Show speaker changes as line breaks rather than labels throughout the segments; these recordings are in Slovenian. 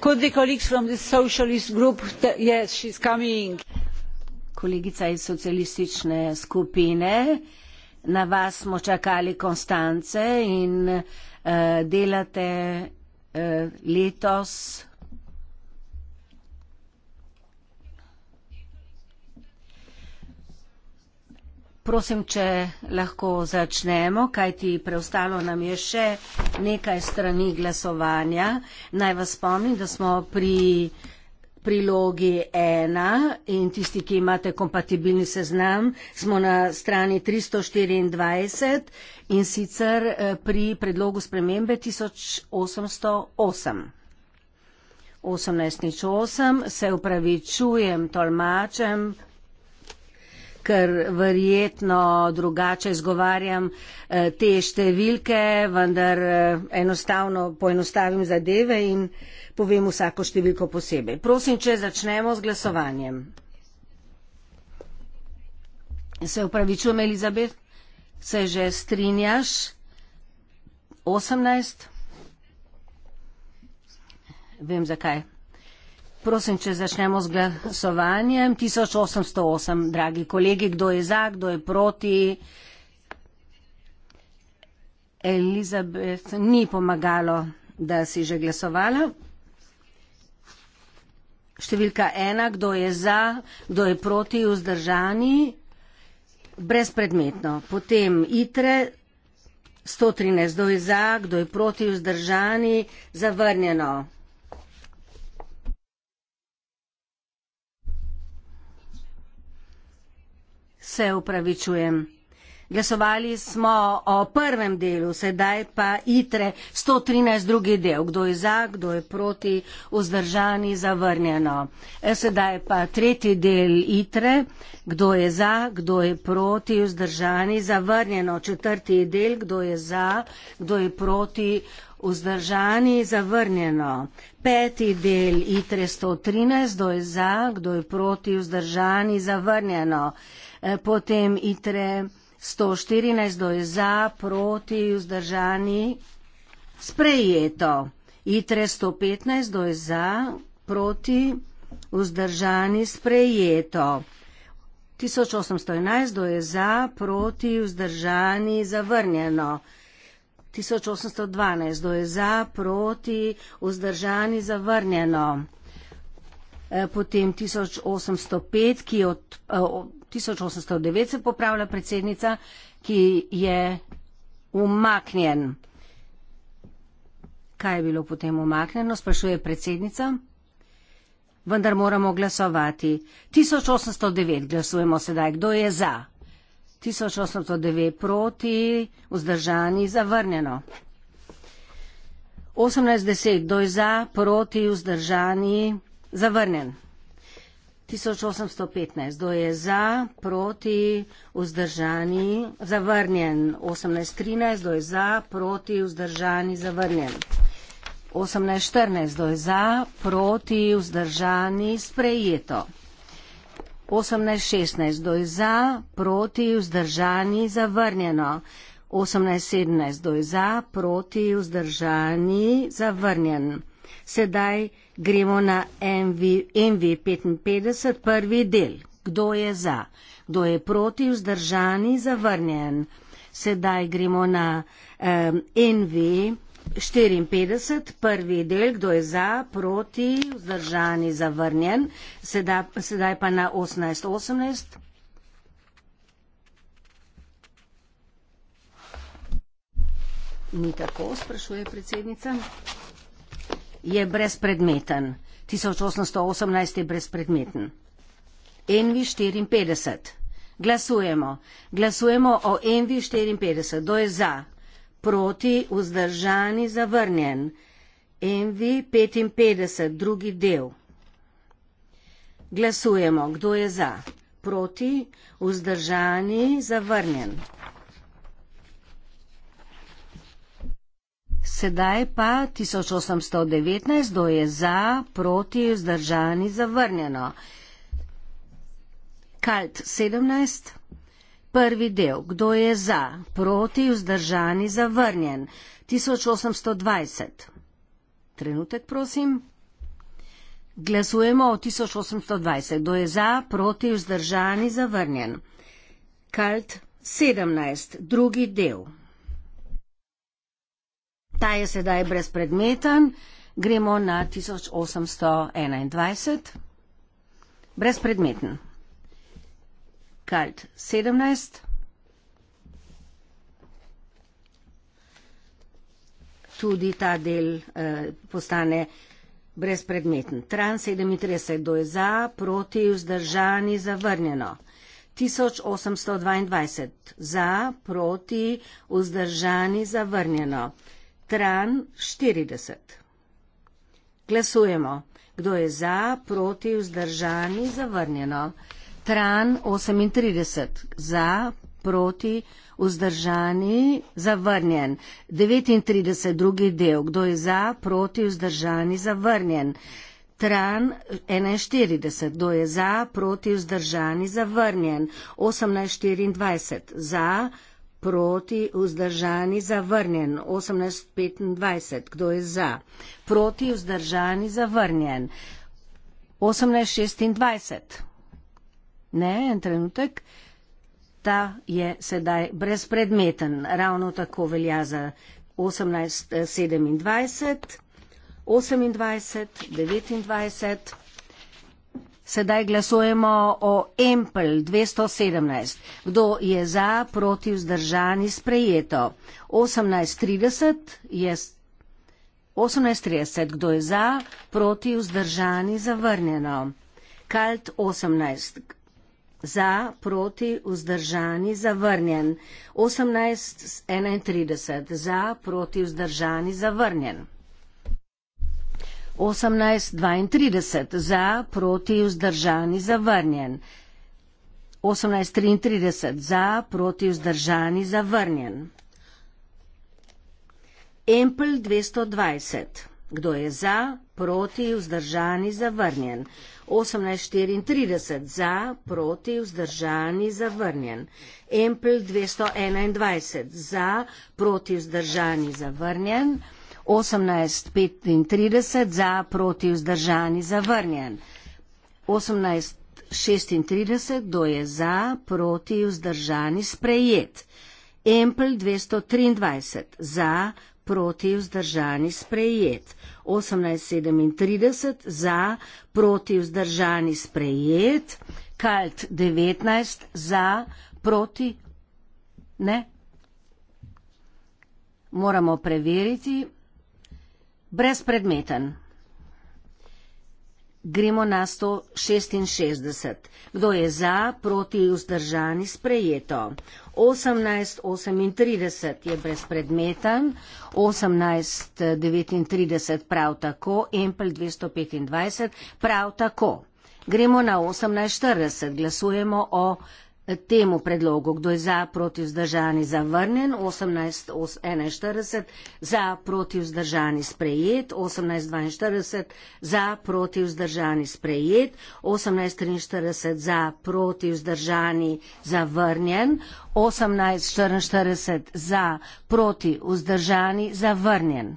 kolegica
iz socialistične skupine na vas smo čakali konstance in eh, delate eh, letos v parlamentu in ste tudi izvoljena za to mesto. Prosim, če lahko začnemo, kajti preostalo nam je še nekaj strani glasovanja. Naj vas spomnim, da smo pri prilogi ena in tisti, ki imate kompatibilni seznam, smo na strani 324 in sicer eh, pri predlogu spremembe 1808. 18.8. Se upravičujem, tolmačem, ker verjetno drugače izgovarjam eh, te številke, vendar eh, enostavno poenostavim zadeve in povem vsako številko posebej. Prosim, če začnemo z glasovanjem. Se upravičujem, Elizabet, se že strinjaš? 18? Vem zakaj. Prosim, če začnemo z glasovanjem. 1808, dragi kolegi, kdo je za, kdo je proti. Elizabeth ni pomagalo, da si že glasovala. Številka ena, kdo je za, kdo je proti, vzdržani. Brezpredmetno. Potem ITRE. 113, kdo je za, kdo je proti, vzdržani. Zavrnjeno. se upravičujem. Glasovali smo o prvem delu, sedaj pa ITRE 113 drugi del, kdo je za, kdo je proti, vzdržani, zavrnjeno. E, sedaj pa tretji del ITRE, kdo je za, kdo je proti, vzdržani, zavrnjeno. Četrti del, kdo je za, kdo je proti, vzdržani, zavrnjeno. Peti del ITRE 113, kdo je za, kdo je proti, vzdržani, zavrnjeno. Eh, potem ITRE 114, do je za, proti, vzdržani, sprejeto. ITRE 115, do je za, proti, vzdržani, sprejeto. 1811, do je za, proti, vzdržani, zavrnjeno. 1812, do je za, proti, vzdržani, zavrnjeno. Eh, potem 1805, ki je od, eh, 1809 se popravlja predsednica, ki je umaknjen. Kaj je bilo potem umaknjeno, sprašuje predsednica. Vendar moramo glasovati. 1809 glasujemo sedaj. Kdo je za? 1809 proti, vzdržani, zavrnjeno. 1810, kdo je za, proti, vzdržani, zavrnjen. 1815. Kdo je za, proti, vzdržani, zavrnjen? 1813. Kdo je za, proti, vzdržani, zavrnjen? 1814. Kdo je za, proti, vzdržani, sprejeto? 1816. Kdo je za, proti, vzdržani, zavrnjeno? 1817. Kdo je za, proti, vzdržani, zavrnjen? Sedaj Gremo na MV55, MV prvi del. Kdo je za? Kdo je proti? Vzdržani, zavrnjen. Sedaj gremo na eh, NV54, prvi del, kdo je za, proti, vzdržani, zavrnjen. Sedaj, sedaj pa na 1818. 18. Ni tako, sprašuje predsednica je brezpredmeten, 1818 je brezpredmeten. Envi 54. Glasujemo. Glasujemo o Envi 54. Kdo je za? Proti, vzdržani, zavrnjen. Envi 55, drugi del. Glasujemo. Kdo je za? Proti, vzdržani, zavrnjen. Sedaj pa 1819 do je za, proti, vzdržani, zavrnjeno. Kalt 17. Prvi del. Kdo je za, proti, vzdržani, zavrnjen? 1820. Trenutek, prosim. Glasujemo o 1820. Kdo je za, proti, vzdržani, zavrnjen? Kalt 17. Drugi del ta je sedaj brezpredmeten. Gremo na 1821. Brezpredmeten. Kalt 17. Tudi ta del eh, postane brezpredmeten. Tran 37. Kdo je za, proti, vzdržani, zavrnjeno. 1822. Za, proti, vzdržani, zavrnjeno stran 40. Glasujemo, kdo je za, proti, vzdržani, zavrnjeno. Tran 38, za, proti, vzdržani, zavrnjen. 39, drugi del, kdo je za, proti, vzdržani, zavrnjen. Tran 41, kdo je za, proti, vzdržani, zavrnjen. 18, 24, za, proti proti, vzdržani, zavrnjen, 1825, kdo je za, proti, vzdržani, zavrnjen, 1826, ne, en trenutek, ta je sedaj brezpredmeten, ravno tako velja za 1827, 1828, 1829. Sedaj glasujemo o Empel 217. Kdo je za, proti, vzdržani, sprejeto? 1830. Kdo je za, proti, vzdržani, zavrnjeno? Kalt 18. Za, proti, vzdržani, zavrnjen. 1831. Za, proti, vzdržani, zavrnjen. 18.32 za, proti, vzdržani, zavrnjen. 18.33 za, proti, vzdržani, zavrnjen. Empel 220. Kdo je za, proti, vzdržani, zavrnjen. 18.34 za, proti, vzdržani, zavrnjen. Empel 221 za, proti, vzdržani, zavrnjen osemnajst petintrideset za proti vzdržani zavrnjen osemnajst šestintrideset do je za proti vzdržani sprejet empl dvesto triindvajset za proti vzdržani sprejet osemnajst sedemintrideset za proti vzdržani sprejet kalt devetnajst za proti ne moramo preveriti brezpredmeten. Gremo na 166. Kdo je za, proti, vzdržani, sprejeto? 1838 je brezpredmeten, 1839 prav tako, Empel 225 prav tako. Gremo na 1840, glasujemo o temu predlogu, kdo je za, proti vzdržani, zavrnjen, 1841, za, proti vzdržani, sprejet, 1842, za, proti vzdržani, sprejet, 1843, za, proti vzdržani, zavrnjen, 1844, za, proti vzdržani, zavrnjen.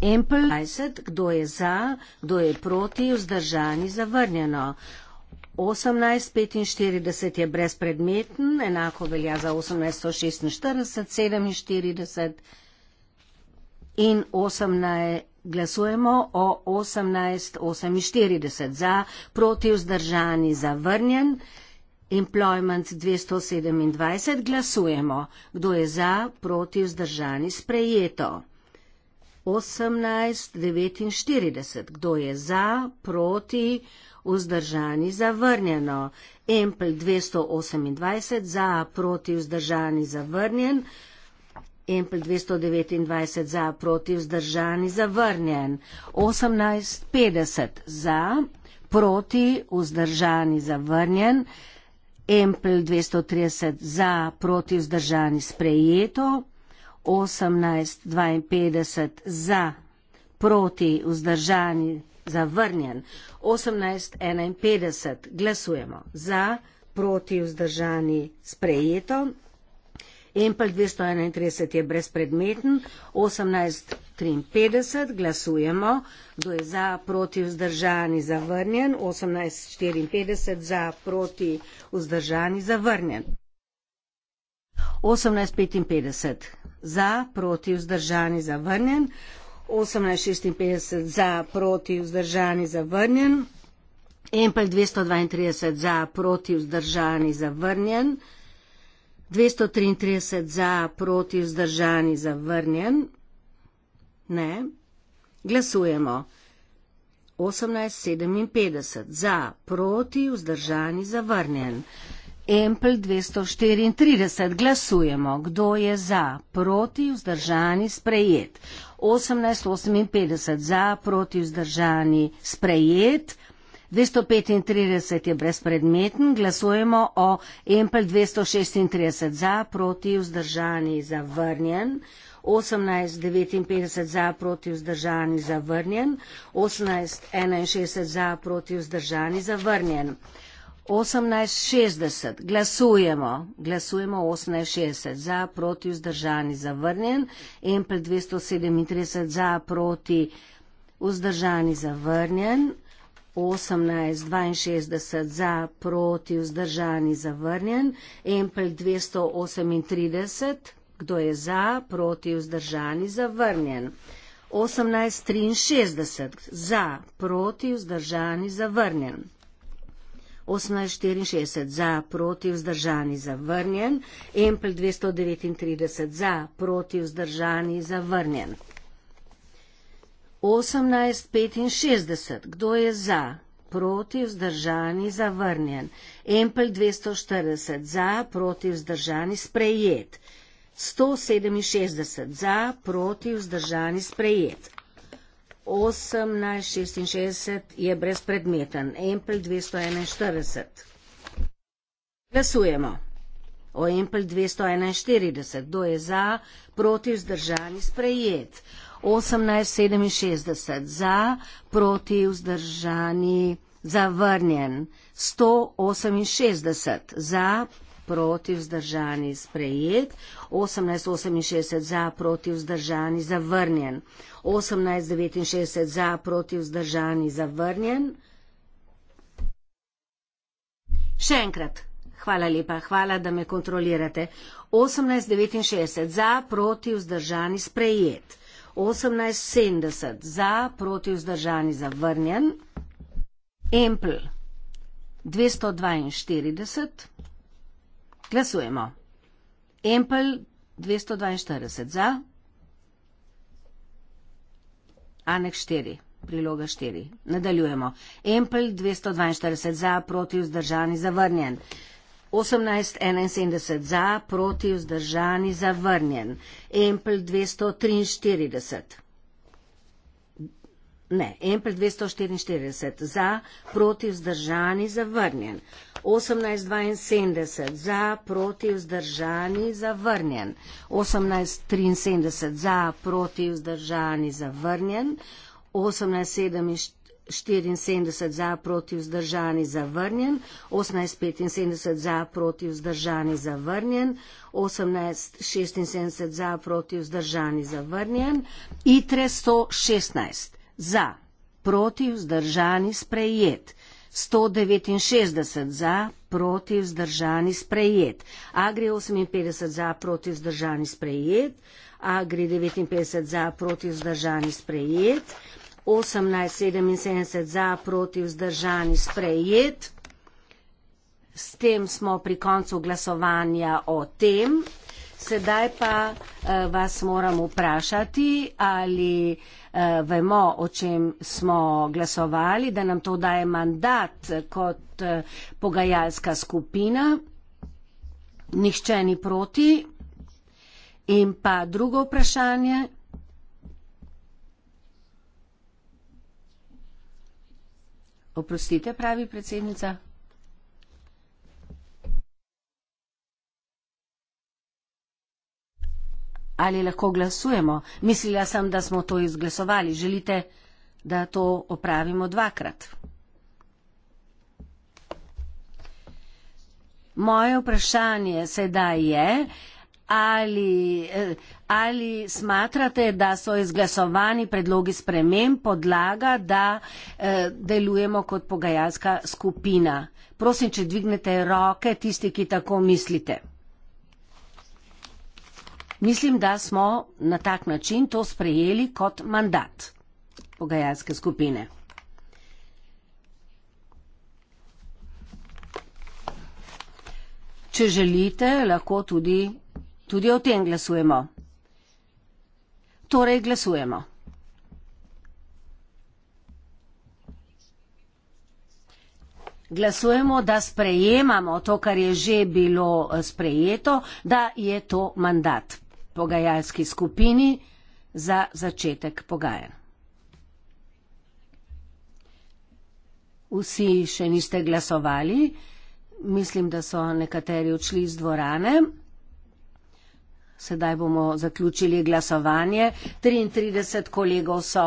21, kdo je za, kdo je proti, vzdržani, zavrnjeno. 18.45 je brezpredmeten, enako velja za 18.46, 47 in 18. Glasujemo o 18.48 za, proti vzdržani, zavrnjen. Employment 227 glasujemo. Kdo je za, proti vzdržani, sprejeto. 18, 49, kdo je za, proti, vzdržani, zavrnjeno. Empel 228, za, proti, vzdržani, zavrnjen. Empel 229, za, proti, vzdržani, zavrnjen. 18, 50, za, proti, vzdržani, zavrnjen. Empel 230, za, proti, vzdržani, sprejeto. 18, 52 za, proti, vzdržani, zavrnjen. 18, 51 glasujemo za, proti, vzdržani, sprejeto. Empel 231 je brezpredmeten, 1853 glasujemo, kdo je za, proti, vzdržani, zavrnjen, 1854 za, proti, vzdržani, zavrnjen. 1855 za, proti, vzdržani, zavrnjen. 1856 za, proti, vzdržani, zavrnjen. Empel 232 za, proti, vzdržani, zavrnjen. 233 za, proti, vzdržani, zavrnjen. Ne. Glasujemo. 1857 za, proti, vzdržani, zavrnjen. Empl 234. Glasujemo, kdo je za, proti, vzdržani, sprejet. 1858 za, proti, vzdržani, sprejet. 235 je brezpredmeten, glasujemo o Empel 236 za, proti vzdržani zavrnjen, 1859 za, proti vzdržani zavrnjen, 1861 za, proti vzdržani zavrnjen. 1860, glasujemo, glasujemo 1860, za, proti, vzdržani, zavrnjen, in pred 237, za, proti, vzdržani, zavrnjen, 1862, za, proti, vzdržani, zavrnjen, in pred 238, kdo je za, proti, vzdržani, zavrnjen. 1863, za, proti, vzdržani, zavrnjen. 1864 za, proti vzdržani zavrnjen, Empel 239 za, proti vzdržani zavrnjen. 1865, kdo je za, proti vzdržani zavrnjen, Empel 240 za, proti vzdržani sprejet, 167 za, proti vzdržani sprejet. 1866 je brezpredmeten. Empel 241. Glasujemo o Empel 241. Kdo je za, proti, vzdržani, sprejet. 1867 za, proti, vzdržani, zavrnjen. 168 za, proti vzdržani sprejet, 1868 za proti vzdržani zavrnjen, 1869 za proti vzdržani zavrnjen. Še enkrat, hvala lepa, hvala, da me kontrolirate. 1869 za proti vzdržani sprejet, 1870 za proti vzdržani zavrnjen. Empl 242. Glasujemo. Empel 242 za. Anek 4, priloga 4. Nadaljujemo. Empel 242 za, proti vzdržani, zavrnjen. 1871 za, proti vzdržani, zavrnjen. Empel 243. Ne, en pred 244 za, proti vzdržani, zavrnjen. 1872 za, proti vzdržani, zavrnjen. 1873 za, proti vzdržani, zavrnjen. 1874 za, proti vzdržani, zavrnjen. 1875 za, proti vzdržani, zavrnjen. 1876 za, proti vzdržani, zavrnjen. ITRE 116 za, proti vzdržani sprejet. 169 za, proti vzdržani sprejet. Agri 58 za, proti vzdržani sprejet. Agri 59 za, proti vzdržani sprejet. 1877 za, proti vzdržani sprejet. S tem smo pri koncu glasovanja o tem. Sedaj pa uh, vas moram vprašati, ali uh, vemo, o čem smo glasovali, da nam to daje mandat kot uh, pogajalska skupina. Nihče ni proti. In pa drugo vprašanje. Oprostite, pravi predsednica. ali lahko glasujemo. Mislila sem, da smo to izglasovali. Želite, da to opravimo dvakrat? Moje vprašanje sedaj je, ali, eh, ali smatrate, da so izglasovani predlogi sprememb podlaga, da eh, delujemo kot pogajalska skupina. Prosim, če dvignete roke tisti, ki tako mislite. Mislim, da smo na tak način to sprejeli kot mandat pogajalske skupine. Če želite, lahko tudi, tudi o tem glasujemo. Torej glasujemo. Glasujemo, da sprejemamo to, kar je že bilo eh, sprejeto, da je to mandat pogajalski skupini za začetek pogajanj. Vsi še niste glasovali, mislim, da so nekateri odšli iz dvorane. Sedaj bomo zaključili glasovanje. 33 kolegov so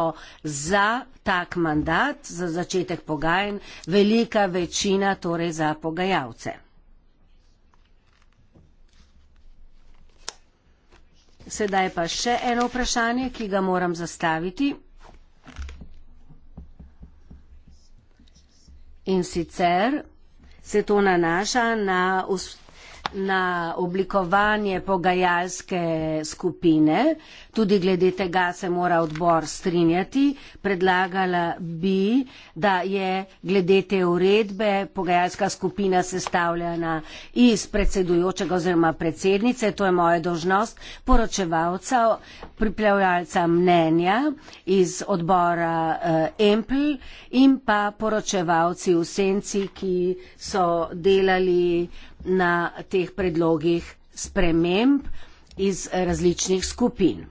za tak mandat, za začetek pogajanj, velika večina torej za pogajalce. Sedaj pa še eno vprašanje, ki ga moram zastaviti. In sicer se to nanaša na na oblikovanje pogajalske skupine. Tudi glede tega se mora odbor strinjati. Predlagala bi, da je glede te uredbe pogajalska skupina sestavljena iz predsedujočega oziroma predsednice, to je moja dožnost, poročevalca, pripravljalca mnenja iz odbora eh, Empl in pa poročevalci v Senci, ki so delali na teh predlogih sprememb iz različnih skupin.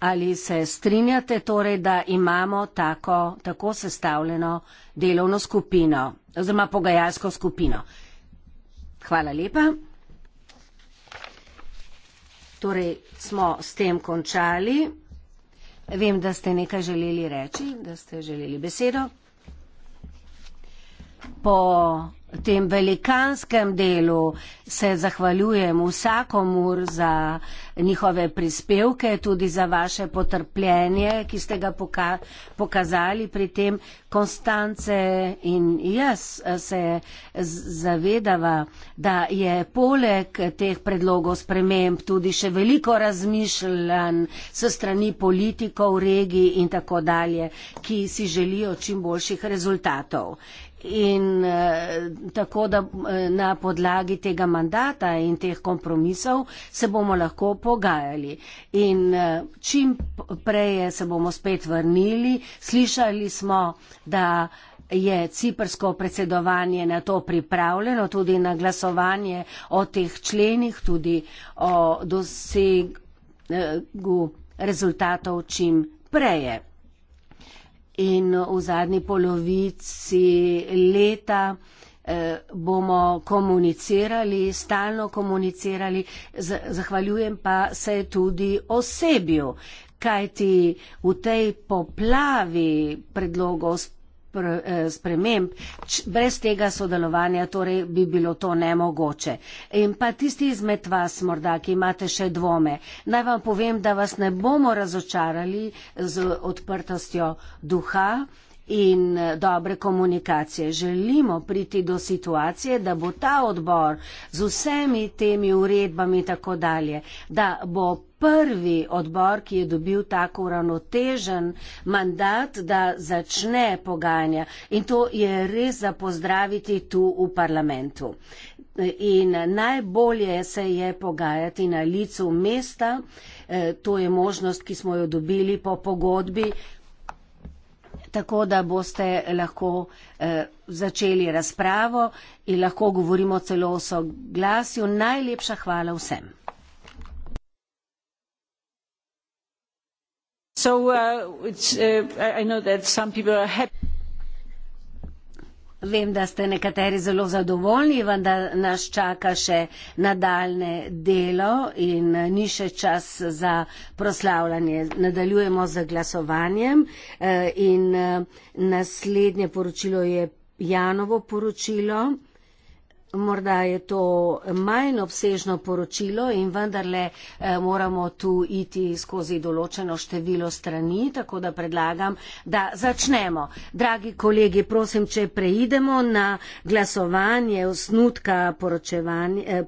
Ali se strinjate torej, da imamo tako, tako sestavljeno delovno skupino oziroma pogajalsko skupino? Hvala lepa. Torej smo s tem končali. Vem, da ste nekaj želeli reči, da ste želeli besedo. Po tem velikanskem delu se zahvaljujem vsakomur za njihove prispevke, tudi za vaše potrpljenje, ki ste ga poka pokazali pri tem. Konstance in jaz se zavedava, da je poleg teh predlogov sprememb tudi še veliko razmišljanj s strani politikov, regij in tako dalje, ki si želijo čim boljših rezultatov. In eh, tako, da eh, na podlagi tega mandata in teh kompromisov se bomo lahko pogajali. In eh, čim prej se bomo spet vrnili, slišali smo, da je ciprsko predsedovanje na to pripravljeno, tudi na glasovanje o teh členih, tudi o dosegu eh, rezultatov čim preje in v zadnji polovici leta eh, bomo komunicirali, stalno komunicirali, zahvaljujem pa se tudi osebju, kajti v tej poplavi predlogov Eh, sprememb, brez tega sodelovanja torej bi bilo to nemogoče. In pa tisti izmed vas morda, ki imate še dvome, naj vam povem, da vas ne bomo razočarali z odprtostjo duha in eh, dobre komunikacije. Želimo priti do situacije, da bo ta odbor z vsemi temi uredbami in tako dalje, da bo prvi odbor, ki je dobil tako uravnotežen mandat, da začne pogajanja. In to je res za pozdraviti tu v parlamentu. In najbolje se je pogajati na licu mesta. E, to je možnost, ki smo jo dobili po pogodbi tako da boste lahko eh, začeli razpravo in lahko govorimo celo o soglasju. Najlepša hvala vsem. Uh, uh, vem da ste nekateri zelo zadovoljni vendar nas čaka še nadaljne delo in eh, ni še čas za proslavljanje nadaljujemo z glasovanjem eh, in eh, naslednje poročilo je janovo poročilo Morda je to manj obsežno poročilo in vendarle eh, moramo tu iti skozi določeno število strani, tako da predlagam, da začnemo. Dragi kolegi, prosim, če preidemo na glasovanje osnutka eh,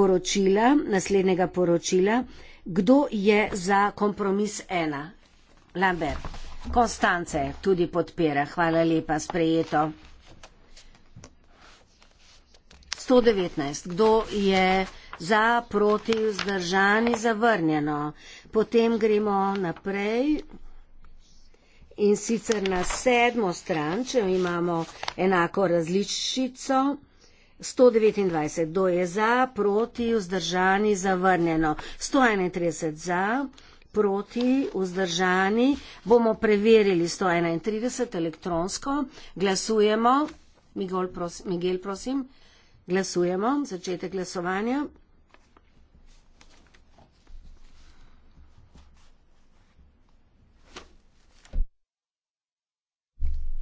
poročila, naslednjega poročila, kdo je za kompromis ena? Lambert. Konstance tudi podpira. Hvala lepa, sprejeto. 119. Kdo je za, proti, vzdržani, zavrnjeno? Potem gremo naprej. In sicer na sedmo stran, če imamo enako različico, 129, kdo je za, proti, vzdržani, zavrnjeno. 131 za, proti, vzdržani, bomo preverili 131 elektronsko, glasujemo, Miguel, prosim. Miguel, prosim. Glasujemo. Začete glasovanje.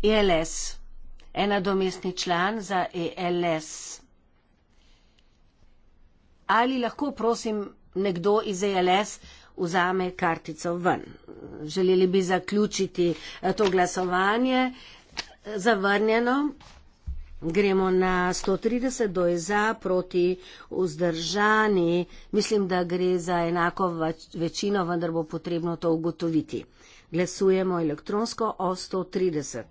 ELS. Ena domestni član za ELS. Ali lahko, prosim, nekdo iz ELS vzame kartico ven? Želeli bi zaključiti eh, to glasovanje. Zavrnjeno. Gremo na 130 do je za proti vzdržani. Mislim, da gre za enako večino, vendar bo potrebno to ugotoviti. Glasujemo elektronsko o 130.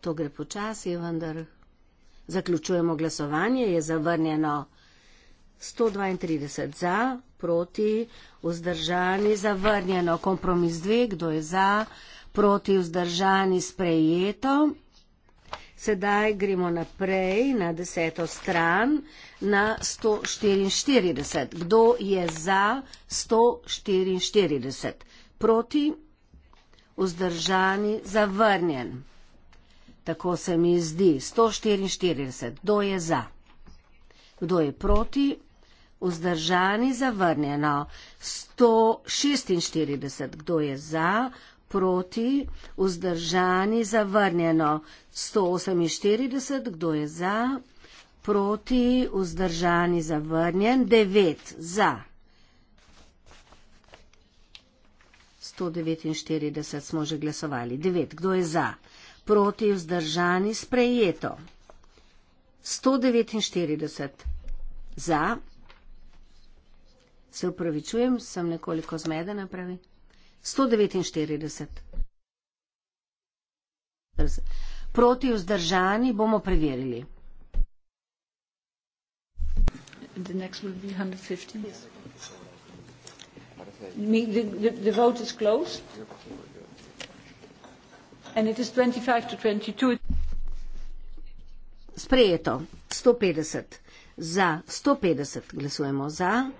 To gre počasi, vendar zaključujemo glasovanje. Je zavrnjeno 132 za proti, vzdržani, zavrnjeno, kompromis dve, kdo je za, proti, vzdržani, sprejeto. Sedaj gremo naprej na deseto stran, na 144. Kdo je za 144? Proti, vzdržani, zavrnjen. Tako se mi zdi. 144. Kdo je za? Kdo je proti? 144 vzdržani zavrnjeno 146, kdo je za, proti, vzdržani zavrnjeno 148, kdo je za, proti, vzdržani zavrnjen 9 za. 149 smo že glasovali, 9, kdo je za, proti, vzdržani sprejeto. 149 za. Se upravičujem, sem nekoliko zmedena, pravi. 149. Proti vzdržani bomo preverili.
The next will be 150. The, the, the vote is closed. And it is 25 to 22. Sprejeto.
150. Za 150 glasujemo za.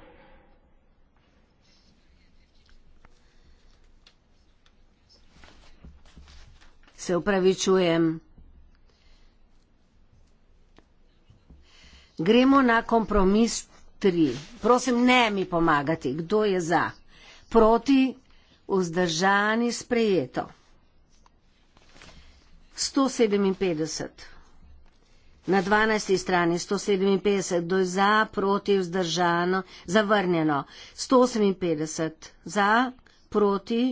Se upravičujem. Gremo na kompromis tri. Prosim, ne mi pomagati. Kdo je za? Proti, vzdržani, sprejeto. 157. Na 12. strani 157, kdo je za, proti, vzdržano, zavrnjeno. 158, za, proti,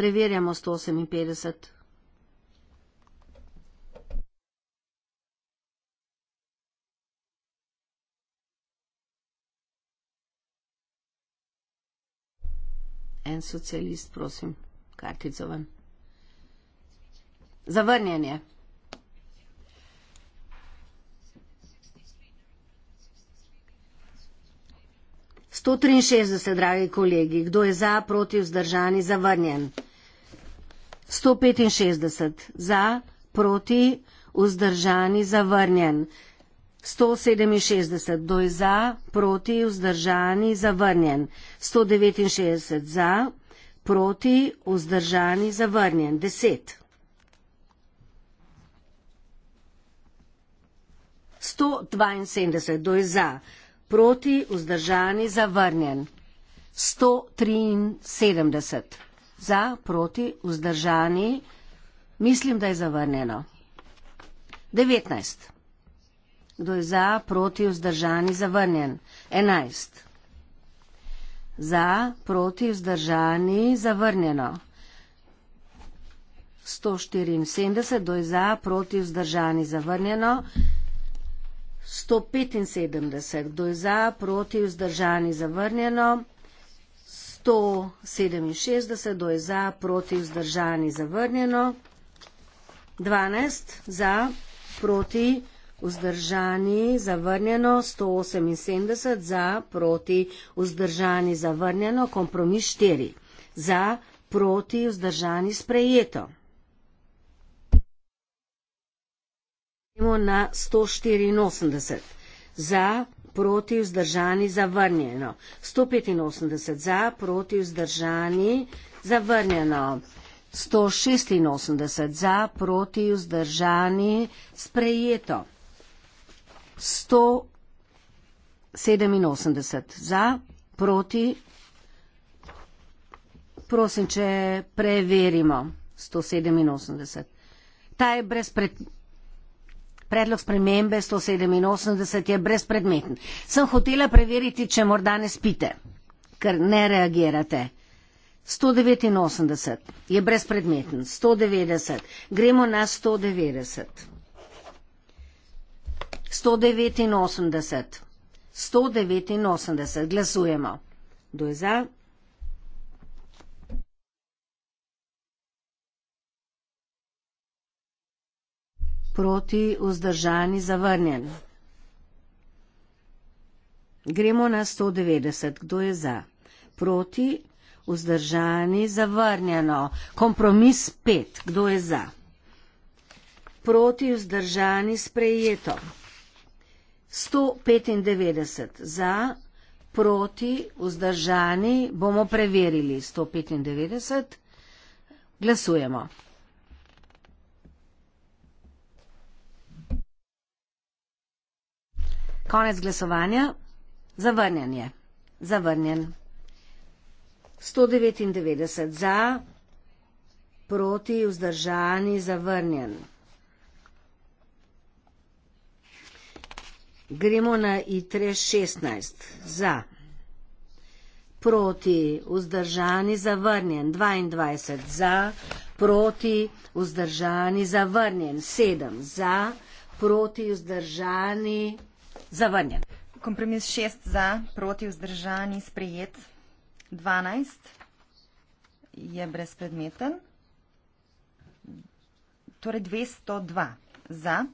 Preverjamo 158.
En socialist, prosim,
kartico ven. Zavrnjenje. Sto triinšestdeset, dragi kolegi, kdo je za, proti, vzdržani, zavrnjen. 165 za, proti, vzdržani, zavrnjen. 167 doj za, proti, vzdržani, zavrnjen. 169 za, proti, vzdržani, zavrnjen. 10. 172 doj za, proti, vzdržani, zavrnjen. 173. 173 za, proti, vzdržani. Mislim, da je zavrnjeno. 19. Kdo je za, proti, vzdržani, zavrnjen? 11. Za, proti, vzdržani, zavrnjeno. 174. Kdo je za, proti, vzdržani, zavrnjeno? 175. Kdo je za, proti, vzdržani, zavrnjeno? 167, kdo je za, proti, vzdržani, zavrnjeno. 12 za, proti, vzdržani, zavrnjeno. 178 za, proti, vzdržani, zavrnjeno. Kompromis 4 za, proti, vzdržani, sprejeto. Na 184 za, proti vzdržani zavrnjeno. 185 za, proti vzdržani zavrnjeno. 186 za, proti vzdržani sprejeto. 187 za, proti. Prosim, če preverimo. 187. Ta je brez pred predlog spremembe 187 je brezpredmeten. Sem hotela preveriti, če morda ne spite, ker ne reagirate. 189 je brezpredmeten, 190, gremo na 190. 189, 189, glasujemo. Kdo je za? proti, vzdržani, zavrnjen. Gremo na 190. Kdo je za? Proti, vzdržani, zavrnjeno. Kompromis 5. Kdo je za? Proti, vzdržani, sprejeto. 195 za, proti, vzdržani, bomo preverili 195. Glasujemo. Konec glasovanja. Zavrnjen je. Zavrnjen. 199 za, proti, vzdržani, zavrnjen. Gremo na ITRE 16. Za, proti, vzdržani, zavrnjen. 22 za, proti, vzdržani, zavrnjen. 7 za, proti, vzdržani, zavrnjen zavrnjen. Kompromis šest za,
proti vzdržani sprejet. Dvanajst je brezpredmeten. Torej, 202 za.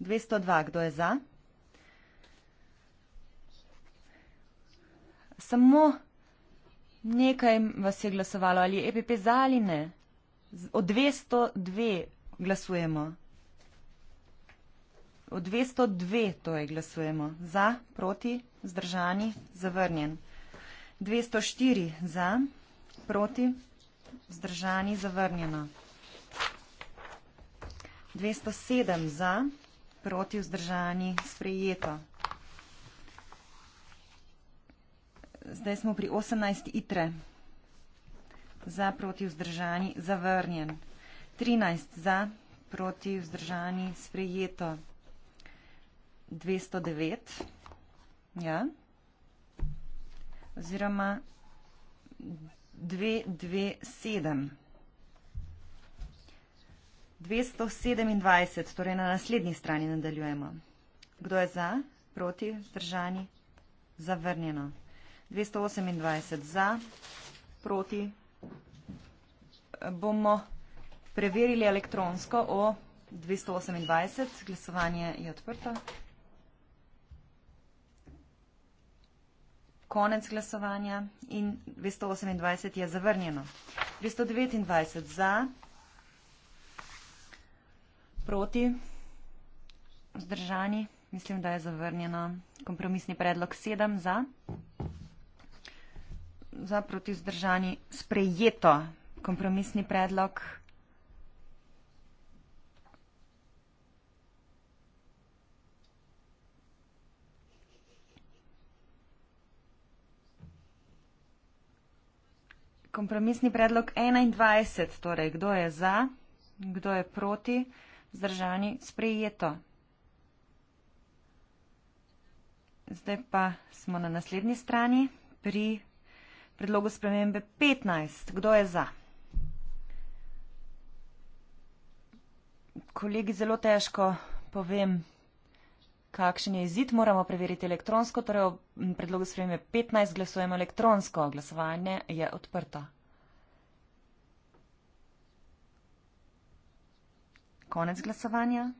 202, kdo je za? Samo nekaj vas je glasovalo, ali je EPP za ali ne. O 202 glasujemo. O 202 to je glasujemo. Za, proti, zdržani, zavrnjen. 204 za, proti, zdržani, zavrnjeno. 207 za, proti, vzdržani, sprejeto. Zdaj smo pri 18 itre. Za, proti, vzdržani, zavrnjen. 13 za, proti, vzdržani, sprejeto. 209. Ja. Oziroma 227. 227, torej na naslednji strani nadaljujemo. Kdo je za, proti, zdržani, zavrnjeno. 228 za, proti. Bomo preverili elektronsko o 228. Glasovanje je odprto. konec glasovanja in 228 je zavrnjeno. 229 za, proti, vzdržani, mislim, da je zavrnjeno. Kompromisni predlog 7 za, za proti vzdržani, sprejeto. Kompromisni predlog Kompromisni predlog 21, torej kdo je za, kdo je proti, zdržani, sprejeto. Zdaj pa smo na naslednji strani pri predlogu spremembe 15, kdo je za. Kolegi, zelo težko povem, kakšen je izid, moramo preveriti elektronsko, torej o predlogu spremembe 15 glasujemo elektronsko, glasovanje je odprto. Konec glasovanja.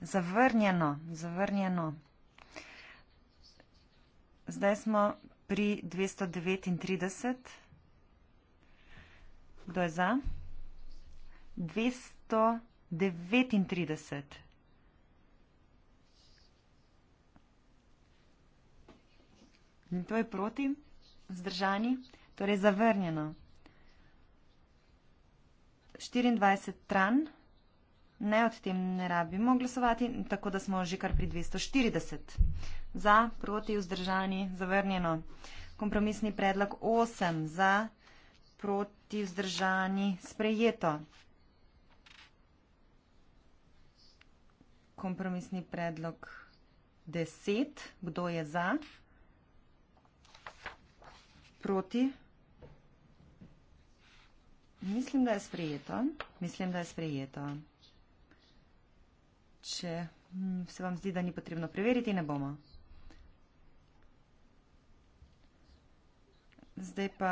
Zavrnjeno, zavrnjeno. Zdaj smo pri 239. Kdo je za? 239. In to je proti, vzdržani, torej zavrnjeno. 24 tran, ne od tem ne rabimo glasovati, tako da smo že kar pri 240. Za, proti, vzdržani, zavrnjeno. Kompromisni predlog 8, za, proti, vzdržani, sprejeto. Kompromisni predlog 10, kdo je za? 10 proti. Mislim, da je sprejeto. Mislim, da je sprejeto. Če hm, se vam zdi, da ni potrebno preveriti, ne bomo. Zdaj pa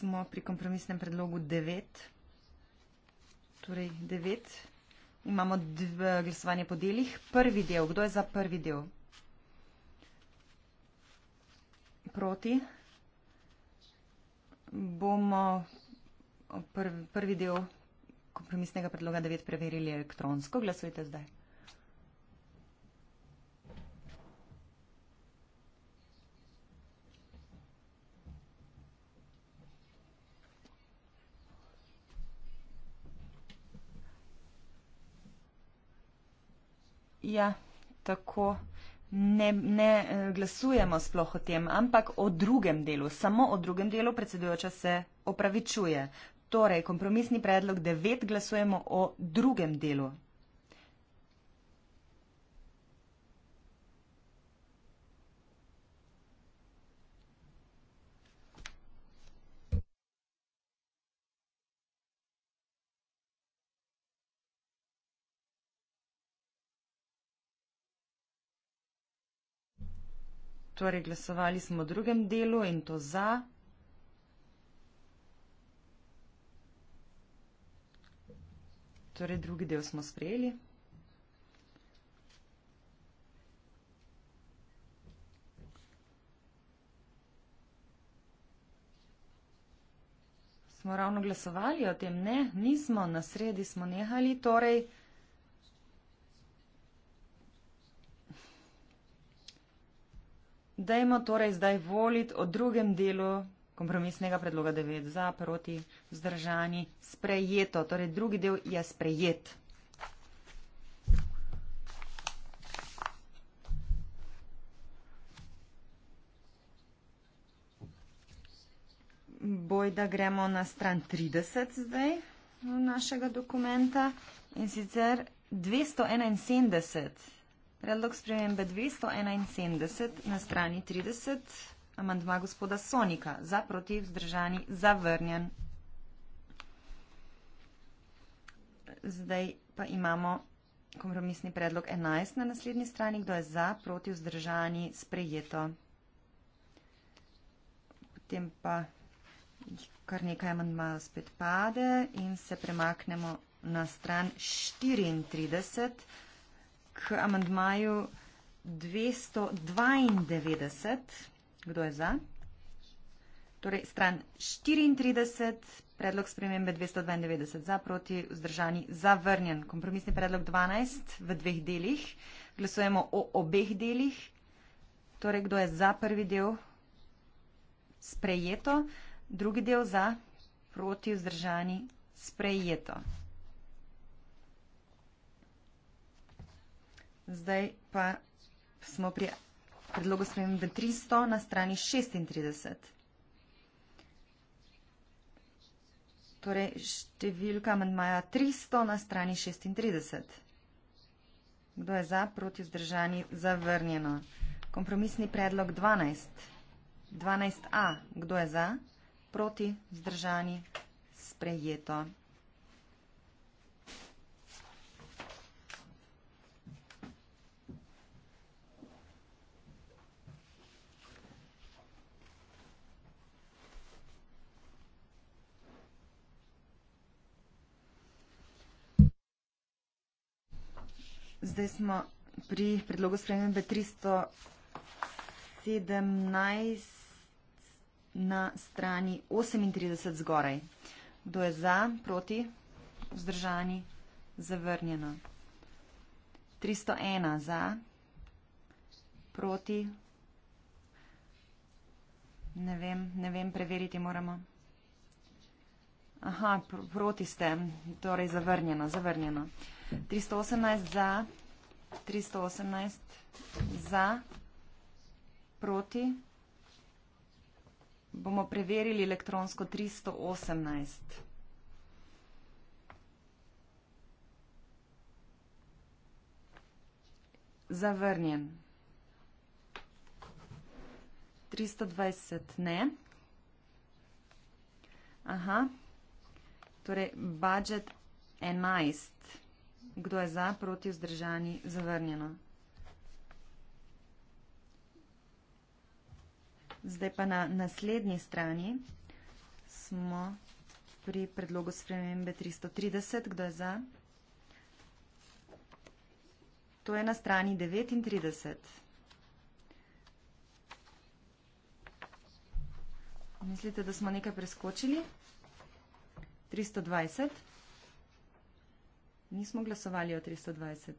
smo pri kompromisnem predlogu 9. Torej 9. Imamo glasovanje po delih. Prvi del. Kdo je za prvi del? proti. Bomo prvi del kompromisnega predloga 9 preverili elektronsko. Glasujte zdaj. Ja, tako. Ne, ne eh, glasujemo sploh o tem, ampak o drugem delu. Samo o drugem delu predsedujoča se opravičuje. Torej, kompromisni predlog 9 glasujemo o drugem delu. Torej, glasovali smo v drugem delu in to za. Torej, drugi del smo sprejeli. Smo ravno glasovali o tem? Ne, nismo, na sredi smo nehali. Torej, Dajmo torej zdaj voliti o drugem delu kompromisnega predloga 9 za, proti, vzdržani, sprejeto. Torej drugi del je sprejet. Boj, da gremo na stran 30 zdaj našega dokumenta in sicer 271. Predlog sprejembe 271 na strani 30, amantma gospoda Sonika, za proti vzdržani zavrnjen. Zdaj pa imamo kompromisni predlog 11 na naslednji strani, kdo je za proti vzdržani sprejeto. Potem pa kar nekaj amantma spet pade in se premaknemo na stran 34, 34 k amandmaju 292. Kdo je za? Torej, stran 34, predlog spremembe 292 za, proti vzdržani, zavrnjen. Kompromisni predlog 12 v dveh delih. Glasujemo o obeh delih. Torej, kdo je za prvi del? Sprejeto. Drugi del za, proti vzdržani, sprejeto. Zdaj pa smo pri predlogu spremembe 300 na strani 36. Torej, številka manjmaja 300 na strani 36. Kdo je za, proti vzdržani, zavrnjeno. Kompromisni predlog 12. 12a. Kdo je za, proti vzdržani, sprejeto. Zdaj smo pri predlogu spremembe 317 na strani 38 zgoraj. Kdo je za, proti, vzdržani, zavrnjeno. 301 za, proti, ne vem, ne vem, preveriti moramo. Aha, proti ste, torej zavrnjeno, zavrnjeno. 318 za, 318 za, proti. Bomo preverili elektronsko 318. Zavrnjen. 320 ne. Aha. Torej, budžet 11. Kdo je za, proti, vzdržani, zavrnjeno? Zdaj pa na naslednji strani smo pri predlogu spremembe 330. Kdo je za? To je na strani 39. Mislite, da smo nekaj preskočili? 320. Nismo glasovali o 320.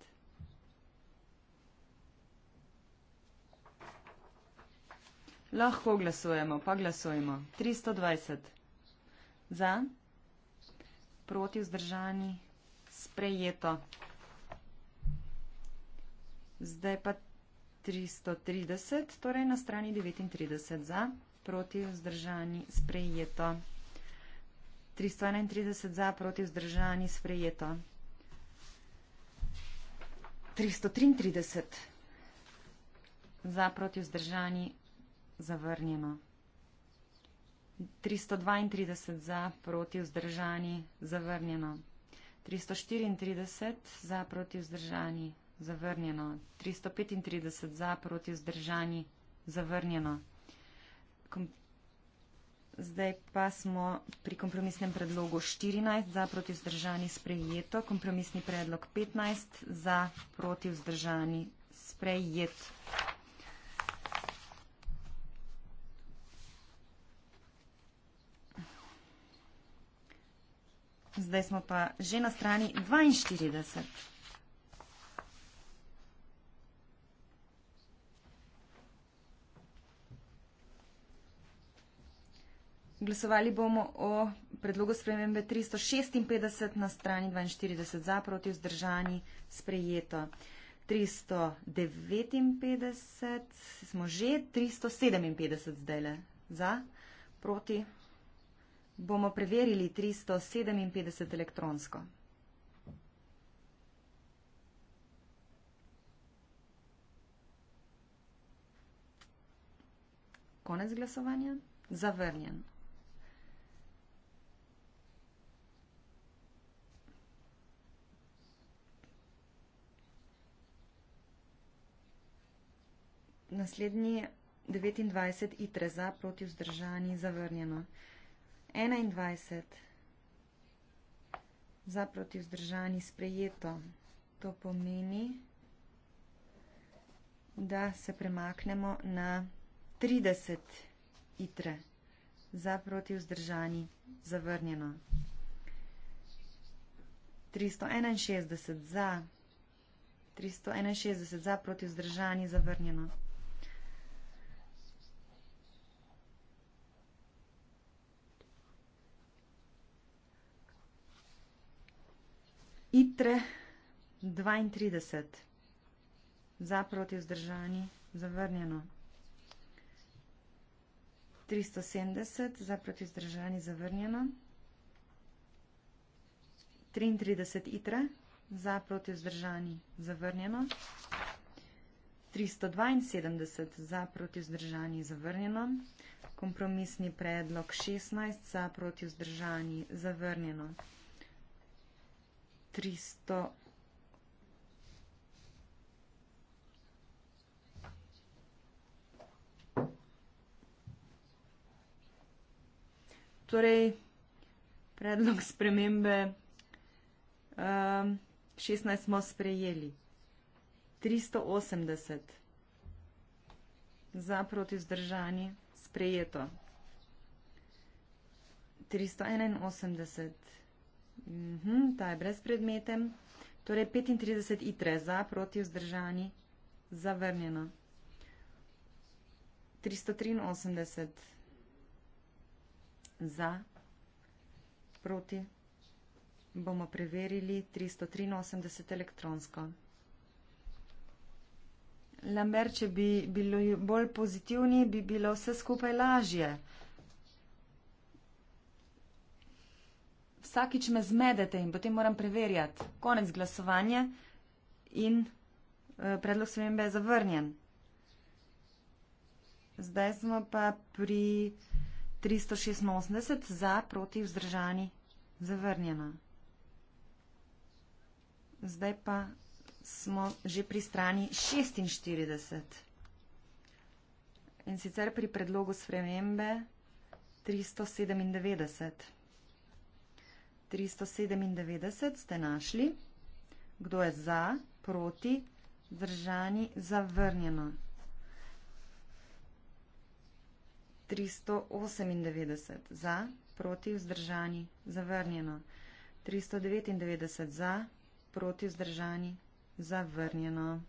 Lahko glasujemo, pa glasujemo. 320. Za, proti vzdržani, sprejeto. Zdaj pa 330, torej na strani 39. Za, proti vzdržani, sprejeto. 331 za, proti vzdržani, sprejeto. 333. Za proti vzdržani zavrnjeno. 332 za proti vzdržani zavrnjeno. 334 za proti vzdržani zavrnjeno. 335 za proti vzdržani zavrnjeno. Zdaj pa smo pri kompromisnem predlogu 14 za proti vzdržani sprejeto, kompromisni predlog 15 za proti vzdržani sprejet. Zdaj smo pa že na strani 42. glasovali bomo o predlogu spremembe 356 na strani 42 za proti vzdržani sprejeto. 359 smo že, 357 zdaj le za proti. Bomo preverili 357 elektronsko. Konec glasovanja. Zavrnjen. naslednji 29 itre za proti vzdržani zavrnjeno. 21 za proti vzdržani sprejeto. To pomeni, da se premaknemo na 30 itre za proti vzdržani zavrnjeno. 361 za, 361 za proti vzdržani zavrnjeno. ITRE 32. Za proti vzdržani zavrnjeno. 370. Za proti vzdržani zavrnjeno. 33 ITRE. Za proti vzdržani zavrnjeno. 372 za proti vzdržani zavrnjeno, kompromisni predlog 16 za proti vzdržani zavrnjeno. 300. Torej, predlog spremembe um, 16 smo sprejeli. 380 za proti vzdržanje sprejeto. 381. Uh mhm, -huh, ta je brez predmetem. Torej 35 itre za proti vzdržani, zavrnjeno. 383 za proti. Bomo preverili 383 elektronsko. Lambert, če bi bilo bolj pozitivni, bi bilo vse skupaj lažje. vsakič me zmedete in potem moram preverjati. Konec glasovanja in eh, predlog spremembe je zavrnjen. Zdaj smo pa pri 386 za proti vzdržani zavrnjena. Zdaj pa smo že pri strani 46. In sicer pri predlogu spremembe 397. 397 ste našli. Kdo je za, proti, zdržani, zavrnjeno. 398 za, proti, vzdržani, zavrnjeno. 399 za, proti, vzdržani, zavrnjeno.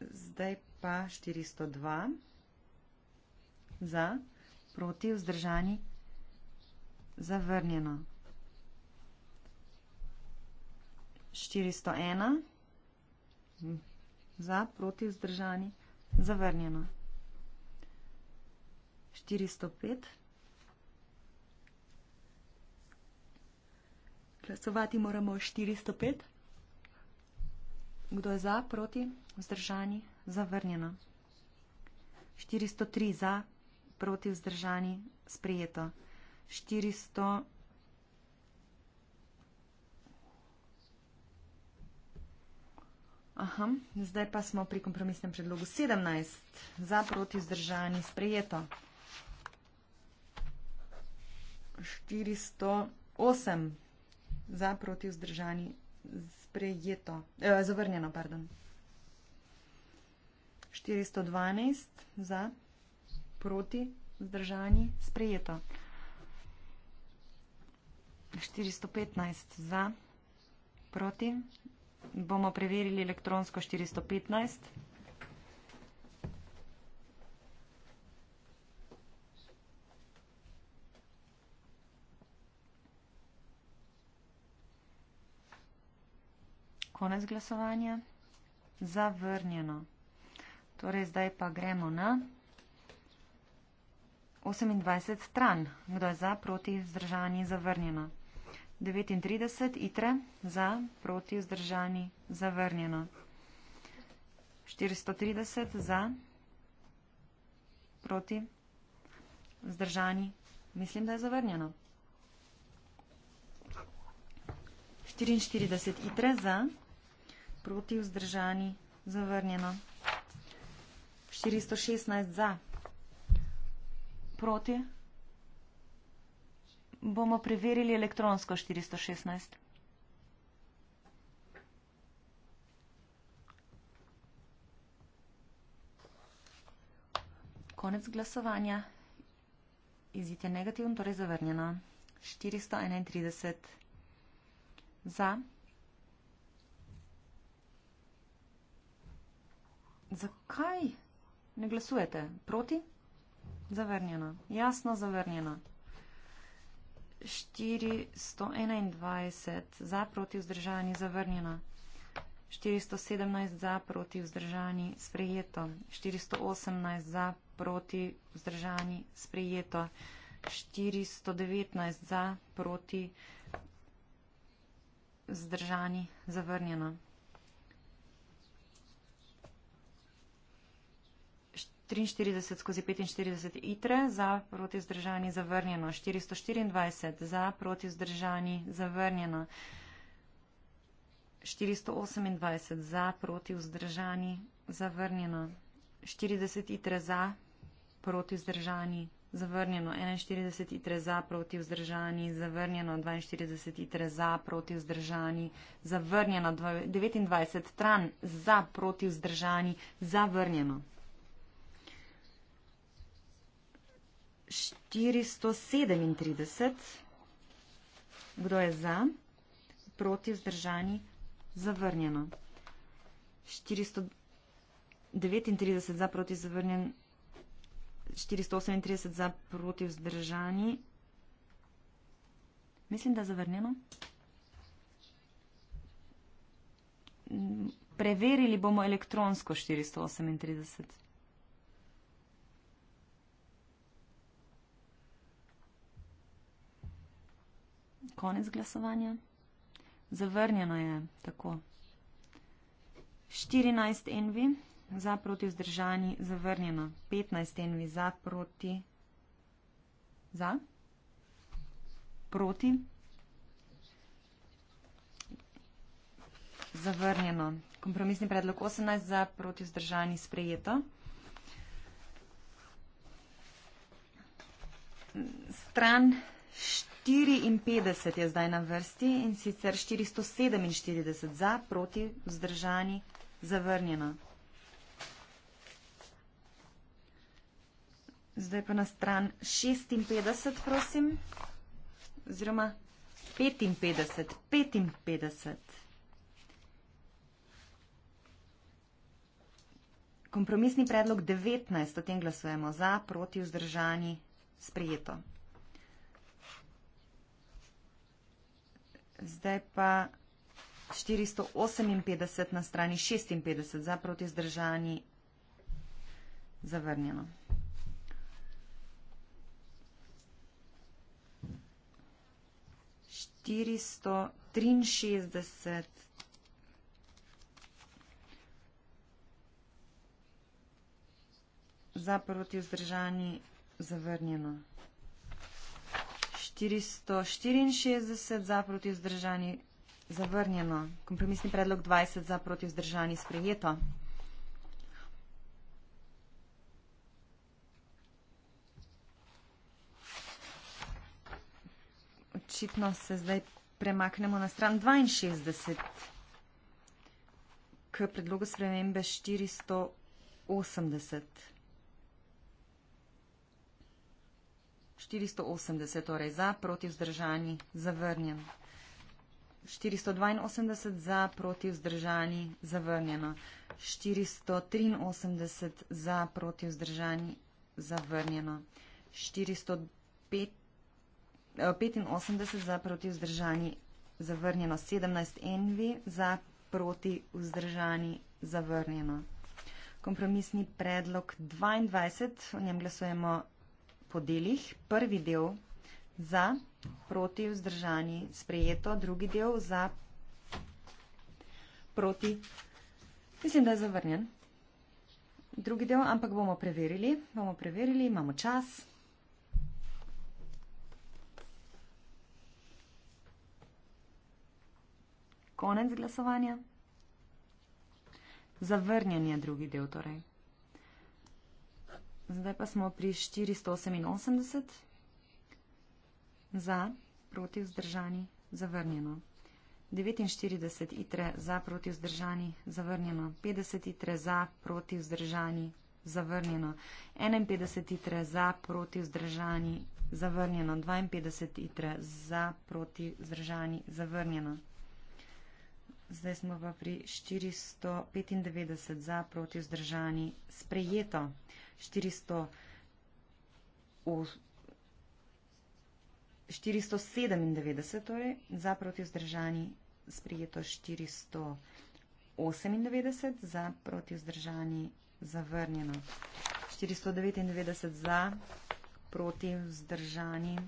Zdaj pa 402 za, proti, vzdržani, zavrnjeno. 401, za, proti, vzdržani, zavrnjeno. 405, glasovati moramo 405. Kdo je za, proti, vzdržani, zavrnjeno. 403 za, proti vzdržani sprejeto. 400. Aha, zdaj pa smo pri kompromisnem predlogu 17 za proti vzdržani sprejeto. 408 za proti vzdržani sprejeto, eh, zavrnjeno, pardon. 412 za. Proti, vzdržani, sprejeto. 415 za, proti. Bomo preverili elektronsko 415. Konec glasovanja. Zavrnjeno. Torej, zdaj pa gremo na. 28 stran, kdo je za, proti, vzdržani, zavrnjeno. 39 itre, za, proti, vzdržani, zavrnjeno. 430 za, proti, vzdržani, mislim, da je zavrnjeno. 44 itre za, proti, vzdržani, zavrnjeno. 416 za, proti. Bomo preverili elektronsko 416. Konec glasovanja. Izid je negativen, torej zavrnjeno. 431 za. Zakaj ne glasujete proti? Zavrnjeno. Jasno zavrnjeno. 421 za proti vzdržani zavrnjeno. 417 za proti vzdržani sprejeto. 418 za proti vzdržani sprejeto. 419 za proti vzdržani zavrnjeno. 43 skozi 45 itre za proti vzdržani zavrnjeno, 424 za proti vzdržani zavrnjeno, 428 za proti vzdržani zavrnjeno, 40 itre za proti vzdržani zavrnjeno, 41 itre za proti vzdržani zavrnjeno, 42 itre za proti vzdržani zavrnjeno, 29 tran za proti vzdržani zavrnjeno. 437. Kdo je za? Proti vzdržani? Zavrnjeno. 439 za proti zavrnjen. 438 za proti vzdržani. Mislim, da zavrnjeno. Preverili bomo elektronsko 438. konec glasovanja. Zavrnjeno je tako. 14 envi za proti vzdržani, zavrnjeno. 15 envi za proti. Za? Proti. Zavrnjeno. Kompromisni predlog 18 za proti vzdržani sprejeto. Stran 4. 54 je zdaj na vrsti in sicer 447 za, proti, vzdržani, zavrnjeno. Zdaj pa na stran 56, prosim, oziroma 55, 55. Kompromisni predlog 19, o tem glasujemo za, proti, vzdržani, sprejeto. zdaj pa 458 na strani 56 za proti zdržani zavrnjeno. Štiristo triinšestdeset za proti vzdržani zavrnjeno. 464 za proti vzdržani zavrnjeno. Kompromisni predlog 20 za proti vzdržani sprejeto. Očitno se zdaj premaknemo na stran 62 k predlogu spremembe 480. 480 torej za, proti vzdržani, zavrnjen. 482 za, proti vzdržani, zavrnjeno. 483 za, proti vzdržani, zavrnjeno. 485 eh, za, proti vzdržani, zavrnjeno. 17 NV za, proti vzdržani, zavrnjeno. Kompromisni predlog 22, o njem glasujemo po delih. Prvi del za, proti, vzdržani, sprejeto. Drugi del za, proti. Mislim, da je zavrnjen. Drugi del, ampak bomo preverili. Bomo preverili, imamo čas. Konec glasovanja. Zavrnjen je drugi del, torej. Zdaj pa smo pri 488. Za, proti vzdržani, zavrnjeno. 49 itre za, proti vzdržani, zavrnjeno. 50 itre za, proti vzdržani, zavrnjeno. 51 itre za, proti vzdržani, zavrnjeno. 52 itre za, proti vzdržani, zavrnjeno. Zdaj smo pa pri 495 za, proti vzdržani, sprejeto. 497, torej, za proti vzdržani sprijeto 498, za proti vzdržani zavrnjeno 499, za proti vzdržani.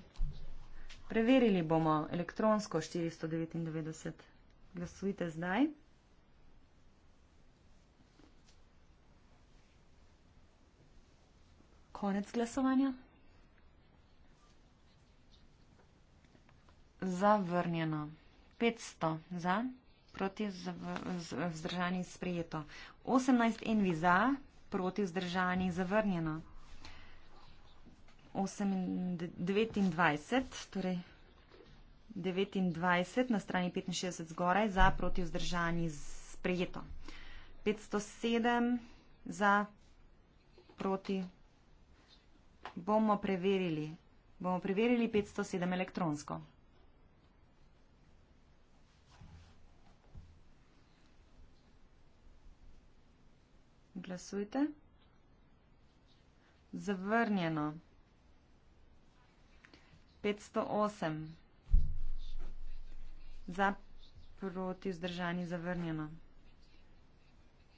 Preverili bomo elektronsko 499. Glasujte zdaj. konec glasovanja? Zavrnjeno. 500 za, proti vzdržani sprejeto. 18 envi za, proti vzdržani zavrnjeno. 29, torej 29 na strani 65 zgoraj, za proti vzdržani sprejeto. 507 za proti vzdržani. Bomo preverili. Bomo preverili 507 elektronsko. Glasujte. Zavrnjeno. 508. Za proti vzdržani zavrnjeno.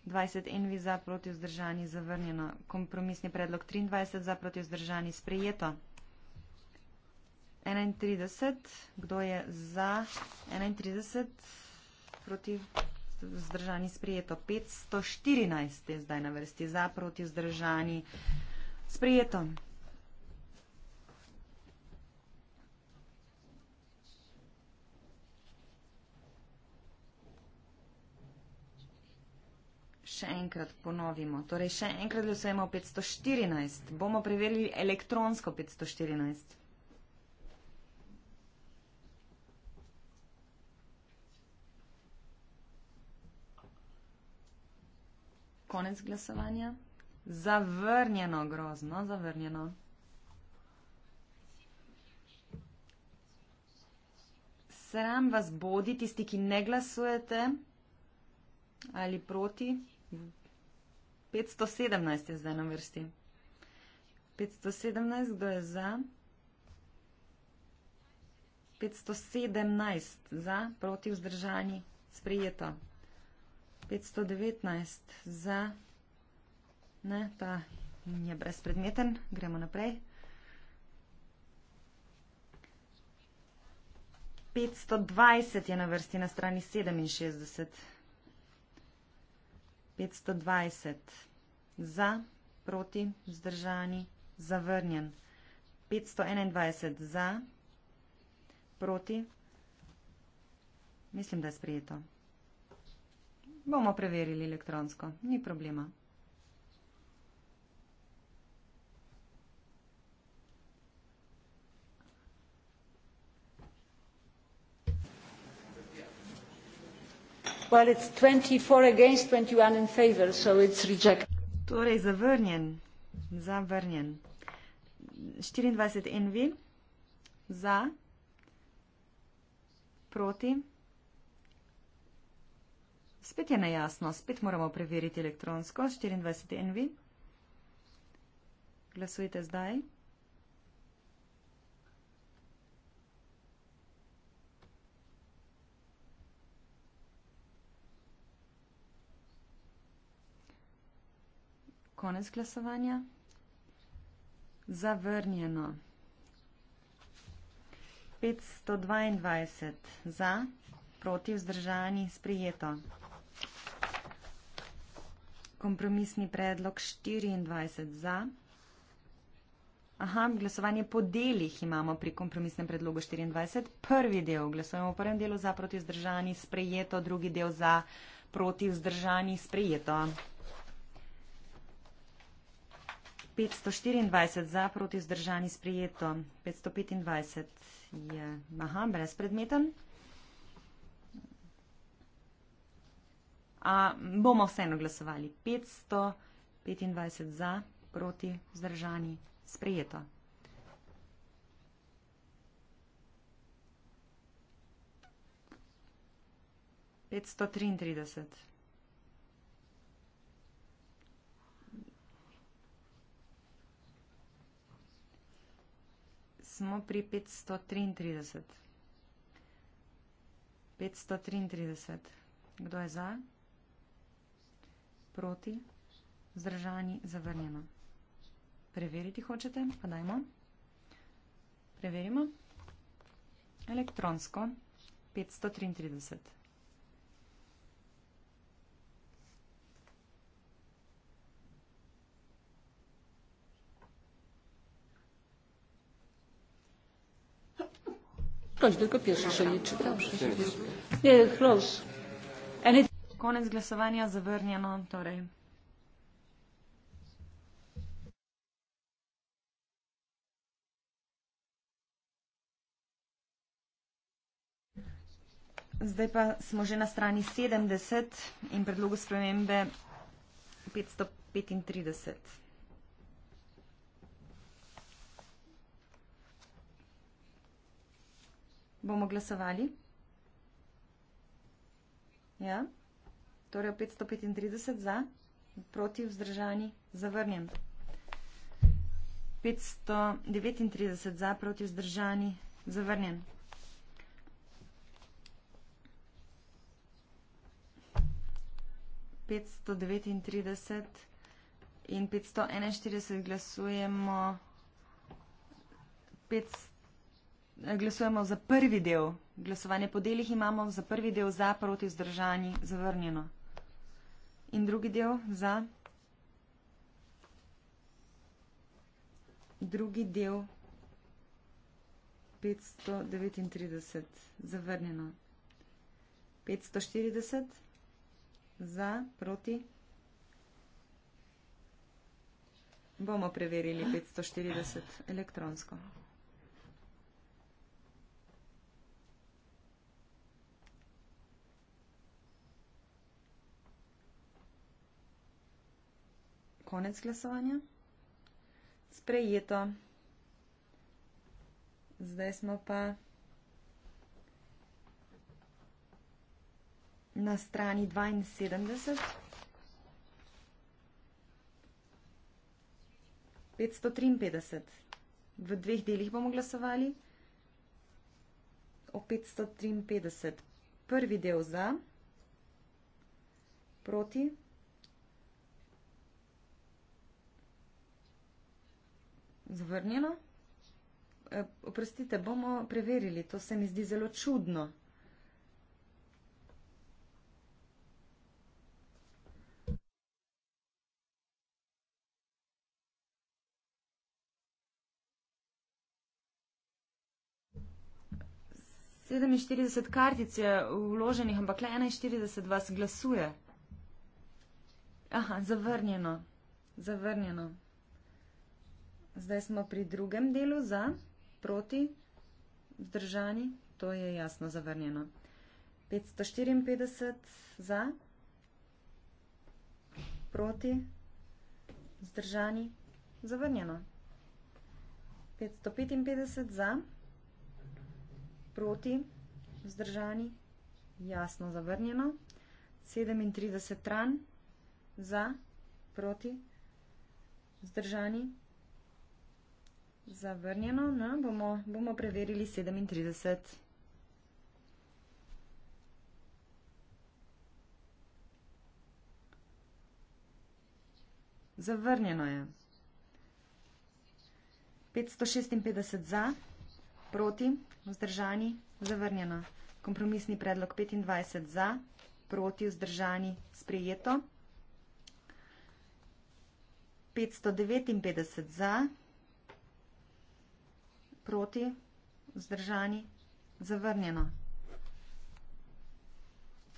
20 envi za proti vzdržani zavrnjeno, kompromisni predlog 23 za proti vzdržani sprejeto. 31, kdo je za 31 proti vzdržani sprejeto. 514 je zdaj na vrsti za proti vzdržani sprejeto. še enkrat ponovimo. Torej, še enkrat glasujemo 514. Bomo preverili elektronsko 514. Konec glasovanja. Zavrnjeno, grozno, zavrnjeno. Sram vas bodi, tisti, ki ne glasujete ali proti. 517 je zdaj na vrsti. 517, kdo je za? 517 za, proti vzdržani, sprijeto. 519 za, ne, ta je brezpredmeten, gremo naprej. 520 je na vrsti na strani 67. 520 za, proti, vzdržani, zavrnjen. 521 za, proti, mislim, da je sprejeto. Bomo preverili elektronsko, ni problema.
Well, it's 24 against 21 in favor, so it's rejected. Torej, zavrnjen.
Zavrnjen. 24 envi. Za. Proti. Spet je nejasno, spet moramo preveriti elektronsko. 24 envi. Glasujte zdaj. Konec glasovanja. Zavrnjeno. 522 za, proti vzdržani, sprijeto. Kompromisni predlog 24 za. Aha, glasovanje po delih imamo pri kompromisnem predlogu 24. Prvi del, glasujemo v prvem delu za, proti vzdržani, sprijeto, drugi del za, proti vzdržani, sprijeto. 524 za, proti vzdržani sprijeto. 525 je maham, brezpredmeten. A bomo vseeno glasovali. 525 za, proti vzdržani sprijeto. Petsto trinajst. smo pri 533. 533. Kdo je za? Proti? Zdržani? Zavrnjeno. Preveriti hočete? Pa dajmo. Preverimo. Elektronsko 533.
ktoś, tylko pierwszy się liczy. Dobrze. Nie, chlos.
Koniec głosowania zawierniano torej. Zdaj pa smo že na strani 70 in predlogu spremembe 535. bomo glasovali? Ja, torej 535 za, proti vzdržani, zavrnjen. 539 za, proti vzdržani, zavrnjen. petsto devetintrideset in petsto enainštirideset glasujemo petsto Glasujemo za prvi del. Glasovanje po delih imamo za prvi del za, proti vzdržani, zavrnjeno. In drugi del za. Drugi del 539, zavrnjeno. 540 za, proti. Bomo preverili 540 elektronsko. Konec glasovanja. Sprejeto. Zdaj smo pa na strani 72. 553. V dveh delih bomo glasovali. O 553. Prvi del za, proti. zvrnjeno. E, oprostite, bomo preverili, to se mi zdi zelo čudno. Sedeminštirideset kartic je vloženih, ampak le enainštirideset vas glasuje. Aha, zavrnjeno, zavrnjeno. Zdaj smo pri drugem delu za, proti, vzdržani, to je jasno zavrnjeno. 554 za, proti, vzdržani, zavrnjeno. 555 za, proti, vzdržani, jasno zavrnjeno. 37 ran za, proti, vzdržani, zavrnjeno. Zavrnjeno, no, bomo, bomo preverili 37. Zavrnjeno je. 556 za, proti, vzdržani, zavrnjeno. Kompromisni predlog 25 za, proti, vzdržani, sprejeto. 559 za, proti, vzdržani, zavrnjeno.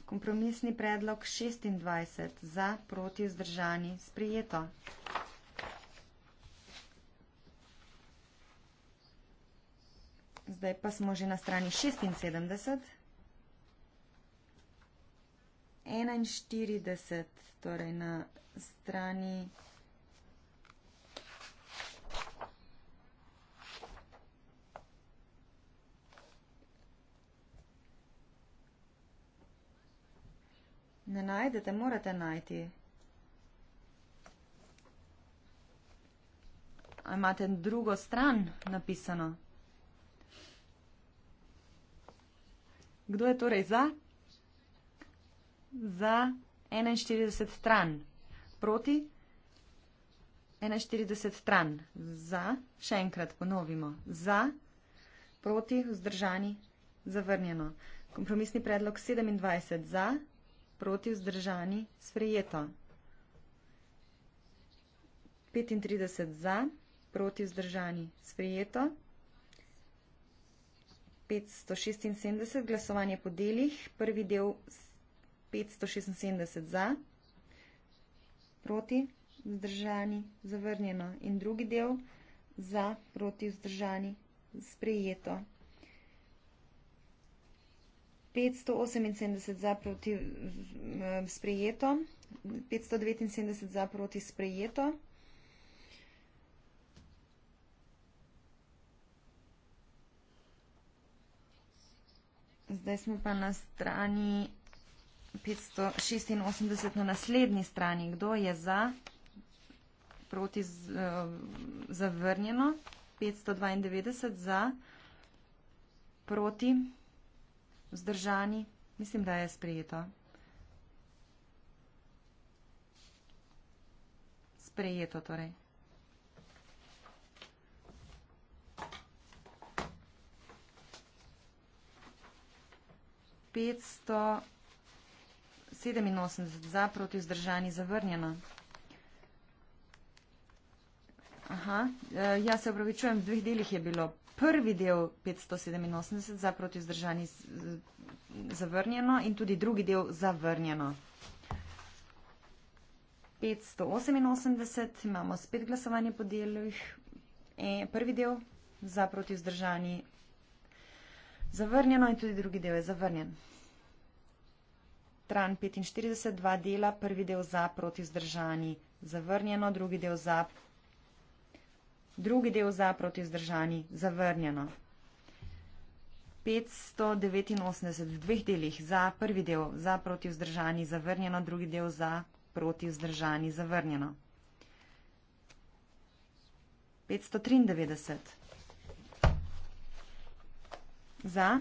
Kompromisni predlog 26 za proti vzdržani sprijeto. Zdaj pa smo že na strani 76. 41, torej na strani 76. Ne najdete, morate najti. A imate drugo stran napisano? Kdo je torej za? Za 41 stran. Proti? 41 stran. Za? Še enkrat ponovimo. Za? Proti? Vzdržani? Zavrnjeno. Kompromisni predlog 27. Za? proti vzdržani sprejeto. 35 za, proti vzdržani sprejeto. 576 glasovanje po delih, prvi del 576 za, proti vzdržani zavrnjeno in drugi del za, proti vzdržani sprejeto. 578 za proti eh, sprejeto, 579 za proti sprejeto. Zdaj smo pa na strani 586 na naslednji strani. Kdo je za, proti z, eh, zavrnjeno, 592 za, proti. Vzdržani. Mislim, da je sprejeto. Sprejeto torej. Petsto sedeminosemdeset za proti vzdržani zavrnjeno. Aha, ja se upravičujem, v dveh delih je bilo prvi del 587 za protizdržani zavrnjeno in tudi drugi del zavrnjeno. 588 imamo spet glasovanje po delih. E, prvi del za protizdržani zavrnjeno in tudi drugi del je zavrnjen. Tran 45, dva dela, prvi del za protizdržani zavrnjeno, drugi del za drugi del za proti zdržani zavrnjeno. 589 v dveh delih za prvi del za proti vzdržani zavrnjeno, drugi del za proti vzdržani zavrnjeno. 593 za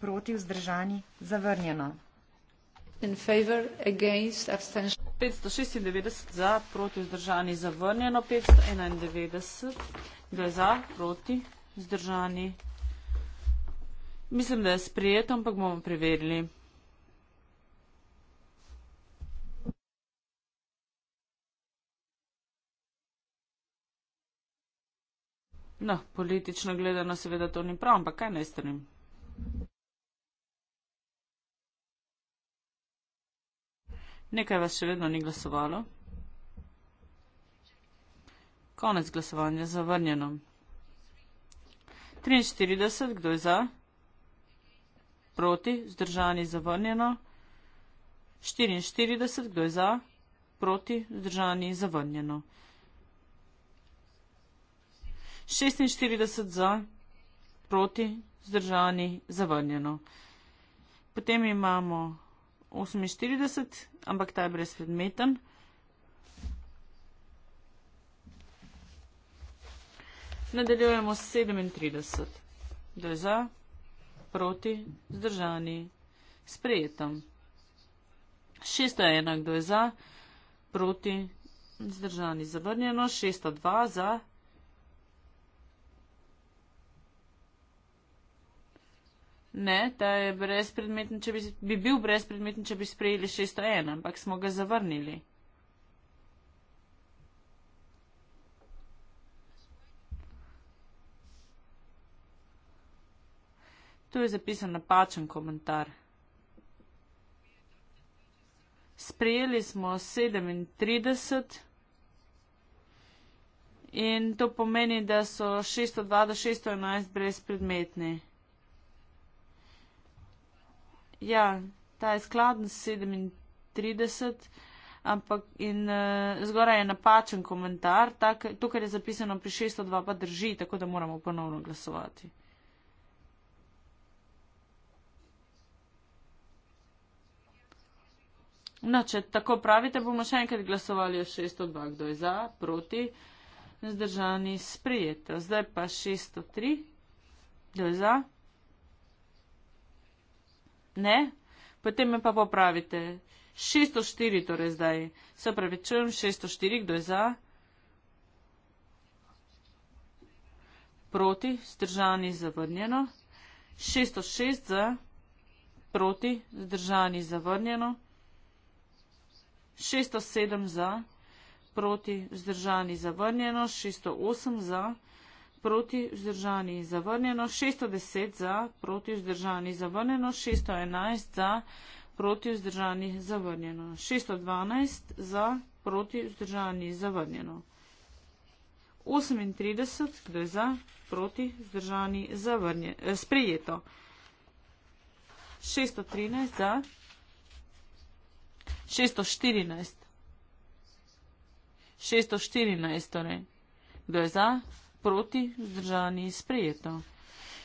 proti vzdržani zavrnjeno. In favor
against abstention.
596 za, proti vzdržani zavrnjeno, 591 da je za, proti vzdržani. Mislim, da je sprijeto, ampak bomo preverili. No, politično gledano seveda to ni prav, ampak kaj naj strnim? Nekaj vas še vedno ni glasovalo. Konec glasovanja, zavrnjeno. 43, kdo je za? Proti, zdržani, zavrnjeno. 44, kdo je za? Proti, zdržani, zavrnjeno. 46 za, proti, zdržani, zavrnjeno. Potem imamo 48 ampak ta je brezpredmeten. Nadaljujemo s 37. Kdo je za? Proti? Zdržani? Sprejetem. 601. Kdo je za? Proti? Zdržani? Zavrnjeno. 602. Za? Ne, ta je brezpredmeten, če bi, bi bil brezpredmeten, če bi sprejeli 601, ampak smo ga zavrnili. Tu je zapisan napačen komentar. Sprejeli smo 37 in to pomeni, da so 602 do 611 brezpredmetni ja, ta je skladen 37, ampak in uh, zgoraj je napačen komentar, tak, to, kar je zapisano pri 602, pa drži, tako da moramo ponovno glasovati. No, če tako pravite, bomo še enkrat glasovali o 602, kdo je za, proti, zdržani, sprijeto. Zdaj pa 603, kdo je za ne? Potem me pa popravite. 604 torej zdaj. Se pravi, čujem 604, kdo je za? Proti, zdržani, zavrnjeno. 606 za, proti, zdržani, zavrnjeno. 607 za, proti, zdržani, zavrnjeno. 608 za proti vzdržani zavrnjeno, 610 za, proti vzdržani zavrnjeno, 611 za, proti vzdržani zavrnjeno, 612 za, proti vzdržani zavrnjeno, 38, kdo je za, proti vzdržani zavrnjeno, eh, sprejeto, 613 za, 614, 614 torej, kdo je za, proti, vzdržani, sprejeto.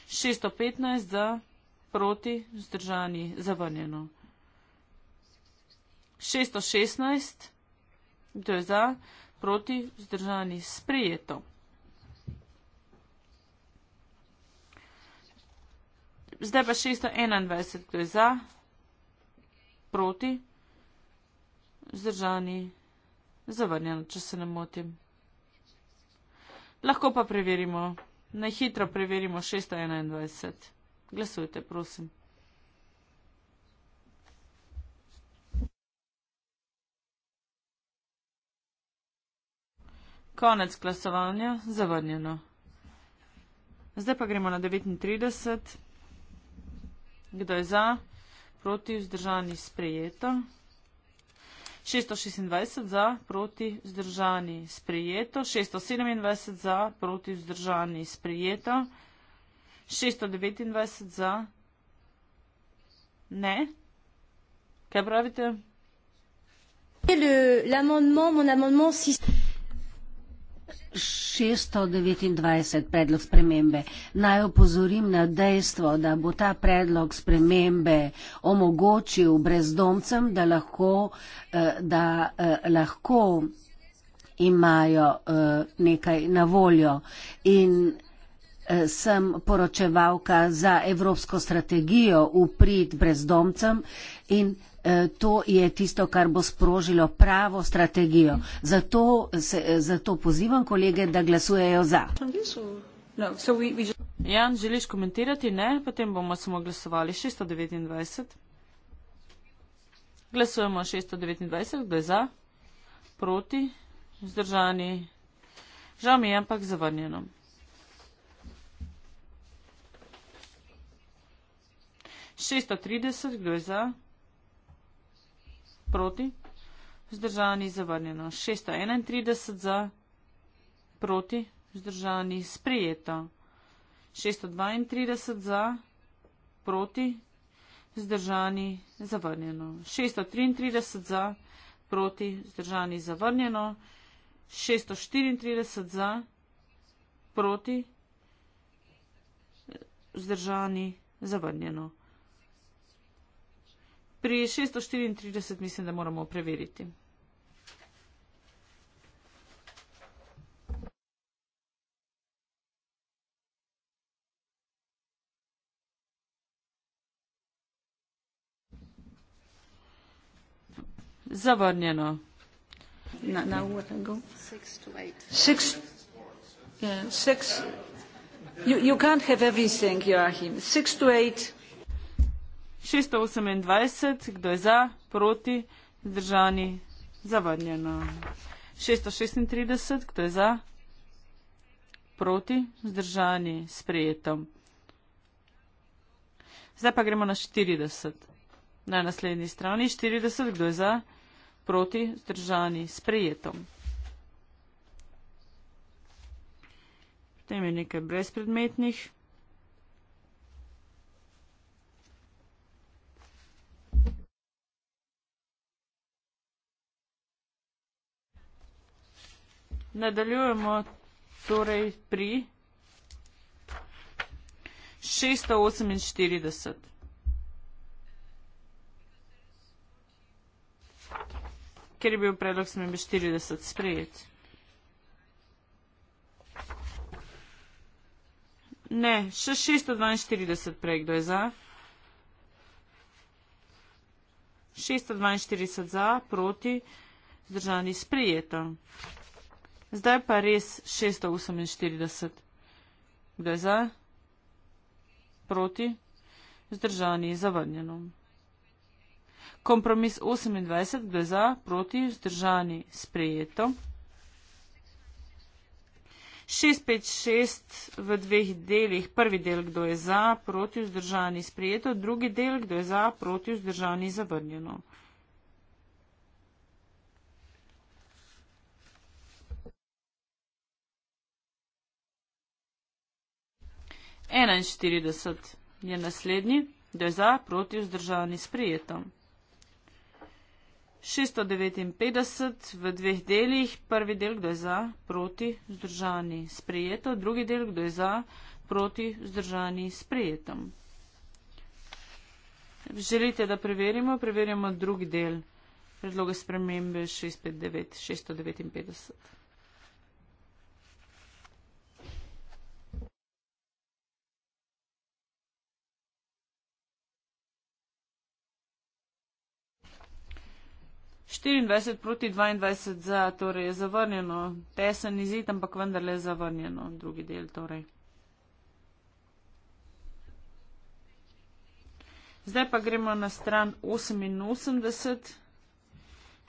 615 za, proti, vzdržani, zavrnjeno. 616, to je za, proti, vzdržani, sprejeto. Zdaj pa 621, to je za, proti, vzdržani, zavrnjeno, če se ne motim. Lahko pa preverimo, naj hitro preverimo 621. Glasujte, prosim. Konec glasovanja, zavrnjeno. Zdaj pa gremo na 39. Kdo je za? Proti vzdržani sprejeto. 626 za, proti vzdržani, sprejeto. 627 za, proti vzdržani, sprejeto. 629 za, ne. Kaj pravite?
Le, l'amendement, mon amendement 6... Si...
629 predlog spremembe. Naj opozorim na dejstvo, da bo ta predlog spremembe omogočil brezdomcem, da lahko, eh, da eh, lahko imajo eh, nekaj na voljo. In sem poročevalka za evropsko strategijo upriti brezdomcem in Eh, to je tisto, kar bo sprožilo pravo strategijo. Zato, se, eh, zato pozivam kolege, da glasujejo za.
No, Jan, želiš komentirati? Ne, potem bomo samo glasovali 629. Glasujemo 629, kdo je za, proti, zdržani. Žal mi je, ampak zavrnjeno. Šeststo trideset, kdo je za? proti, vzdržani zavrnjeno, 631 za, proti, vzdržani sprijeto, 632 za, proti, vzdržani zavrnjeno, 633 za, proti, vzdržani zavrnjeno, 634 za, proti, vzdržani zavrnjeno. Pri 634 mislim, da moramo preveriti.
Zavrnjeno. Six, yeah, six, you, you can't have everything, Joachim. Six
to eight. 628, kdo je za, proti, zdržani, zavrnjeno. 636, kdo je za, proti, zdržani, sprejeto. Zdaj pa gremo na 40. Na naslednji strani 40, kdo je za, proti, zdržani, sprejeto. Potem je nekaj brezpredmetnih. Nadaljujemo torej pri 648. Ker je bil predlog smembe 40 sprejet. Ne, še 642 prej, kdo je za? 642 za, proti, zdržani sprejeto. Zdaj pa res 648. Kdo je za? Proti? Zdržani je zavrnjeno. Kompromis 28. Kdo je za? Proti? Zdržani sprejeto. 656 v dveh delih. Prvi del, kdo je za, proti, vzdržani, sprejeto. Drugi del, kdo je za, proti, vzdržani, zavrnjeno. 41 je naslednji, da je za proti vzdržavni sprijeto. 659 v dveh delih, prvi del, kdo je za, proti, vzdržani, sprijeto, drugi del, kdo je za, proti, vzdržani, sprijeto. Želite, da preverimo? Preverimo drugi del predloga spremembe 659. 659. 24 proti 22 za, torej je zavrnjeno, tesen izid, ampak vendarle je zavrnjeno drugi del. Torej. Zdaj pa gremo na stran 88.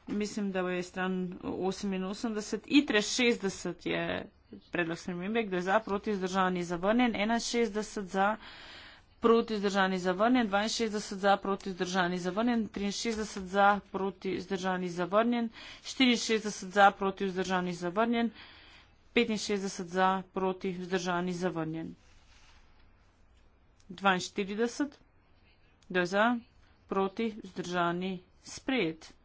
Mislim, da je stran 88. ITRE 60 je predlog spremembe, gre za proti zdržani zavrnjen, 61 za proti vzdržani zavrnjen, 62 za proti vzdržani zavrnjen, 63 za proti vzdržani zavrnjen, 64 za proti vzdržani zavrnjen, 65 za proti vzdržani zavrnjen. 42 do za proti vzdržani sprejet.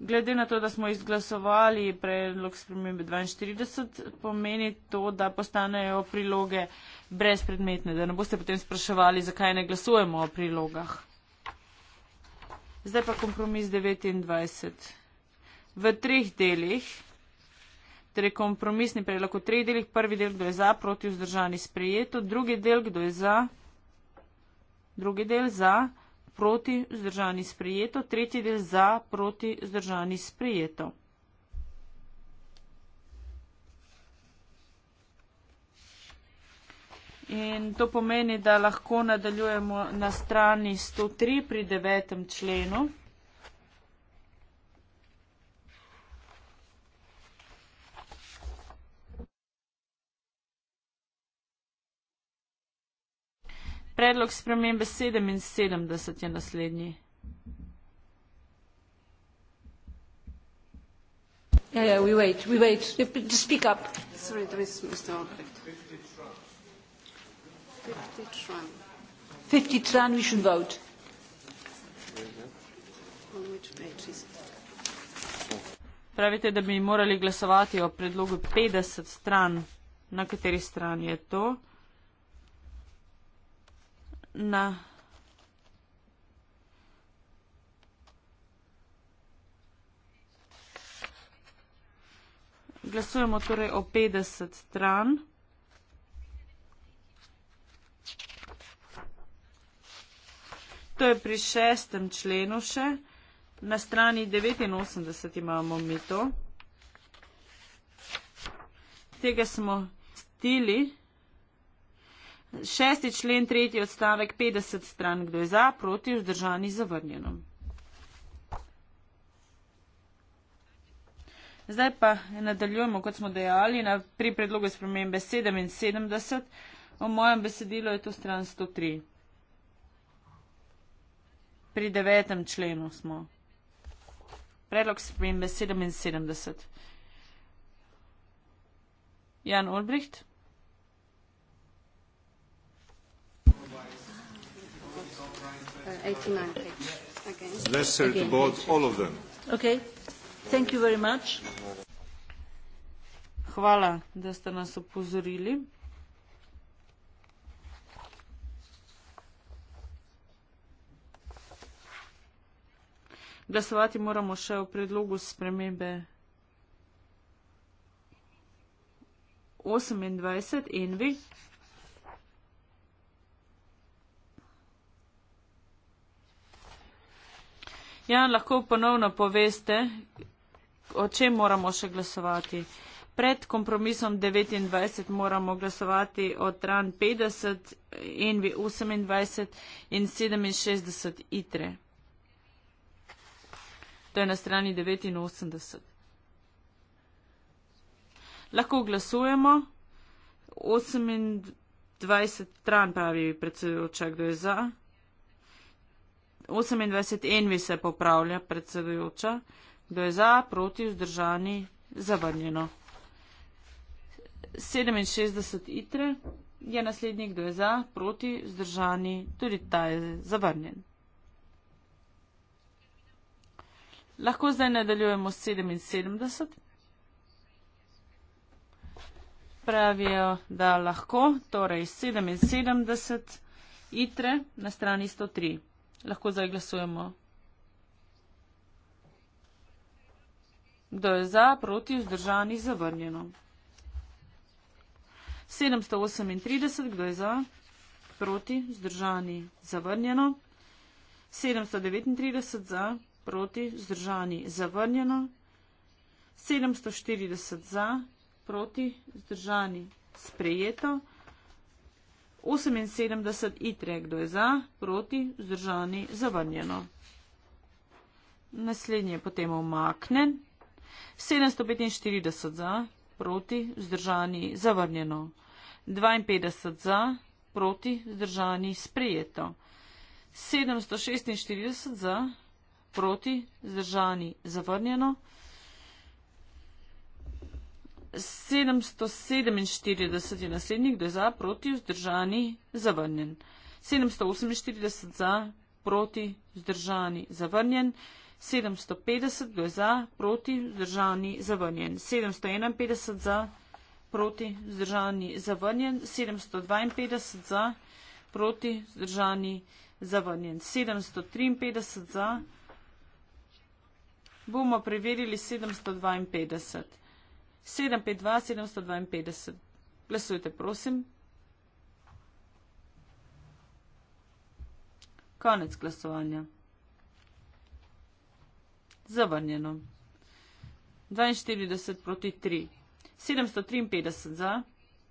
Glede na to, da smo izglasovali predlog spremembe 42, pomeni to, da postanejo priloge brezpredmetne, da ne boste potem spraševali, zakaj ne glasujemo o prilogah. Zdaj pa kompromis 29. V treh delih, torej kompromisni predlog v treh delih, prvi del, kdo je za, proti vzdržani sprejeto, drugi del, kdo je za, drugi del za, proti, vzdržani sprejeto, tretji del za, proti, vzdržani sprejeto. In to pomeni, da lahko nadaljujemo na strani 103 pri devetem členu. Predlog spremembe 77 je naslednji.
Ja, ja, we wait, we wait, to speak up. Sorry, there is Mr. Albrecht. 50 tran. 50 tran, we should vote.
Pravite, da bi morali glasovati o predlogu 50 stran. Na kateri strani je to? na glasujemo torej o 50 stran. To je pri šestem členu še. Na strani 89 imamo mi to. Tega smo stili. Šesti člen, tretji odstavek, 50 stran, kdo je za, proti, vzdržani, zavrnjeno. Zdaj pa nadaljujemo, kot smo dejali, na pri predlogu spremembe 77. V mojem besedilu je to stran 103. Pri devetem členu smo. Predlog spremembe 77. Jan Olbricht.
89 page. Again. Let's again, board, page. all of them. Okay. Thank you very much.
Hvala, da ste nas opozorili. Glasovati moramo še o predlogu spremembe 28 in vi. Ja, lahko ponovno poveste, o čem moramo še glasovati. Pred kompromisom 29 moramo glasovati od ran 50, NV 28 in 67 itre. To je na strani 89. Lahko glasujemo. 28 ran pravi predsedujoča, kdo je za. 28 envi se popravlja predsedujoča, kdo je za, proti, vzdržani, zavrnjeno. 67 itre je naslednji, kdo je za, proti, vzdržani, tudi ta je zavrnjen. Lahko zdaj nadaljujemo s 77. Pravijo, da lahko, torej 77 itre na strani 103. Lahko zdaj glasujemo. Kdo je za, proti, vzdržani, zavrnjeno. 738, kdo je za, proti, vzdržani, zavrnjeno. 739 za, proti, vzdržani, zavrnjeno. 740 za, proti, vzdržani, sprejeto. 78 itre, kdo je za, proti, vzdržani, zavrnjeno. Naslednji je potem omaknen. 745 za, proti, vzdržani, zavrnjeno. 52 za, proti, vzdržani, sprejeto. 746 za, proti, vzdržani, zavrnjeno. 747 je naslednjih, da je za, proti, vzdržani, zavrnjen. 748 za, proti, vzdržani, zavrnjen. 750 je za, proti, vzdržani, zavrnjen. 751 za, proti, vzdržani, zavrnjen. 752 za, proti, vzdržani, zavrnjen. 753 za, bomo preverili 752. 752-752. Glasujte, prosim. Konec glasovanja. Zavrnjeno. 42 proti 3. 753 za,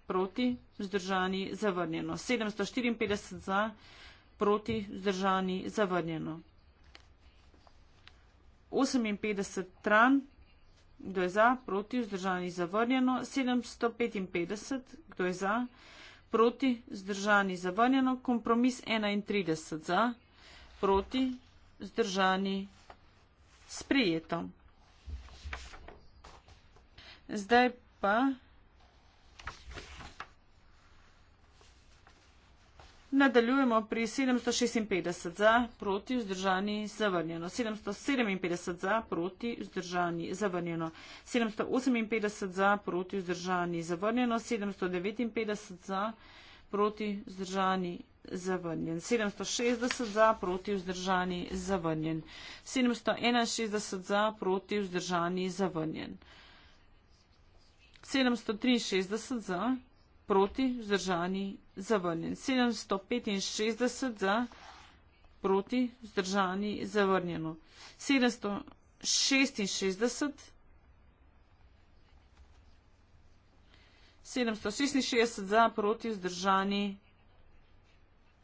proti, vzdržani, zavrnjeno. 754 za, proti, vzdržani, zavrnjeno. 58 tran, Kdo je za? Proti. Vzdržani. Zavrnjeno. 755. Kdo je za? Proti. Vzdržani. Zavrnjeno. Kompromis 31. Za. Proti. Vzdržani. Sprijeto. Zdaj pa. Nadaljujemo pri 756 za, proti, vzdržani, zavrnjeno. 757 za, proti, vzdržani, zavrnjeno. 758 za, proti, vzdržani, zavrnjeno. 759 za, proti, vzdržani, zavrnjen. 760 za, proti, vzdržani, zavrnjen. 761 za, proti, vzdržani, zavrnjen. 763 za, proti, vzdržani, zavrnjen proti, vzdržani, zavrnjen. 765 za, proti, vzdržani, zavrnjeno. 766, 766 za, proti, vzdržani,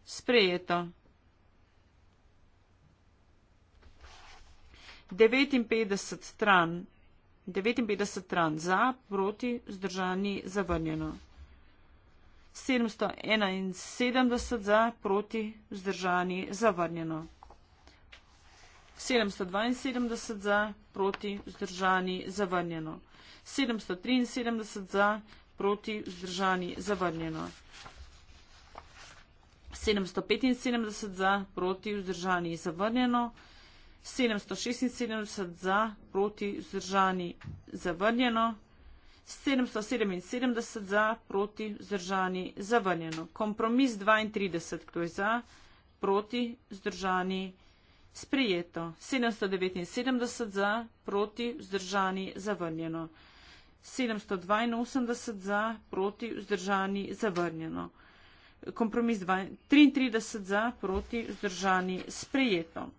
sprejeto. 59 stran, 59 stran za, proti, vzdržani, zavrnjeno. 771 za, proti, vzdržani, zavrnjeno. 772 za, proti, vzdržani, zavrnjeno. 773 za, proti, vzdržani, zavrnjeno. 775 za, proti, vzdržani, zavrnjeno. 776 za, proti, vzdržani, zavrnjeno. 777 za, proti, vzdržani, zavrnjeno. Kompromis 32, kdo je za, proti, vzdržani, sprijeto. 779 za, proti, vzdržani, zavrnjeno. 782 za, proti, vzdržani, zavrnjeno. Kompromis 33 za, proti, vzdržani, sprijeto.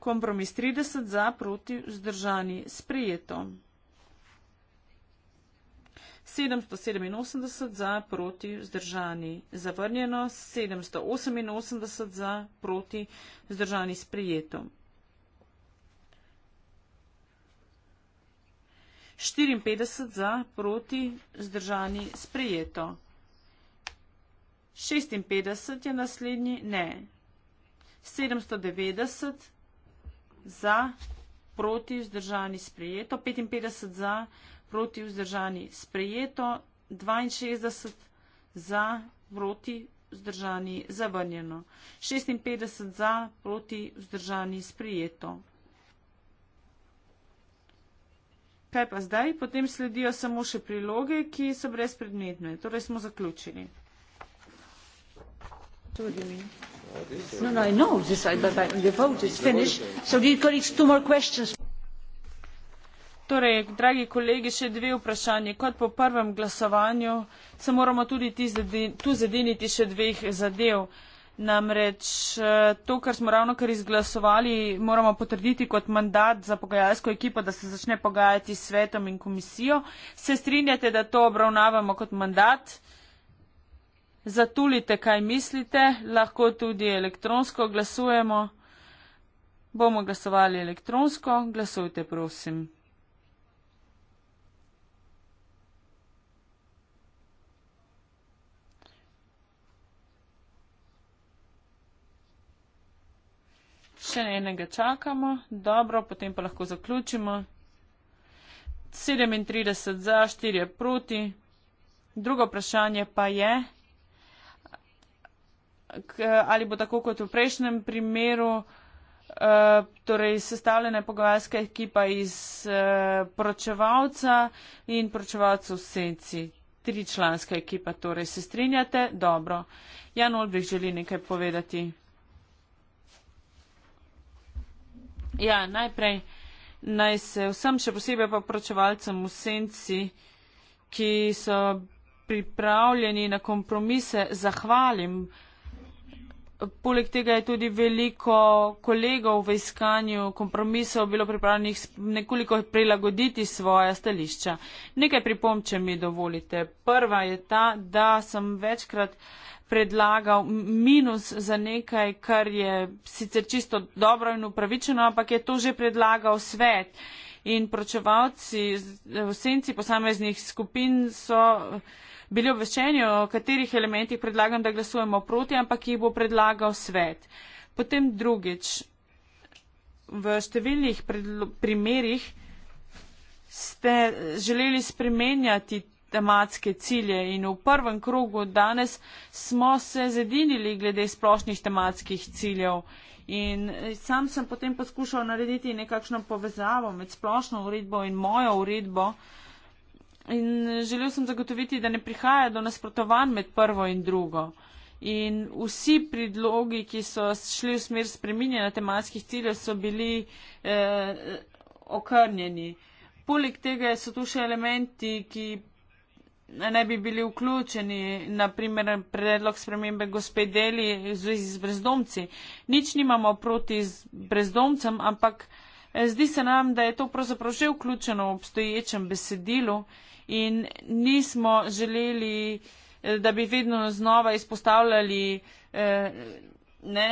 Kompromis 30 za, proti, vzdržani, sprejeto. 787 za, proti, vzdržani, zavrnjeno. 788 za, proti, vzdržani, sprejeto. 54 za, proti, vzdržani, sprejeto. 56 je naslednji, ne. 790 za, proti, vzdržani, sprejeto za, proti, vzdržani, sprejeto, 55 za, proti, vzdržani, sprejeto, 62 za, proti, vzdržani, zavrnjeno, 56 za, proti, vzdržani, sprejeto. Kaj pa zdaj? Potem sledijo samo še priloge, ki so brezpredmetne. Torej smo zaključili. Tudi mi.
No, no, I know this, but the vote is finished. So, dear colleagues, two more questions.
Torej, dragi kolegi, še dve vprašanje. Kot po prvem glasovanju se moramo tudi tu zadeniti še dveh zadev. Namreč eh, to, kar smo ravno kar izglasovali, moramo potrditi kot mandat za pogajalsko ekipo, da se začne pogajati s svetom in komisijo. Se strinjate, da to obravnavamo kot mandat? zatulite, kaj mislite, lahko tudi elektronsko glasujemo. Bomo glasovali elektronsko, glasujte prosim. Še enega čakamo, dobro, potem pa lahko zaključimo. 37 za, 4 proti. Drugo vprašanje pa je, ali bo tako kot v prejšnjem primeru, eh, torej sestavljena pogovarska ekipa iz eh, pročevalca in pročevalcev v senci. Tri članska ekipa, torej se strinjate? Dobro. Jan Olbrih želi nekaj povedati. Ja, najprej naj se vsem, še posebej pa pročevalcem v senci, ki so pripravljeni na kompromise, zahvalim. Poleg tega je tudi veliko kolegov v iskanju kompromisov bilo pripravljenih nekoliko prilagoditi svoja stališča. Nekaj pripomb, če mi dovolite. Prva je ta, da sem večkrat predlagal minus za nekaj, kar je sicer čisto dobro in upravičeno, ampak je to že predlagal svet. In pročevalci, v senci posameznih skupin so bili obveščeni, o katerih elementih predlagam, da glasujemo proti, ampak jih bo predlagal svet. Potem drugič, v številnih primerjih ste želeli spremenjati tematske cilje in v prvem krogu danes smo se zedinili glede splošnih tematskih ciljev. In eh, sam sem potem poskušal narediti nekakšno povezavo med splošno uredbo in mojo uredbo, uh, In želel sem zagotoviti, da ne prihaja do nasprotovanj med prvo in drugo. In vsi predlogi, ki so šli v smer spreminjanja tematskih ciljev, so bili eh, okrnjeni. Poleg tega so tu še elementi, ki eh, ne bi bili vključeni, naprimer predlog spremembe gospe Deli v zvezi z brezdomci. Nič nimamo proti brezdomcem, ampak eh, zdi se nam, da je to pravzaprav že vključeno v obstoječem besedilu in nismo želeli, eh, da bi vedno znova izpostavljali eh, ne,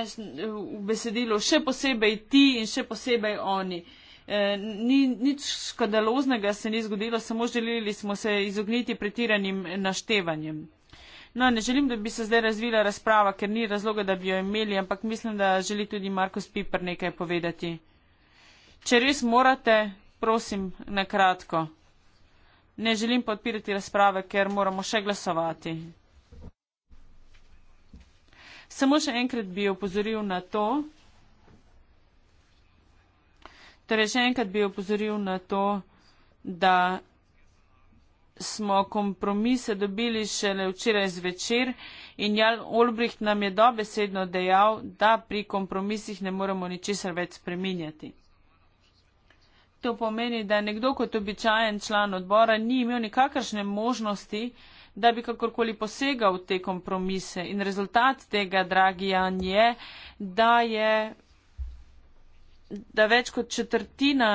v besedilu še posebej ti in še posebej oni. Eh, ni, nič škandaloznega se ni zgodilo, samo želeli smo se izogniti pretiranim naštevanjem. No, ne želim, da bi se zdaj razvila razprava, ker ni razloga, da bi jo imeli, ampak mislim, da želi tudi Markus Piper nekaj povedati. Če res morate, prosim, na kratko. Ne želim podpirati razprave, ker moramo še glasovati. Samo še enkrat bi opozoril na to, torej še enkrat bi opozoril na to, da smo kompromise dobili šele včeraj zvečer in Jan Olbricht nam je dobesedno dejal, da pri kompromisih ne moremo ničesar več spreminjati. To pomeni, da nekdo kot običajen član odbora ni imel nikakršne možnosti, da bi kakorkoli posegal v te kompromise. In rezultat tega, dragi Jan, je, da je da več kot četrtina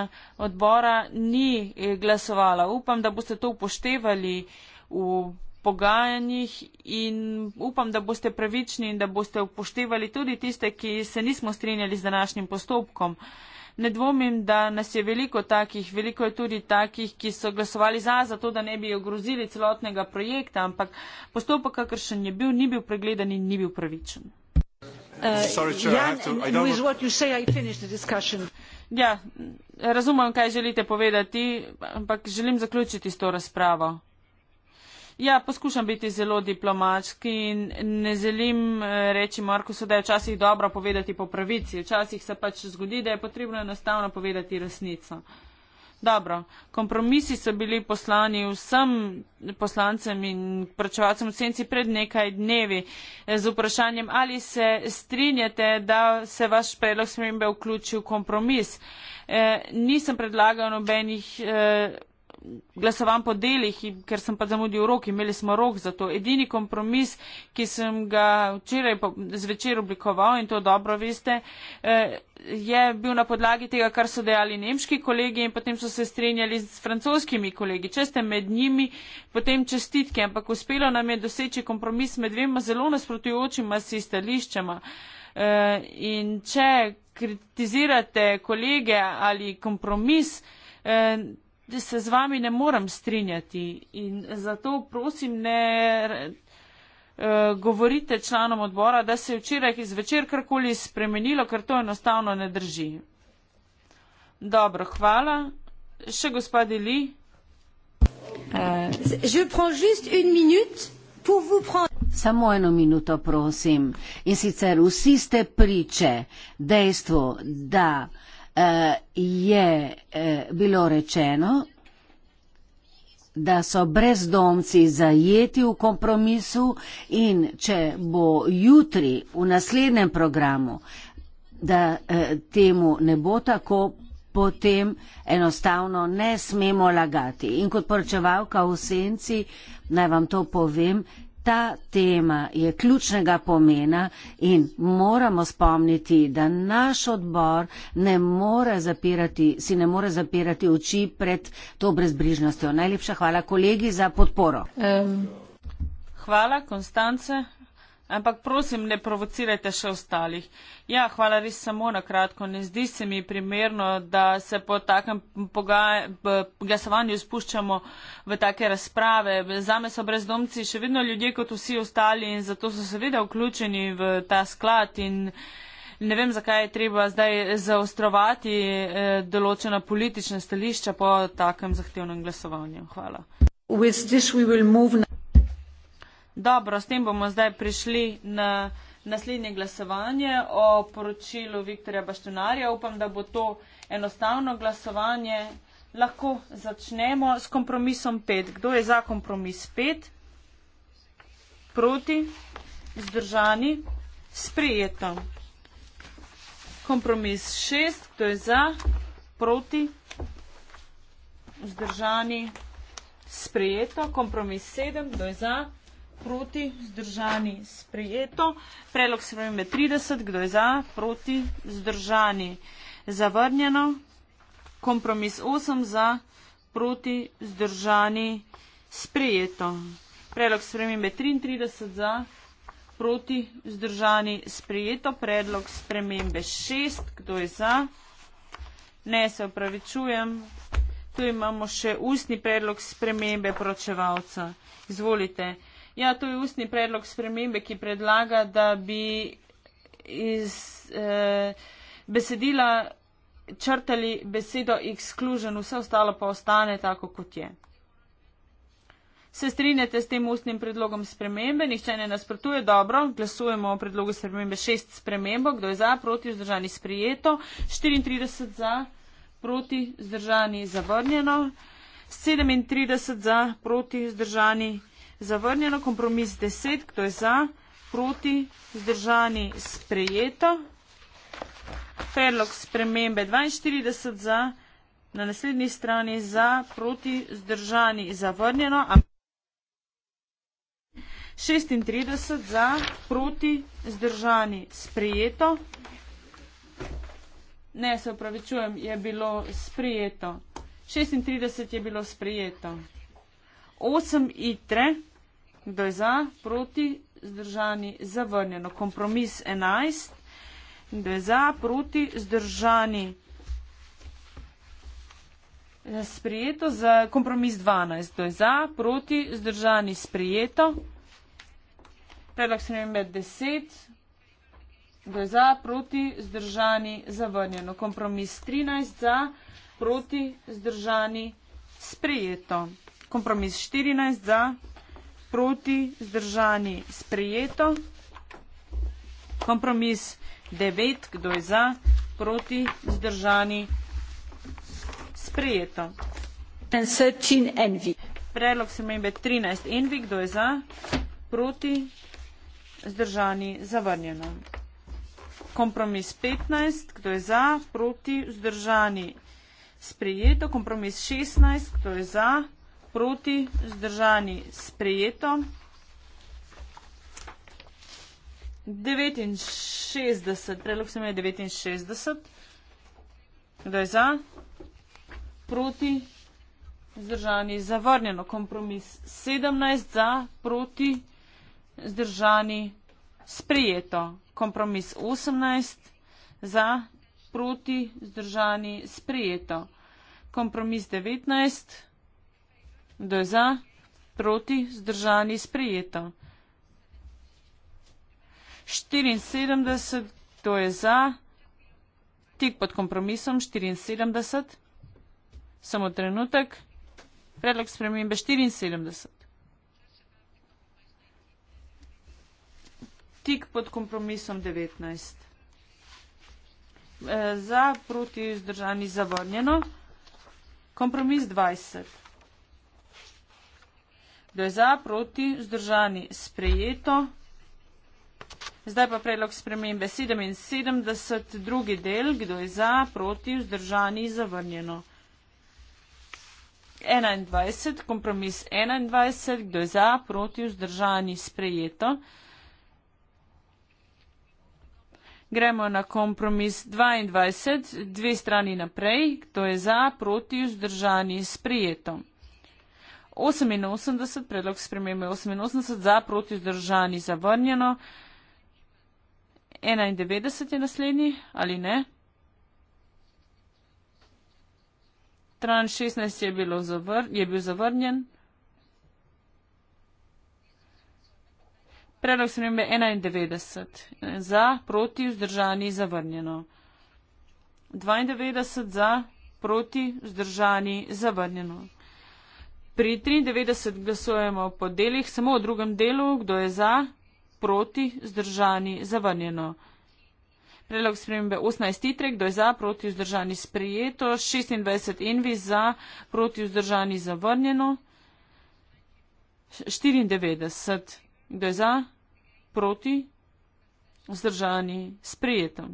odbora ni eh, glasovala. Upam, da boste to upoštevali v pogajanjih in upam, da boste pravični in da boste upoštevali tudi tiste, ki se nismo strinjali z današnjim postopkom. Uh, Ne dvomim, da nas je veliko takih, veliko je tudi takih, ki so glasovali za, zato da ne bi ogrozili celotnega projekta, ampak postopek, kakršen je bil, ni bil pregledan in ni bil pravičen. Uh, ja, razumem, kaj želite povedati, ampak želim zaključiti s to razpravo. Ja, poskušam biti zelo diplomatski in ne želim eh, reči Markusu, da je včasih dobro povedati po pravici. Včasih se pač zgodi, da je potrebno enostavno povedati resnico. Dobro, kompromisi so bili poslani vsem poslancem in pračevalcem v senci pred nekaj dnevi eh, z vprašanjem, ali se strinjate, da se vaš predlog smembe vključi v kompromis. E, nisem predlagal nobenih. E, glasovan po delih, ker sem pa zamudil rok, imeli smo rok za to. Edini kompromis, ki sem ga včeraj zvečer oblikoval in to dobro veste, eh, je bil na podlagi tega, kar so dejali nemški kolegi in potem so se strinjali z francoskimi kolegi. Če ste med njimi, potem čestitke, ampak uspelo nam je doseči kompromis med dvema zelo nasprotujočima si stališčama. Eh, in če kritizirate kolege ali kompromis, eh, da se z vami ne morem strinjati in zato prosim ne eh, govorite članom odbora, da se je včeraj izvečer karkoli spremenilo, ker to enostavno ne drži. Dobro, hvala. Še gospodi Li.
Eh,
Samo eno minuto, prosim. In sicer vsi ste priče dejstvu, da. Eh, je eh, bilo rečeno, da so brezdomci zajeti v kompromisu in če bo jutri v naslednjem programu, da eh, temu ne bo tako, potem enostavno ne smemo lagati. In kot poročevalka v senci, naj vam to povem, Ta tema je ključnega pomena in moramo spomniti, da naš odbor ne more zapirati, si ne more zapirati oči pred to brezbrižnostjo. Najlepša hvala kolegi za podporo. Um,
hvala, Konstance. Ampak prosim, ne provocirajte še ostalih. Ja, hvala res samo na kratko. Ne zdi se mi primerno, da se po takem glasovanju spuščamo v take razprave. Zame so brezdomci še vedno ljudje kot vsi ostali in zato so seveda vključeni v ta sklad in ne vem, zakaj je treba zdaj zaostrovati eh, določena politična stališča po takem zahtevnem glasovanju. Hvala. Dobro, s tem bomo zdaj prišli na naslednje glasovanje o poročilu Viktorja Baštunarja. Upam, da bo to enostavno glasovanje. Lahko začnemo s kompromisom 5. Kdo je za kompromis 5? Proti? Zdržani? Sprijeto. Kompromis 6. Kdo je za? Proti? Zdržani? Sprijeto. Kompromis 7. Kdo je za? proti, zdržani, sprejeto. Predlog spremembe 30, kdo je za, proti, zdržani, zavrnjeno. Kompromis 8 za, proti, zdržani, sprejeto. Predlog spremembe 33 za, proti, zdržani, sprejeto. Predlog spremembe 6, kdo je za, ne se opravičujem. Tu imamo še ustni predlog spremembe pročevalca. Izvolite. Ja, to je ustni predlog spremembe, ki predlaga, da bi iz eh, besedila črtali besedo exclusion, vse ostalo pa ostane tako, kot je. Se strinjate s tem ustnim predlogom spremembe? Nihče ne nasprotuje? Dobro, glasujemo o predlogu spremembe. Šest spremembo. Kdo je za? Proti? Zdržani sprijeto. 34 za. Proti? Zdržani zavrnjeno. 37 za. Proti? Zdržani zavrnjeno kompromis 10, kdo je za, proti, zdržani, sprejeto. Predlog spremembe 42 za, na naslednji strani za, proti, zdržani, zavrnjeno. 36 za, proti, zdržani, sprejeto. Ne, se upravičujem, je bilo sprejeto. 36 je bilo sprejeto. 8 itre. Kdo je za, proti, zdržani, zavrnjeno. Kompromis 11. Kdo je za, proti, zdržani, sprijeto. Za kompromis 12. Kdo je za, proti, zdržani, sprijeto. Predlog spremembe 10. Kdo je za, proti, zdržani, zavrnjeno. Kompromis 13. Za, proti, zdržani, sprijeto. Kompromis 14. Za, proti zdržani sprejeto. Kompromis 9, kdo je za, proti zdržani sprejeto. Predlog spremembe 13 envi, kdo je za, proti zdržani zavrnjeno. Kompromis 15, kdo je za, proti vzdržani sprejeto. Kompromis 16, kdo je za, proti, zdržani sprejeto. 69, predlog se imenuje 69. Kdo je za? Proti, zdržani, zavrnjeno. Kompromis 17 za, proti, zdržani, sprejeto. Kompromis 18 za, proti, zdržani, sprejeto. Kompromis 19. Kdo je za? Proti? Zdržani? Sprejeto. 74. Kdo je za? Tik pod kompromisom 74. Samo trenutek. Predlog spremembe 74. Tik pod kompromisom 19. E, eh, za, proti, zdržani, zavrnjeno. Kompromis 20. Kdo je za, proti, vzdržani, sprejeto. Zdaj pa predlog spremembe 77, drugi del, kdo je za, proti, vzdržani, zavrnjeno. 21, kompromis 21, kdo je za, proti, vzdržani, sprejeto. Gremo na kompromis 22, dve strani naprej, kdo je za, proti, vzdržani, sprejeto. 88, predlog spremembe 88, za, proti, zdržani, zavrnjeno. 91 je naslednji, ali ne? 16 je, bilo zavr je bil zavrnjen. Predlog spremembe 91, za, proti, vzdržani, zavrnjeno. 92 za, proti, vzdržani, zavrnjeno. Pri 93 glasujemo po delih, samo v drugem delu, kdo je za, proti, zdržani, zavrnjeno. Predlog spremembe 18 titre, kdo je za, proti, vzdržani, sprijeto, 26 envi za, proti, vzdržani, zavrnjeno, 94, kdo je za, proti, vzdržani, sprijeto.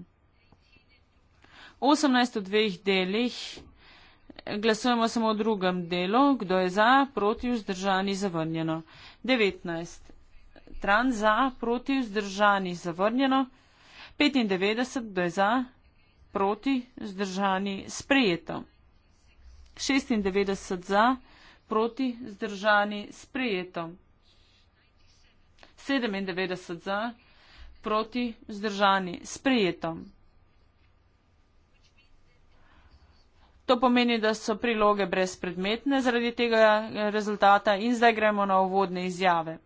18 v dveh delih. Glasujemo samo o drugem delu, kdo je za, proti, vzdržani, zavrnjeno. 19. Tran za, proti, vzdržani, zavrnjeno. 95. Kdo je za, proti, vzdržani, sprejeto. 96. Za, proti, vzdržani, sprejeto. 97. Za, proti, vzdržani, sprejeto. To pomeni, da so priloge brezpredmetne zaradi tega eh, rezultata in zdaj gremo na uvodne izjave.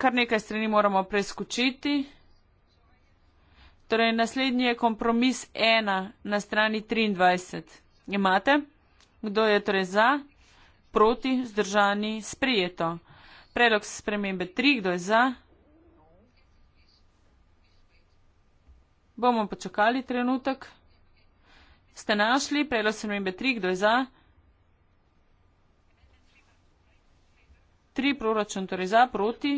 Kar nekaj strani moramo preskočiti. Torej, naslednji je kompromis 1 na strani 23. Imate? Kdo je torej za? Proti, zdržani, sprijeto. Predlog spremembe 3, kdo je za? Bomo počakali trenutek. Ste našli? Prejelo se mi je tri, kdo je za? Tri proračun, torej za, proti.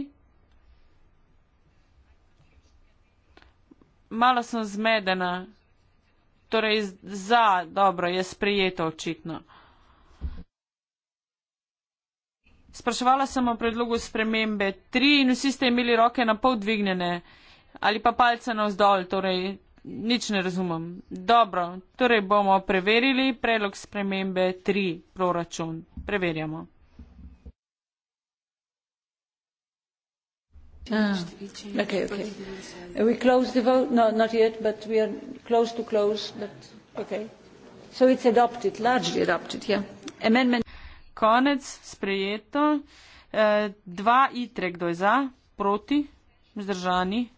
Malo sem zmedena. Torej za, dobro, je sprejeto očitno. Sprašvala sem o predlogu spremembe tri in vsi ste imeli roke na pol dvignjene ali pa palce navzdol, torej nič ne razumem. Dobro, torej bomo preverili predlog spremembe 3 proračun. Preverjamo.
Ah, okay, okay. We close the vote? No, not yet, but we are close to close. But, okay. So it's adopted, largely adopted, yeah. Amendment.
Konec, sprejeto. E, dva itre, kdo je za? Proti? Vzdržani?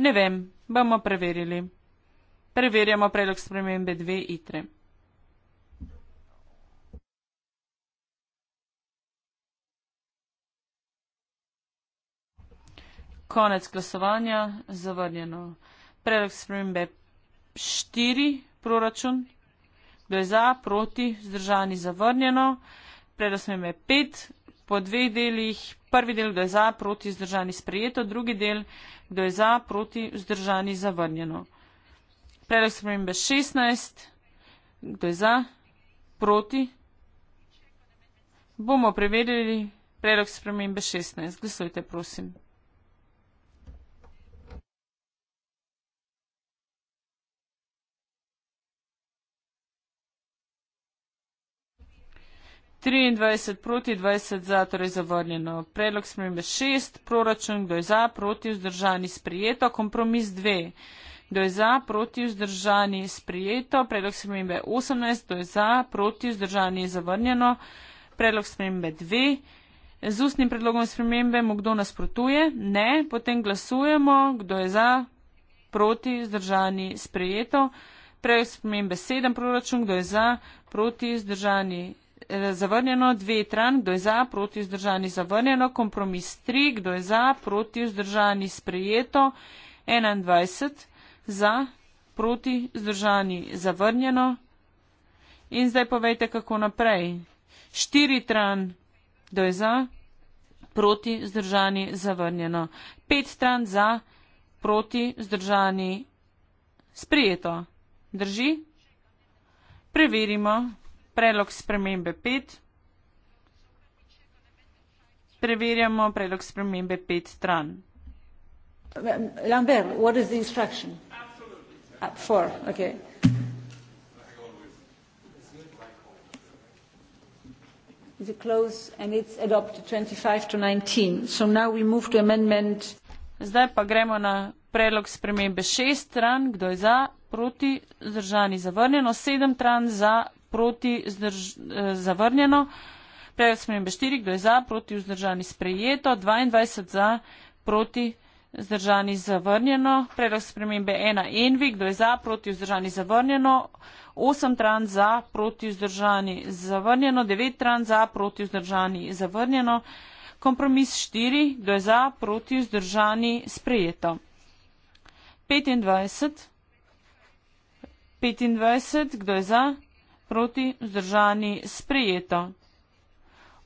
Ne vem, bomo preverili. Preverjamo predlog spremembe 2 itre. Konec glasovanja, zavrnjeno. Predlog spremembe 4 proračun. Gre za, proti, zdržani, zavrnjeno. Predlog spremembe 5 po dveh delih. Prvi del gre za, proti, zdržani, sprejeto. Drugi del kdo je za, proti, vzdržani, zavrnjeno. Predlog spremembe 16, kdo je za, proti, bomo preverili predlog spremembe 16. Glasujte, prosim. 23 proti 20 za, torej zavrnjeno. Predlog spremembe 6, proračun, kdo je za, proti, vzdržani, sprijeto, kompromis 2. Kdo je za, proti, vzdržani, sprijeto, predlog spremembe 18, kdo je za, proti, vzdržani, zavrnjeno, predlog spremembe 2. Z ustnim predlogom spremembe mu kdo nasprotuje? Ne. Potem glasujemo, kdo je za, proti, vzdržani, sprijeto, predlog spremembe 7, proračun, kdo je za, proti, vzdržani, sprijeto. Eh, zavrnjeno, dve tran, kdo je za, proti vzdržani, zavrnjeno, kompromis tri, kdo je za, proti vzdržani, sprejeto, 21 za, proti vzdržani, zavrnjeno. In zdaj povejte, kako naprej. Štiri tran, kdo je za, proti vzdržani, zavrnjeno. Pet tran za, proti vzdržani, sprejeto. Drži? Preverimo predlog spremembe 5. Preverjamo predlog spremembe 5 stran.
Lambert, what is the instruction? Absolutely. Uh, four, okay. Is it close and it's adopted 25 to 19. So now we move to amendment.
Zdaj pa gremo na predlog spremembe 6 stran. Kdo je za? Proti? Zdržani zavrnjeno. 7 stran za, proti zdrž, eh, zavrnjeno, predvsem spremembe 4, kdo je za, proti vzdržani sprejeto, 22 za, proti zdržani zavrnjeno, predvsem spremembe 1 envi, kdo je za, proti vzdržani zavrnjeno, 8 tran za, proti vzdržani zavrnjeno, 9 tran za, proti vzdržani zavrnjeno, kompromis 4, kdo je za, proti vzdržani sprejeto. 25. 25, kdo je za? proti, vzdržani, sprejeto.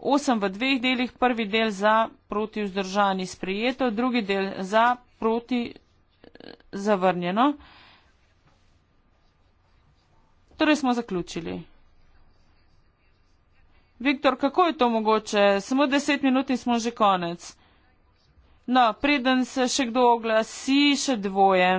8 v dveh delih, prvi del za, proti, vzdržani, sprejeto, drugi del za, proti, zavrnjeno. Torej smo zaključili. Viktor, kako je to mogoče? Samo deset minut in smo že konec. No, preden se še kdo oglasi, še dvoje.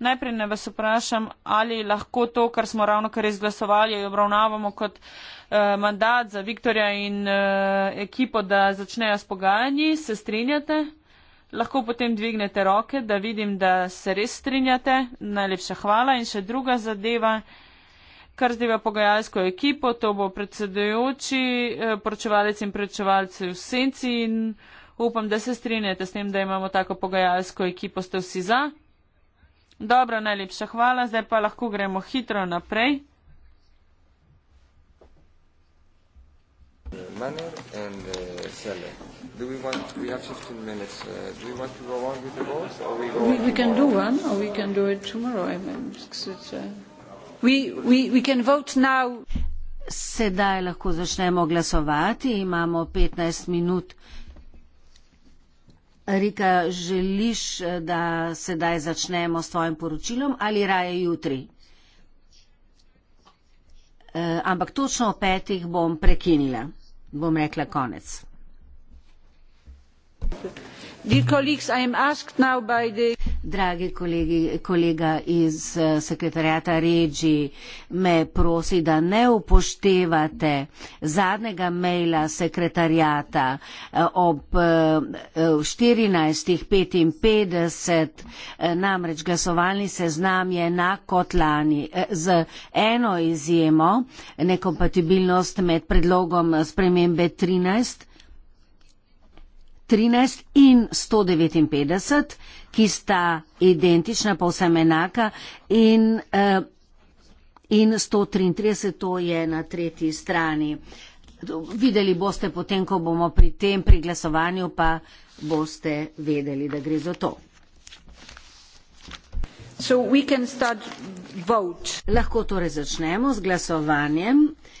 Najprej ne vas vprašam, ali lahko to, kar smo ravno kar izglasovali, obravnavamo kot eh, mandat za Viktorja in eh, ekipo, da začnejo s pogajanji, se strinjate? Lahko potem dvignete roke, da vidim, da se res strinjate. Najlepša hvala. In še druga zadeva, kar zdaj v pogajalsko ekipo, to bo predsedujoči, eh, poročevalec in poročevalce v senci in upam, da se strinjate s tem, da imamo tako pogajalsko ekipo, ste vsi za. Dobro, najlepša hvala. Zdaj pa lahko gremo hitro naprej.
Sedaj lahko začnemo glasovati. Imamo 15 minut. Rika, želiš, eh, da sedaj začnemo s tvojim poročilom ali raje jutri? Eh, ampak točno o petih bom prekinila, bom rekla konec. Thank you. Dragi kolegi, kolega iz eh, sekretarjata Regi me prosi, da ne upoštevate zadnjega maila sekretarjata eh, ob 14.55, eh, namreč glasovalni seznam je enak kot lani z eno izjemo, nekompatibilnost med predlogom spremembe 13 13 in 159, ki sta identična, pa vsem enaka in, uh, in 133, to je na tretji strani. Videli boste potem, ko bomo pri tem pri glasovanju, pa boste vedeli, da gre za to. Lahko torej začnemo z glasovanjem. Uh,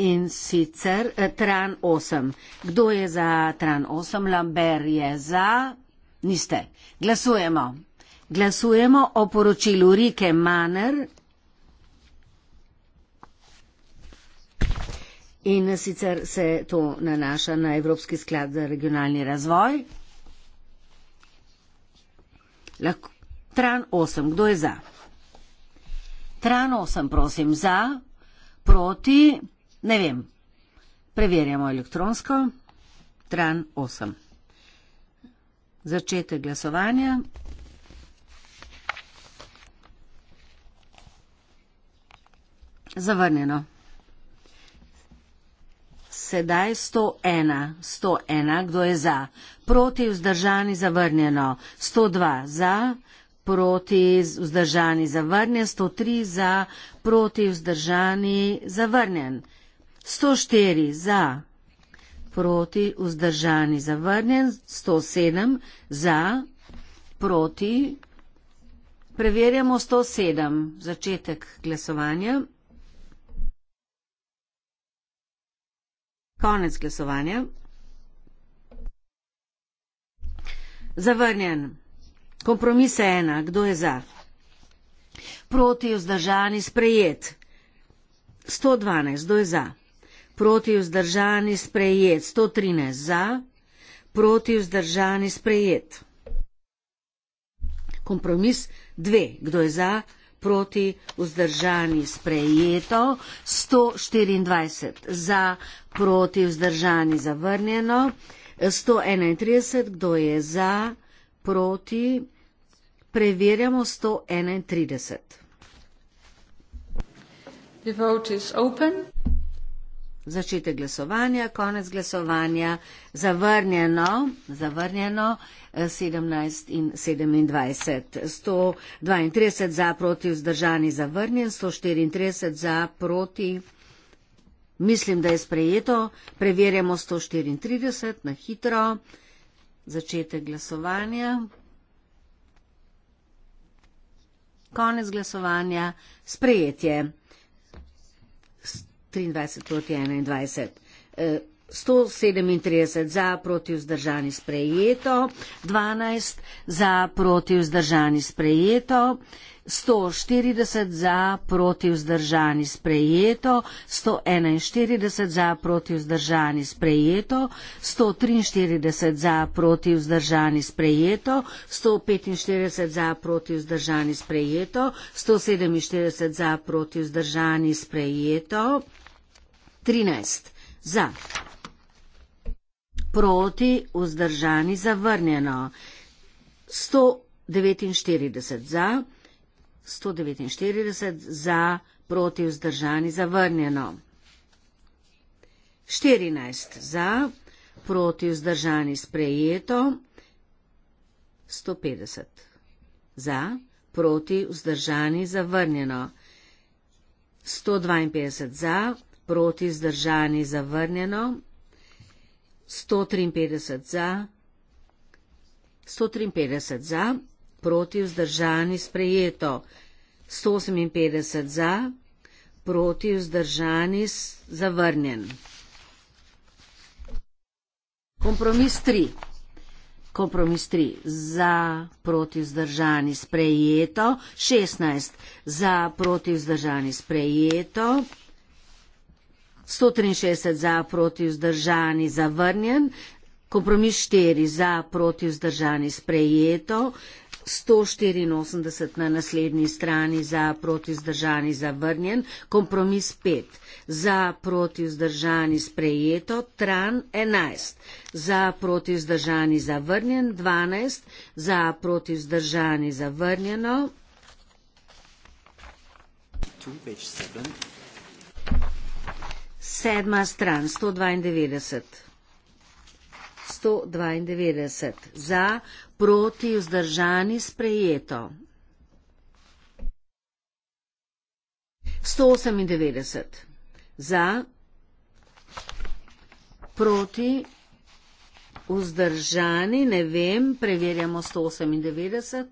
in sicer eh, Tran 8. Kdo je za Tran 8? Lambert je za. Niste. Glasujemo. Glasujemo o poročilu Rike Maner. In sicer se to nanaša na Evropski sklad za regionalni razvoj. Lahko. Tran 8, kdo je za? Tran 8, prosim, za, proti, Ne vem. Preverjamo elektronsko. Tran 8. Začetek glasovanja. Zavrnjeno. Sedaj 101. 101. Kdo je za? Proti vzdržani zavrnjeno. 102 za. Proti vzdržani zavrnjen. 103 za. Proti vzdržani zavrnjen. 104 za, proti, vzdržani, zavrnjen, 107 za, proti, preverjamo 107, začetek glasovanja. Konec glasovanja. Zavrnjen. Kompromis je ena. Kdo je za? Proti, vzdržani, sprejet. 112. Kdo je za? proti vzdržani sprejet, 113 za, proti vzdržani sprejet. Kompromis 2. Kdo je za, proti vzdržani sprejeto, 124 za, proti vzdržani zavrnjeno, 131, kdo je za, proti, preverjamo 131.
The vote is open
začetek glasovanja, konec glasovanja, zavrnjeno, zavrnjeno 17 eh, in 27, 132 za proti vzdržani zavrnjen, 134 za proti. Mislim, da je sprejeto. Preverjamo 134 na hitro. Začetek glasovanja. Konec glasovanja. Sprejetje. 23 proti 21. 137 e, za proti vzdržani sprejeto, 12 za proti vzdržani sprejeto, 140 za proti vzdržani sprejeto, 141 za proti vzdržani sprejeto, 143 za proti vzdržani sprejeto, 145 za proti vzdržani sprejeto, 147 za proti vzdržani sprejeto. 13. Za. Proti, vzdržani, zavrnjeno. 149 za. 149 za, proti, vzdržani, zavrnjeno. 14 za, proti, vzdržani, sprejeto. 150 za, proti, vzdržani, zavrnjeno. 152 za, proti zdržani zavrnjeno, 153 za, 153 za, proti vzdržani sprejeto, 158 za, proti vzdržani zavrnjen. Kompromis 3. Kompromis 3. Za, proti vzdržani sprejeto, 16 za, proti vzdržani sprejeto. 163 za, proti vzdržani, zavrnjen, kompromis 4 za, proti vzdržani, sprejeto, 184 na naslednji strani za, proti vzdržani, zavrnjen, kompromis 5 za, proti vzdržani, sprejeto, tran 11 za, proti vzdržani, zavrnjen, 12 za, proti vzdržani, zavrnjeno. 2, Sedma stran, 192. 192. Za, proti, vzdržani, sprejeto. 198. Za, proti, vzdržani, ne vem, preverjamo 198.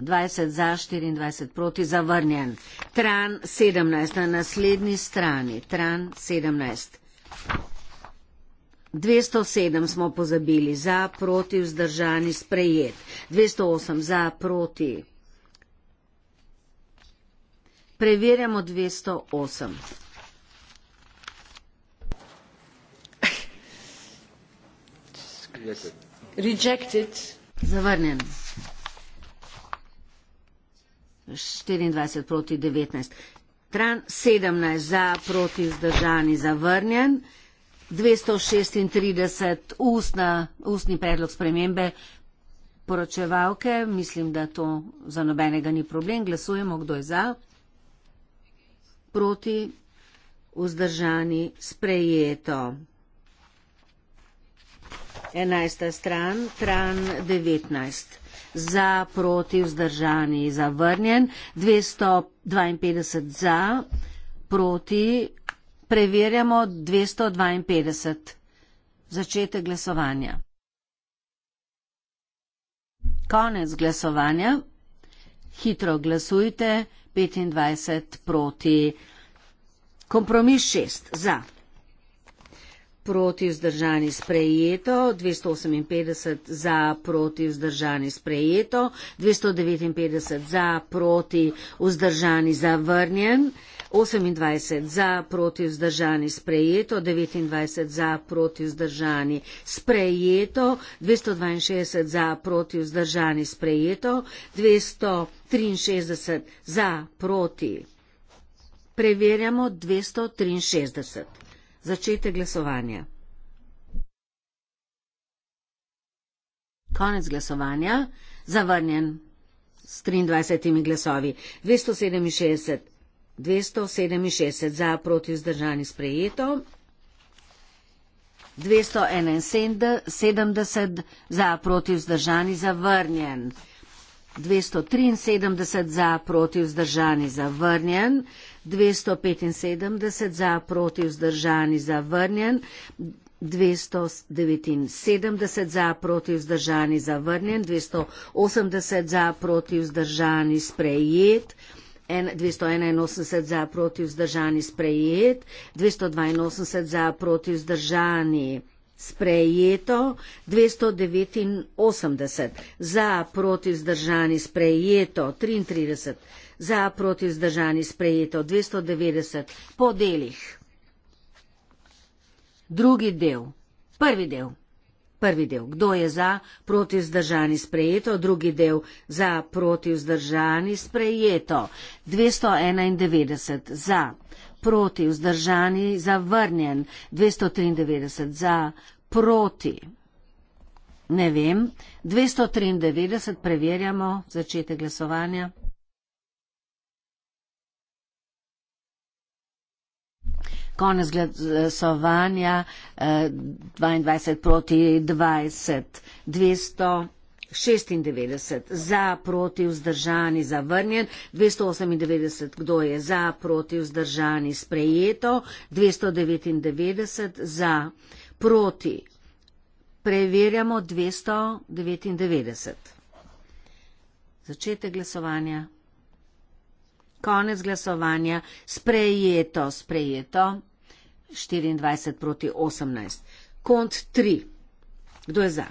20 za 24 proti zavrnjen. Tran 17 na naslednji strani. Tran 17. 207 smo pozabili za proti vzdržani sprejet. 208 za proti. Preverjamo 208. Rejected. Zavrnjen. 24 proti 19. Tran 17 za proti zdržani zavrnjen. 236 ustna, ustni predlog spremembe poročevalke. Mislim, da to za nobenega ni problem. Glasujemo, kdo je za. Proti vzdržani sprejeto. 11. stran, tran 19 za, proti, vzdržani, zavrnjen, 252 za, proti, preverjamo 252. Začetek glasovanja. Konec glasovanja. Hitro glasujte, 25 proti. Kompromis 6 za proti vzdržani sprejeto, 258 za proti vzdržani sprejeto, 259 za proti vzdržani zavrnjen. 28 za proti vzdržani sprejeto, 29 za proti vzdržani sprejeto, 262 za proti vzdržani sprejeto, 263 za proti. Preverjamo 263 začete glasovanje. Konec glasovanja. Zavrnjen s 23 glasovi. 267. 267 za proti vzdržani sprejeto. 271 za proti vzdržani zavrnjen. 273 za proti vzdržani zavrnjen. 275 za, proti vzdržani, zavrnjen. 279 za, proti vzdržani, zavrnjen. 280 za, proti vzdržani, sprejet. 281 za, proti vzdržani, sprejet. 282 za, proti vzdržani. Sprejeto 289 za proti vzdržani sprejeto 33 za proti zdržani sprejeto 290 po delih. Drugi del. Prvi del. Prvi del. Kdo je za proti zdržani sprejeto? Drugi del. Za proti zdržani sprejeto. 291 za proti vzdržani zavrnjen. 293 za proti. Ne vem. 293 preverjamo začetek glasovanja. konec glasovanja 22 eh, proti 20, 200. 96 za, proti, vzdržani, zavrnjen, 298 kdo je za, proti, vzdržani, sprejeto, 299 za, proti. Preverjamo 299. Začete glasovanja. Konec glasovanja. Sprejeto, sprejeto. 24 proti 18. Kont 3. Kdo je za?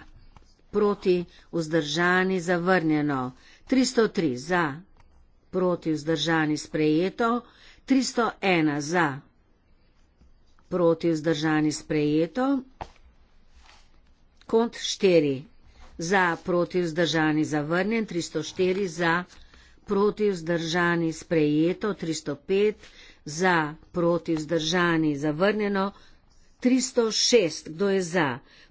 Proti, vzdržani, zavrnjeno. 303 za, proti, vzdržani, sprejeto. 301 za, proti, vzdržani, sprejeto. Kont 4. Za, proti, vzdržani, zavrnjen. 304 za, proti, vzdržani, sprejeto. 305 za za, proti vzdržani, zavrnjeno, 306, kdo je za,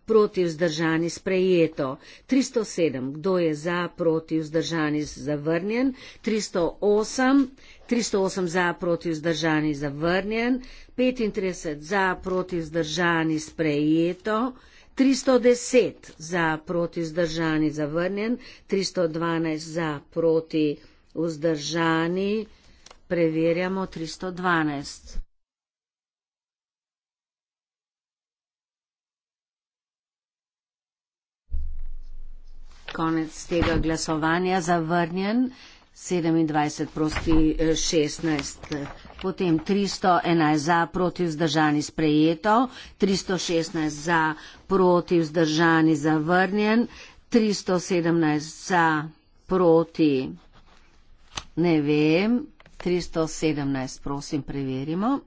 proti vzdržani, sprejeto, 307, kdo je za, proti vzdržani, zavrnjen, 308, 308 za, proti vzdržani, zavrnjen, 35 za, proti vzdržani, sprejeto, 310 za, proti vzdržani, zavrnjen, 312 za, proti vzdržani, zavrnjen, Preverjamo 312. Konec tega glasovanja zavrnjen. 27 proti 16, eh, potem 311 za, proti vzdržani sprejeto, 316 za, proti vzdržani zavrnjen, 317 za, proti ne vem, 317, prosim, preverimo.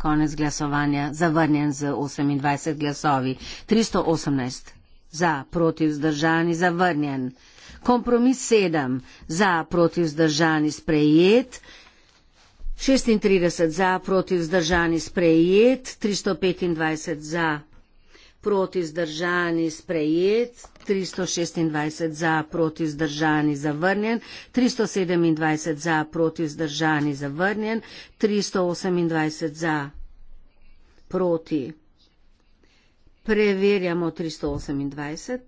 Konec glasovanja, zavrnjen z 28 glasovi. 318 za, proti vzdržani, zavrnjen. Kompromis 7 za, proti vzdržani, sprejet. 36 za, proti vzdržani, sprejet. 325 za, proti zdržani sprejet, 326 za proti zdržani zavrnjen, 327 za proti zdržani zavrnjen, 328 za proti. Preverjamo 328.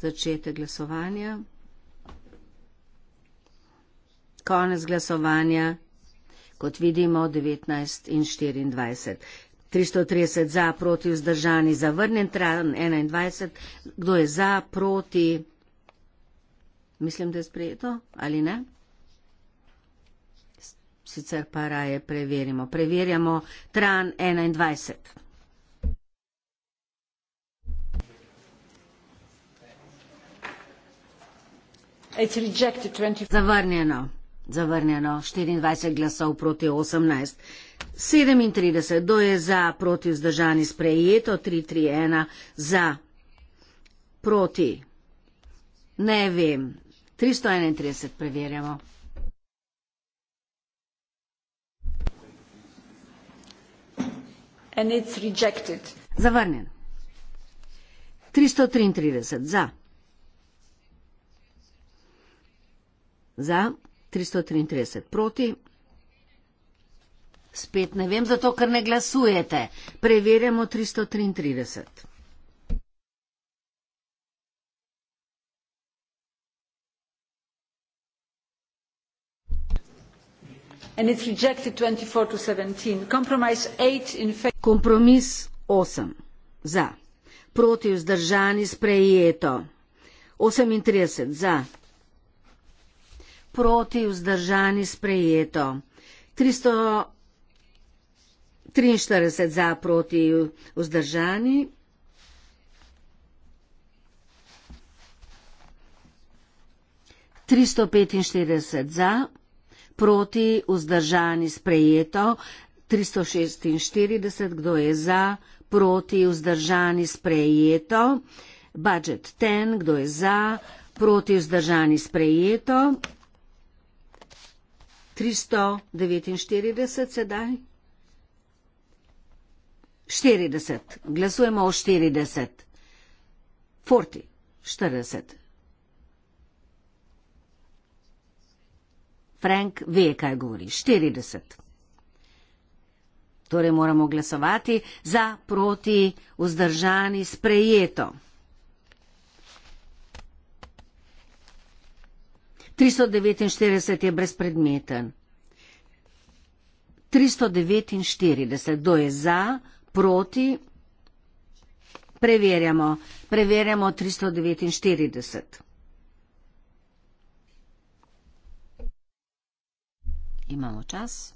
Začete glasovanja. Konec glasovanja. Kot vidimo, 19 in 24. 330 za, proti vzdržani, zavrnjen, tran 21. Kdo je za, proti? Mislim, da je sprejeto ali ne? Sicer pa raje preverimo. Preverjamo tran 21. Zavrnjeno. Zavrnjeno. 24 glasov proti 18. 37, kdo je za, proti vzdržani sprejeto, 331 za, proti, ne vem, 331 preverjamo. Zavrnjen. 333 za. Za 333 proti Spet ne vem, zato ker ne glasujete. Preverjamo 333.
Kompromis 8. Za. Proti vzdržani
sprejeto. 38. Za. Proti vzdržani sprejeto. 300. 43 za proti vzdržani. Tristo petinštirideset za, proti vzdržani sprejeto, tristo šestinštirideset, kdo je za, proti vzdržani sprejeto, budget ten, kdo je za, proti vzdržani sprejeto, tristo devetinštirideset sedaj. 40. Glasujemo o 40. 40. 40. Frank ve, kaj govori. 40. Torej moramo glasovati za, proti, vzdržani, sprejeto. 349 je brezpredmeten. 349, kdo je za? proti. Preverjamo. Preverjamo 349. Imamo čas.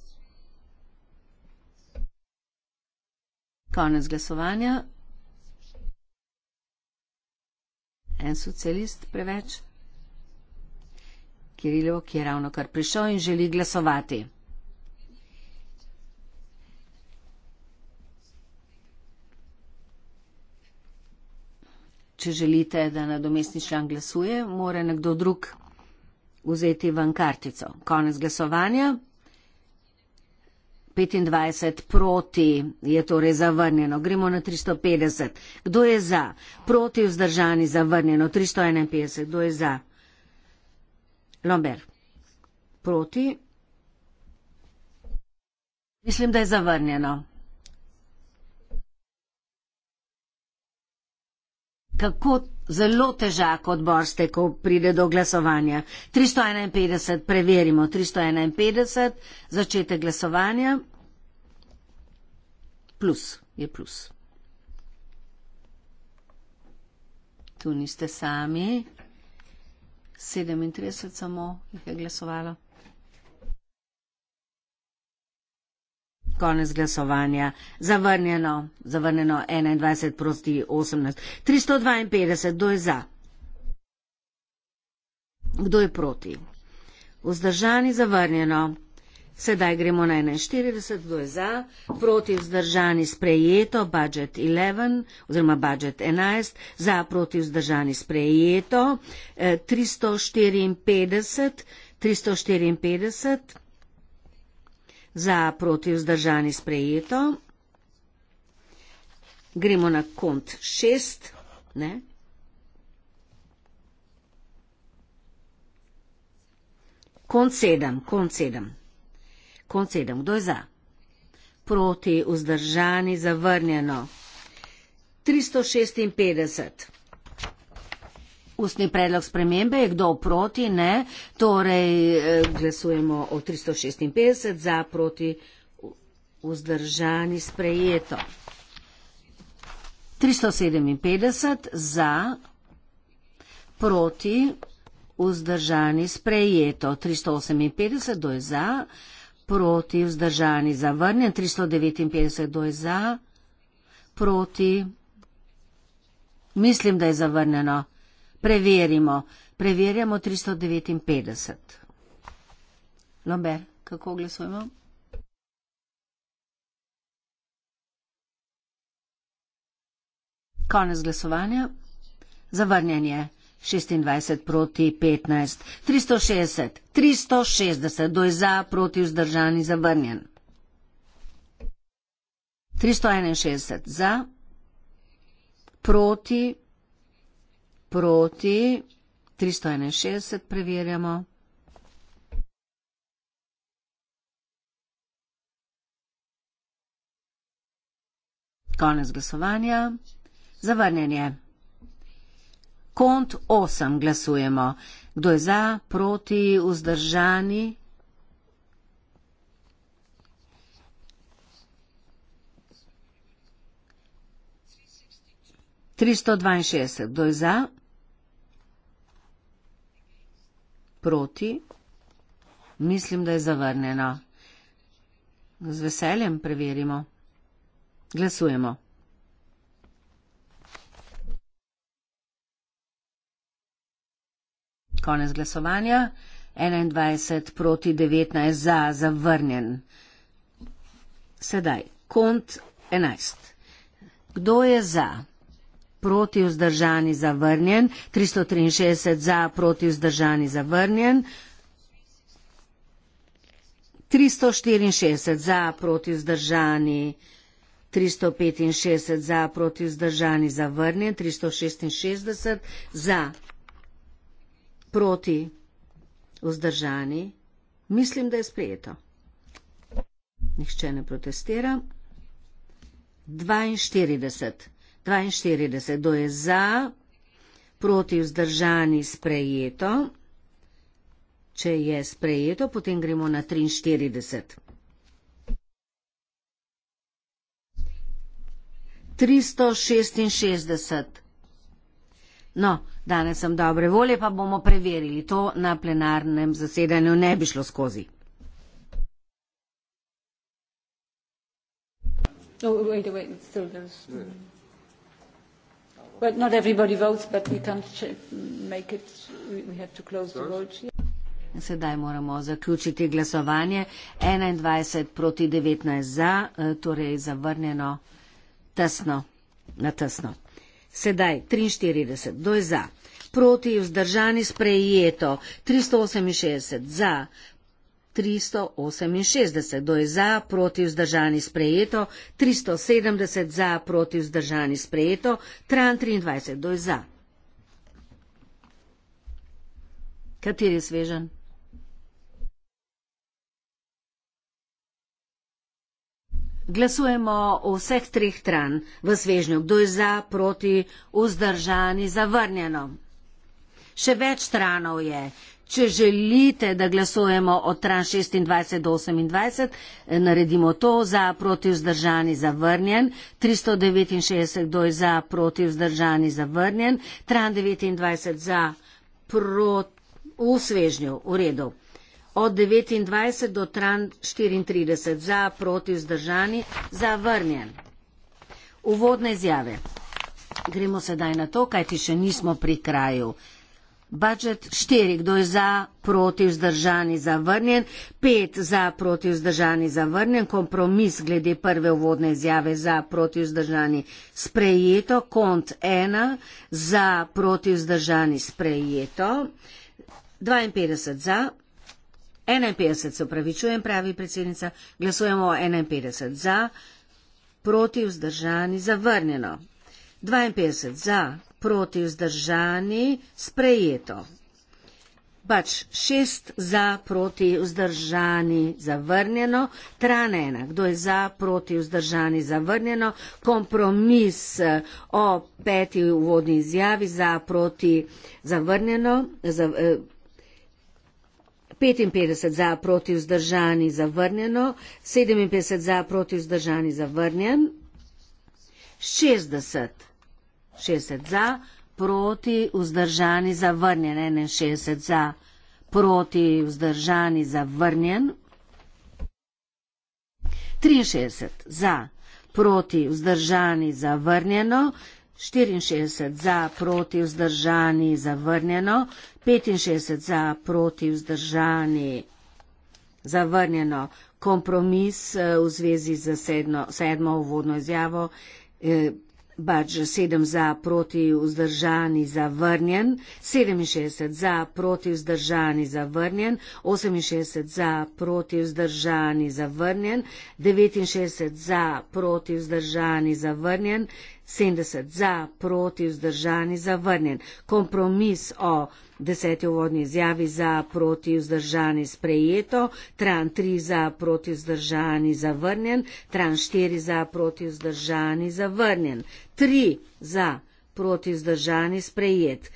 Konec glasovanja. En socialist preveč. Kirilov, ki je ravno kar prišel in želi glasovati. če želite, da nadomestni član glasuje, mora nekdo drug vzeti ven kartico. Konec glasovanja. 25 proti je torej zavrnjeno. Gremo na 350. Kdo je za? Proti vzdržani zavrnjeno. 351. Kdo je za? Lomber. Proti. Mislim, da je zavrnjeno. kako zelo težak odbor ste, ko pride do glasovanja. 351, preverimo 351, začete glasovanja. Plus je plus. Tu niste sami. 37 samo jih je glasovalo. konec glasovanja, zavrnjeno, zavrnjeno 21 proti 18, 352, kdo je za? Kdo je proti? Vzdržani, zavrnjeno. Sedaj gremo na 41, kdo je za, proti vzdržani sprejeto, budžet 11 oziroma budžet 11, za proti vzdržani sprejeto, 354, eh, 354. Za proti vzdržani sprejeto. Gremo na kont šest. Ne? Kont sedem, kont sedem. Kont sedem, kdo je za? Proti vzdržani zavrnjeno. 356. Ustni predlog spremembe je kdo proti, ne, torej eh, glasujemo o 356 za proti vzdržani sprejeto. 357 za proti vzdržani sprejeto. 358 do je za proti vzdržani zavrnjen. 359 do je za proti. Mislim, da je zavrnjeno preverimo. Preverjamo 359. Lober, kako glasujemo? Konec glasovanja. Zavrnjen je 26 proti 15. 360. 360. Doj za proti vzdržani zavrnjen. 361 za proti proti 361 preverjamo. Konec glasovanja. Zavrnjenje. Kont 8 glasujemo. Kdo je za, proti, vzdržani? 362. Kdo je za? Proti? Mislim, da je zavrnjena. Z veseljem preverimo. Glasujemo. Konec glasovanja. 21 proti 19 za zavrnjen. Sedaj, kont 11. Kdo je za? proti vzdržani zavrnjen, 363 za proti vzdržani zavrnjen, 364 za proti vzdržani, 365 za proti vzdržani zavrnjen, 366 za proti vzdržani. Mislim, da je sprejeto. Nihče ne protestira. 42. 42. Kdo je za, proti vzdržani sprejeto? Če je sprejeto, potem gremo na 43. 366. No, danes sem dobre volje, pa bomo preverili. To na plenarnem zasedanju ne bi šlo skozi.
No, wait, wait, still there's... Yeah. Well, not everybody votes, but we can't make it. We have to close the vote. Yeah.
Sedaj moramo zaključiti glasovanje. 21 proti 19 za, eh, torej zavrnjeno tesno, na tesno. Sedaj 43, kdo je za? Proti vzdržani sprejeto, 368 za, 368, kdo je za, proti vzdržani sprejeto, 370 za, proti vzdržani sprejeto, 23, kdo je za. Kateri je svežen? Glasujemo o vseh treh tran v svežnju, kdo je za, proti, vzdržani, zavrnjeno. Še več tranov je. Če želite, da glasujemo od tran 26 do 28, eh, naredimo to za proti vzdržani zavrnjen, 369 kdo je za proti vzdržani zavrnjen, tran 29 za proti usvežnju, v redu. Od 29 do tran 34 za proti vzdržani zavrnjen. Uvodne izjave. Gremo sedaj na to, kajti še nismo pri kraju. Budžet štiri, kdo je za, proti, vzdržani, zavrnjen, pet za, proti, vzdržani, zavrnjen, kompromis glede prve uvodne izjave za, proti, vzdržani, sprejeto, kont ena za, proti, vzdržani, sprejeto, 52 za, 51 se upravičujem, pravi predsednica, glasujemo 51 za, proti, vzdržani, zavrnjeno, 52 za, proti vzdržani, sprejeto. Pač šest za proti vzdržani zavrnjeno, trana ena, kdo je za proti vzdržani zavrnjeno, kompromis eh, o peti uvodni izjavi za proti zavrnjeno, za, eh, 55 za proti vzdržani zavrnjeno, 57 za proti vzdržani zavrnjen, 60 60 za, proti, vzdržani, zavrnjen, 61 za, proti, vzdržani, zavrnjen, 63 za, proti, vzdržani, zavrnjeno, 64 za, proti, vzdržani, zavrnjeno, 65 za, proti, vzdržani, zavrnjeno, kompromis eh, v zvezi z sedmo uvodno izjavo, eh, Bač 7 za proti vzdržani zavrnjen, 67 za proti vzdržani zavrnjen, 68 za proti vzdržani zavrnjen, 69 za proti vzdržani zavrnjen, 70 za proti vzdržani zavrnjen. Kompromis o deseti uvodni izjavi za proti vzdržani sprejeto, tran tri za proti vzdržani zavrnjen, tran štiri za proti vzdržani zavrnjen, tri za proti vzdržani sprejet,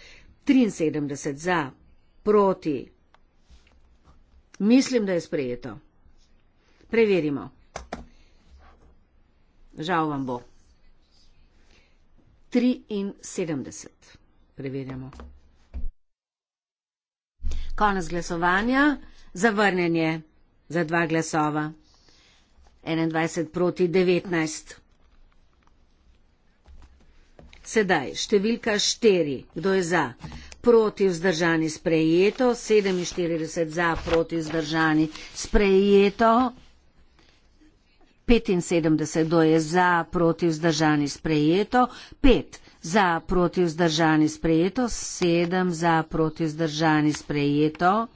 73 za proti. Mislim, da je sprejeto. Preverimo. Žal vam bo. 73. Preverjamo. Konec glasovanja, zavrnjenje za dva glasova. 21 proti 19. Sedaj, številka 4. Kdo je za? Proti vzdržani sprejeto. 47 za, proti vzdržani sprejeto. 75, kdo je za, proti vzdržani sprejeto. 5. Za proti vzdržani sprejeto, sedem za proti vzdržani sprejeto,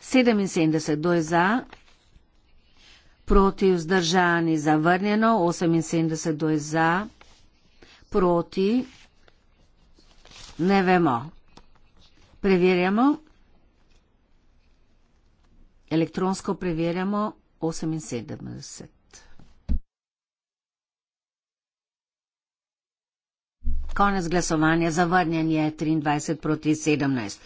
sedem in sedemdeset doj za, proti vzdržani zavrnjeno, osem in sedemdeset doj za, proti, ne vemo. Preverjamo, elektronsko preverjamo, osem in sedemdeset. Konec glasovanja, zavrnjen je 23 proti 17.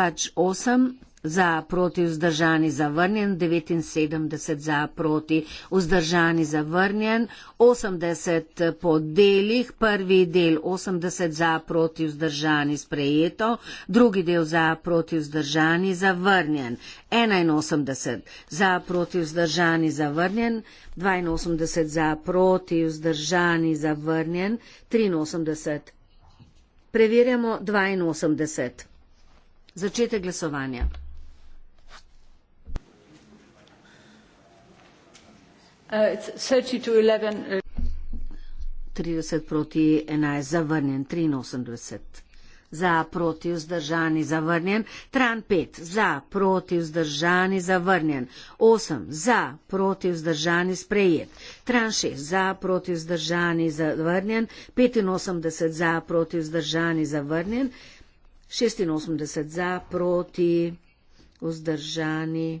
Bač 8 za proti vzdržani zavrnjen, 79 za proti vzdržani zavrnjen, 80 po delih, prvi del 80 za proti vzdržani sprejeto, drugi del za proti vzdržani zavrnjen, 81 za proti vzdržani zavrnjen, 82 za proti vzdržani zavrnjen, 83. Preverjamo 82. Začete glasovanje.
30 uh,
uh, proti 11, zavrnjen 83. Za proti vzdržani zavrnjen, tran 5, za proti vzdržani zavrnjen, 8, za proti vzdržani sprejet, tran 6, za proti vzdržani zavrnjen, 85 za proti vzdržani zavrnjen, 86 za proti vzdržani zavrnjen.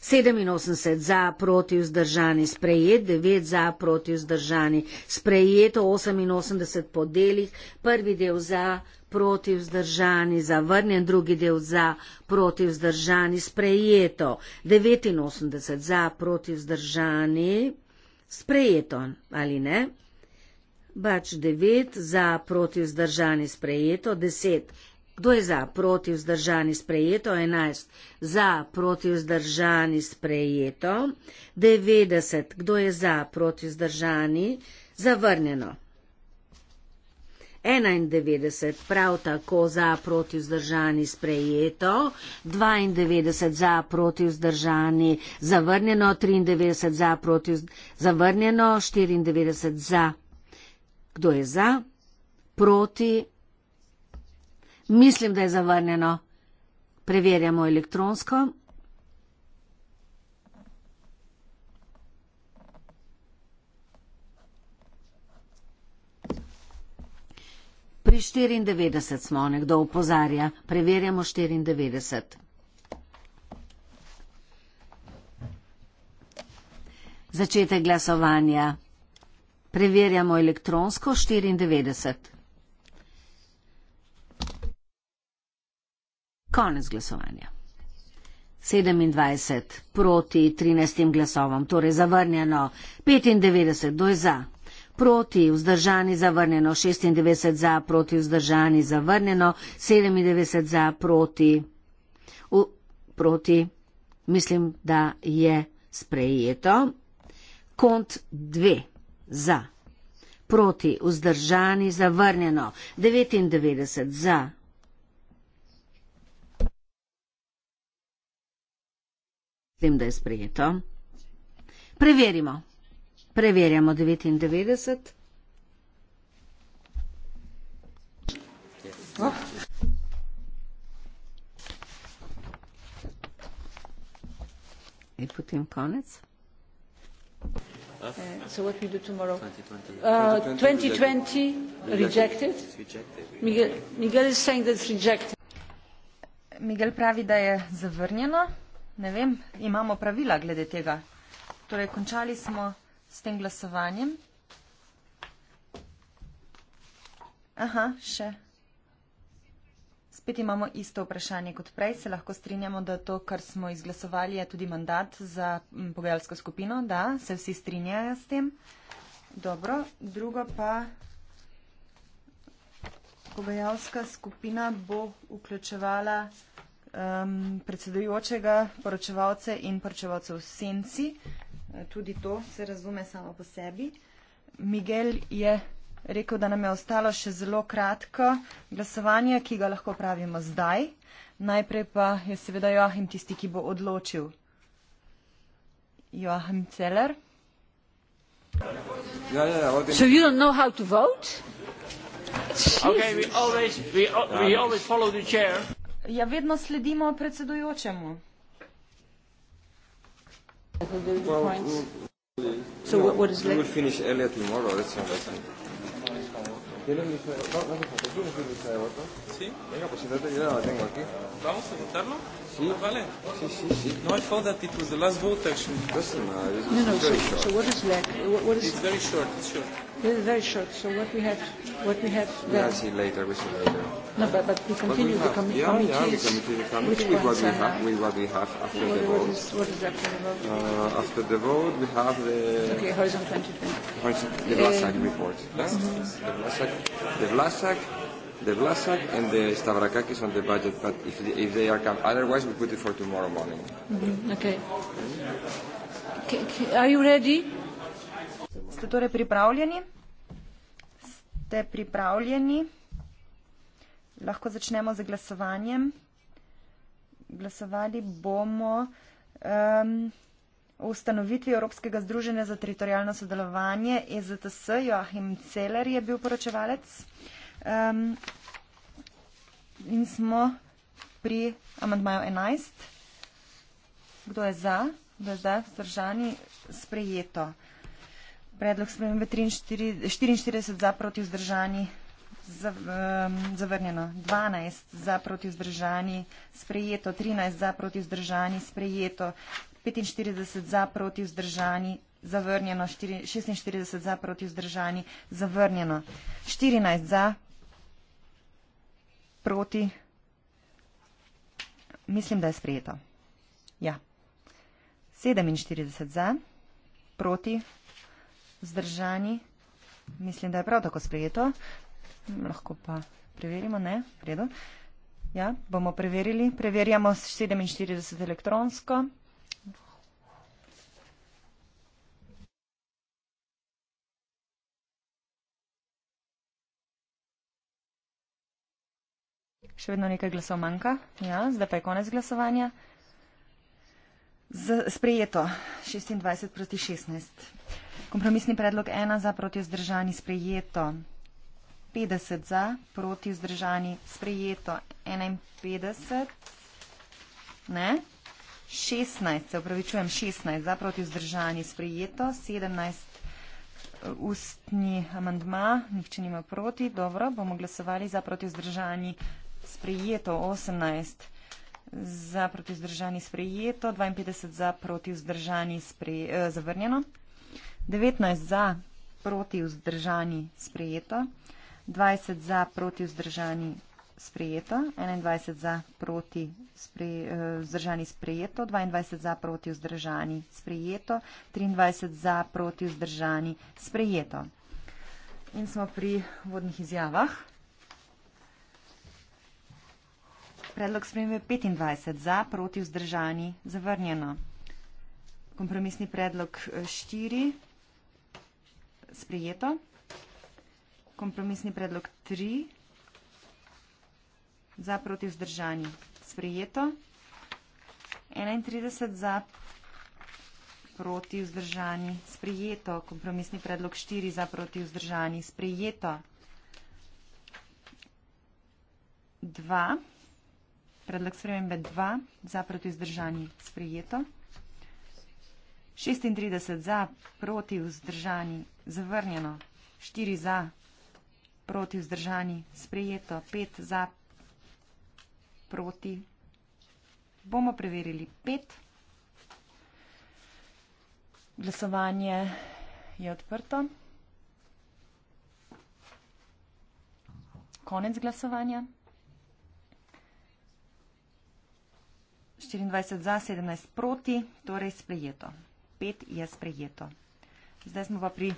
87 za, proti vzdržani, sprejet 9 za, proti vzdržani, sprejeto 88 po delih, prvi del za, proti vzdržani, zavrnjen drugi del za, proti vzdržani, sprejeto 89 za, proti vzdržani, sprejeto ali ne? Bač 9 za, proti vzdržani, sprejeto 10 Kdo je za, proti vzdržani sprejeto? 11. Za, proti vzdržani sprejeto. 90. Kdo je za, proti vzdržani? Zavrnjeno. 91 prav tako za proti vzdržani sprejeto, 92 za proti vzdržani zavrnjeno, 93 za proti zavrnjeno, 94 za. Kdo je za? Proti Mislim, da je zavrnjeno. Preverjamo elektronsko. Pri 94 smo, nekdo upozarja. Preverjamo 94. Začetek glasovanja. Preverjamo elektronsko 94. Konec glasovanja. 27 proti 13 glasovom, torej zavrnjeno 95, doj za. Proti vzdržani zavrnjeno 96 za, proti vzdržani zavrnjeno 97 za, proti. U, proti. Mislim, da je sprejeto. Kont 2 za. Proti vzdržani zavrnjeno 99 za. tem, da je sprejeto. Preverimo. Preverjamo 99. Oh. In potem konec.
Uh, so what we do tomorrow? 2020, uh, 2020 rejected. Miguel, Miguel is saying that it's rejected.
Miguel pravi, da je zavrnjeno. Ne vem, imamo pravila glede tega. Torej, končali smo s tem glasovanjem. Aha, še. Spet imamo isto vprašanje kot prej. Se lahko strinjamo, da to, kar smo izglasovali, je tudi mandat za mm, pogajalsko skupino. Da, se vsi strinjajo s tem. Dobro, drugo pa. Pogajalska skupina bo vključevala um, predsedujočega, poročevalce in poročevalce v senci. E, tudi to se razume samo po sebi. Miguel je rekel, da nam je ostalo še zelo kratko glasovanje, ki ga lahko pravimo zdaj. Najprej pa je seveda Joachim tisti, ki bo odločil.
Joachim Celer. Ja, ja, ja, so you don't know how to vote? Jesus. Okay, we always, we, we always follow the chair. Ja,
vedno sledimo predsedujočemu.
Hvala. Very short. So what we have, what we have. We have seen later. We see later. No, but but we continue we the com yeah, committee. Yeah, yeah, we continue the committee with what we have. Now? With what we have after what, the vote. What is, what is after the vote? Uh, after the vote, we have the. Okay, horizon 2020. The Vlasak uh, report. Mhm. The Vlasak, the Vlasak, and the Stavrakakis on the budget. But if the, if they are come, otherwise we put it for tomorrow morning. Mm -hmm. Okay. Mm -hmm. Are you ready?
Ste torej pripravljeni? Ste pripravljeni? Lahko začnemo z glasovanjem. Glasovali bomo um, o ustanovitvi Evropskega združenja za teritorijalno sodelovanje EZTS. Joachim Celer je bil poročevalec. Um, in smo pri amantmaju 11. Kdo je za? Kdo je zdaj? Zdržani sprejeto. Predlog spremembe 44 za proti vzdržani za, um, zavrnjeno, 12 za proti vzdržani sprejeto, 13 za proti vzdržani sprejeto, 45 za proti vzdržani zavrnjeno, 46 za proti vzdržani zavrnjeno, 14 za proti. Mislim, da je sprejeto. Ja. 47 za, proti. Zdržani. Mislim, da je prav tako sprejeto. Lahko pa preverimo, ne? V redu. Ja, bomo preverili. Preverjamo 47 elektronsko. Še vedno nekaj glasov manjka. Ja, zdaj pa je konec glasovanja. Z, sprejeto. 26 proti 16. Kompromisni predlog ena za proti vzdržani sprejeto. 50 za proti vzdržani sprejeto. 51. Ne. 16, se upravičujem, 16 za proti vzdržani sprejeto. 17 ustni amandma, nihče nima proti. Dobro, bomo glasovali za proti vzdržani sprejeto. 18 za proti vzdržani sprejeto. 52 za proti vzdržani sprejeto. Eh, zavrnjeno. 19 za, proti vzdržani sprejeto, 20 za, proti vzdržani sprejeto, 21 za, proti sprej, eh, vzdržani sprejeto, 22 za, proti vzdržani sprejeto, 23 za, proti vzdržani sprejeto. In smo pri vodnih izjavah. Predlog spremembe 25 za, proti vzdržani zavrnjeno. Kompromisni predlog 4 eh, sprejeto. Kompromisni predlog 3 za proti vzdržanji sprejeto. 31 za proti vzdržanji sprejeto. Kompromisni predlog 4 za proti vzdržanji sprejeto. 2. Predlog spremembe 2 za proti vzdržanji sprejeto. 36 za proti vzdržanji zavrnjeno, štiri za, proti vzdržani, sprejeto, pet za, proti. Bomo preverili pet. Glasovanje je odprto. Konec glasovanja. 24 za, 17 proti, torej sprejeto. 5 je sprejeto. Zdaj smo pa pri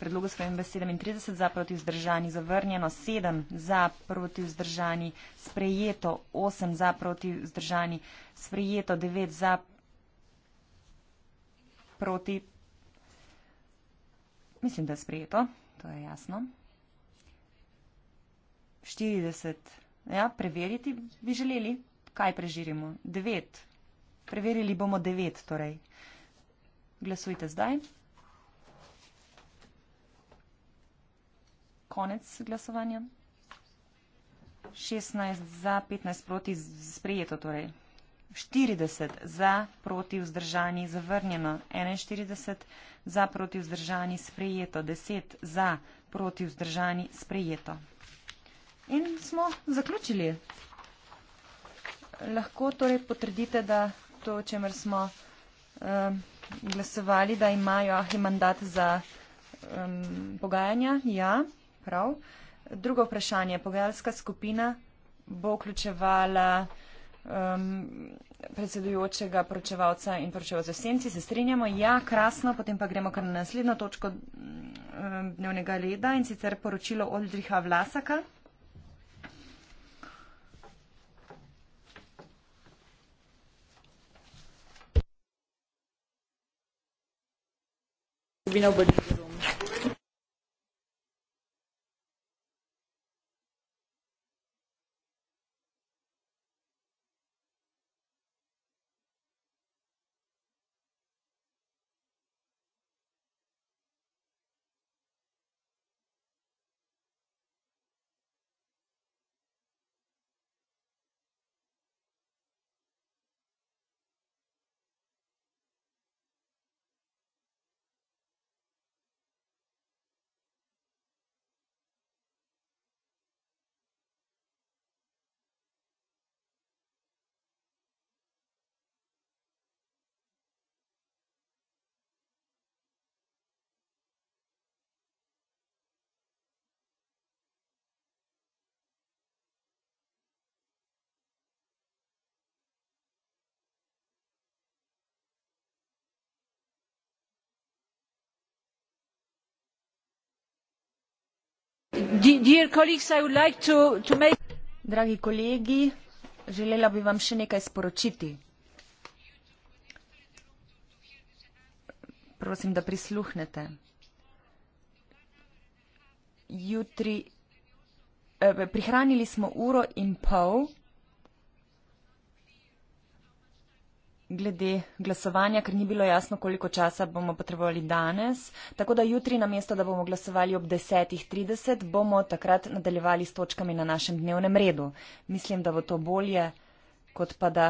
predlogu spremembe 37 za proti vzdržani zavrnjeno, 7 za proti vzdržani sprejeto, 8 za proti vzdržani sprejeto, 9 za proti. Mislim, da je sprejeto, to je jasno. 40. Ja, preveriti bi želeli, kaj preživimo. 9. Preverili bomo 9, torej. Glasujte zdaj. konec glasovanja. 16 za, 15 proti, sprejeto torej. 40 za, proti, vzdržani, zavrnjeno. 41 za, proti, vzdržani, sprejeto. 10 za, proti, vzdržani, sprejeto. In smo zaključili. Lahko torej potrdite, da to, o čemer smo um, glasovali, da imajo ahi mandat za um, pogajanja, ja. Prav. Drugo vprašanje. Pogajalska skupina bo vključevala um, predsedujočega poročevalca in poročevalca senci. Se strinjamo? Ja, krasno. Potem pa gremo kar na naslednjo točko um, dnevnega reda in sicer poročilo Oldriha Vlasaka.
Vina v Bolivijo. dragi kolegi želela bi vam še nekaj sporočiti
prosim da prisluhnete jutri eh, prihranili smo uro in pol glede glasovanja, ker ni bilo jasno, koliko časa bomo potrebovali danes. Tako da jutri, namesto da bomo glasovali ob 10.30, bomo takrat nadaljevali s točkami na našem dnevnem redu. Mislim, da bo to bolje, kot pa da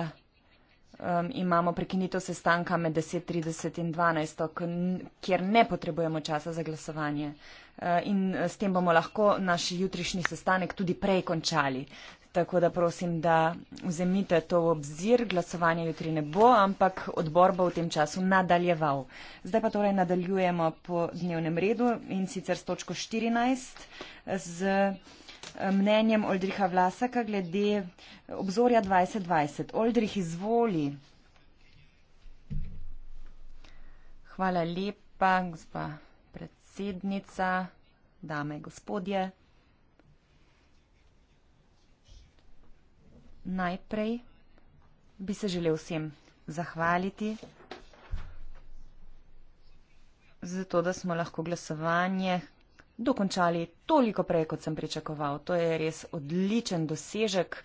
um, imamo prekinitev sestanka med 10.30 in 12, kjer ne potrebujemo časa za glasovanje. Eh, in eh, s tem bomo lahko naš jutrišnji sestanek tudi prej končali. Tako da prosim, da vzemite to v obzir. Glasovanje jutri ne bo, ampak odbor bo v tem času nadaljeval. Zdaj pa torej nadaljujemo po dnevnem redu in sicer s točko 14. Eh, z mnenjem Oldriha Vlasaka glede obzorja 2020. Oldrih, izvoli. Hvala lepa, gospa predsednica, dame, gospodje. Najprej bi se želel vsem zahvaliti za to, da smo lahko glasovanje dokončali toliko prej, kot sem pričakoval. To je res odličen dosežek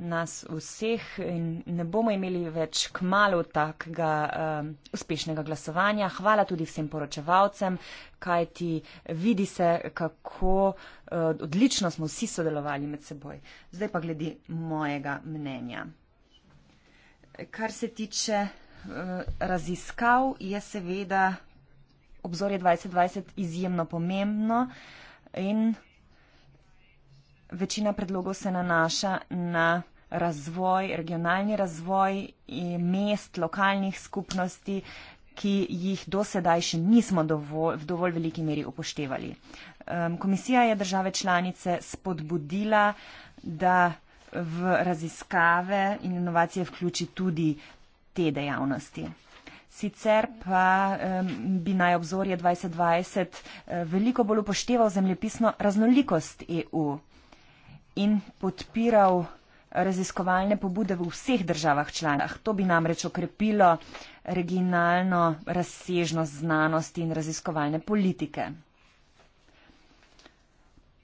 nas vseh in ne bomo imeli več k malu takega um, uspešnega glasovanja. Hvala tudi vsem poročevalcem, kaj ti vidi se, kako uh, odlično smo vsi sodelovali med seboj. Zdaj pa glede mojega mnenja. Kar se tiče uh, raziskav, je seveda obzorje 2020 izjemno pomembno in večina predlogov se nanaša na razvoj, regionalni razvoj mest, lokalnih skupnosti, ki jih do sedaj še nismo dovolj, v dovolj veliki meri upoštevali. Komisija je države članice spodbudila, da v raziskave in inovacije vključi tudi te dejavnosti sicer pa um, bi naj obzorje 2020 eh, veliko bolj upošteval zemljepisno raznolikost EU in podpiral raziskovalne pobude v vseh državah članah. To bi namreč okrepilo regionalno razsežnost znanosti in raziskovalne politike.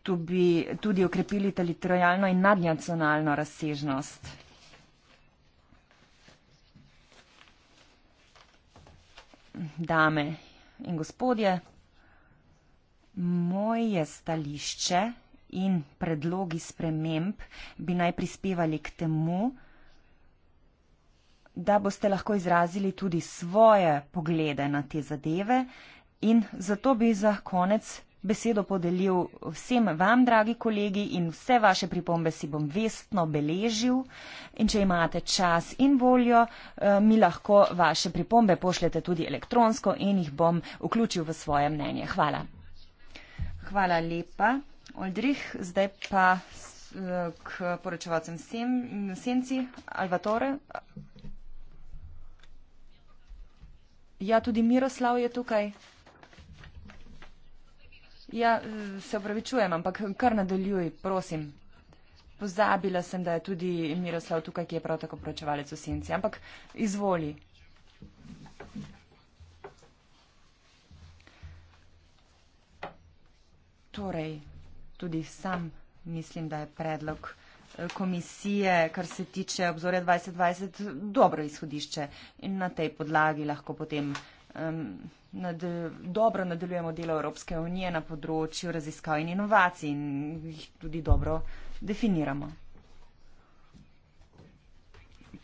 Tu bi tudi okrepili teritorijalno in nadnacionalno razsežnost dame in gospodje, moje stališče in predlogi sprememb bi naj prispevali k temu, da boste lahko izrazili tudi svoje poglede na te zadeve in zato bi za konec besedo podelil vsem vam, dragi kolegi, in vse vaše pripombe si bom vestno beležil. In če imate čas in voljo, eh, mi lahko vaše pripombe pošljete tudi elektronsko in jih bom vključil v svoje mnenje. Hvala. Hvala lepa, Oldrih. Zdaj pa eh, k poročevalcem Senci, Alvatore. Ja, tudi Miroslav je tukaj. Ja, se upravičujem, ampak kar nadaljuj, prosim. Pozabila sem, da je tudi Miroslav tukaj, ki je prav tako pročevalec v senci. Ampak izvoli. Torej, tudi sam mislim, da je predlog eh, komisije, kar se tiče obzorja 2020, dobro izhodišče in na tej podlagi lahko potem. Um, nad, dobro nadaljujemo delo Evropske unije na področju raziskav in inovacij in jih tudi dobro definiramo.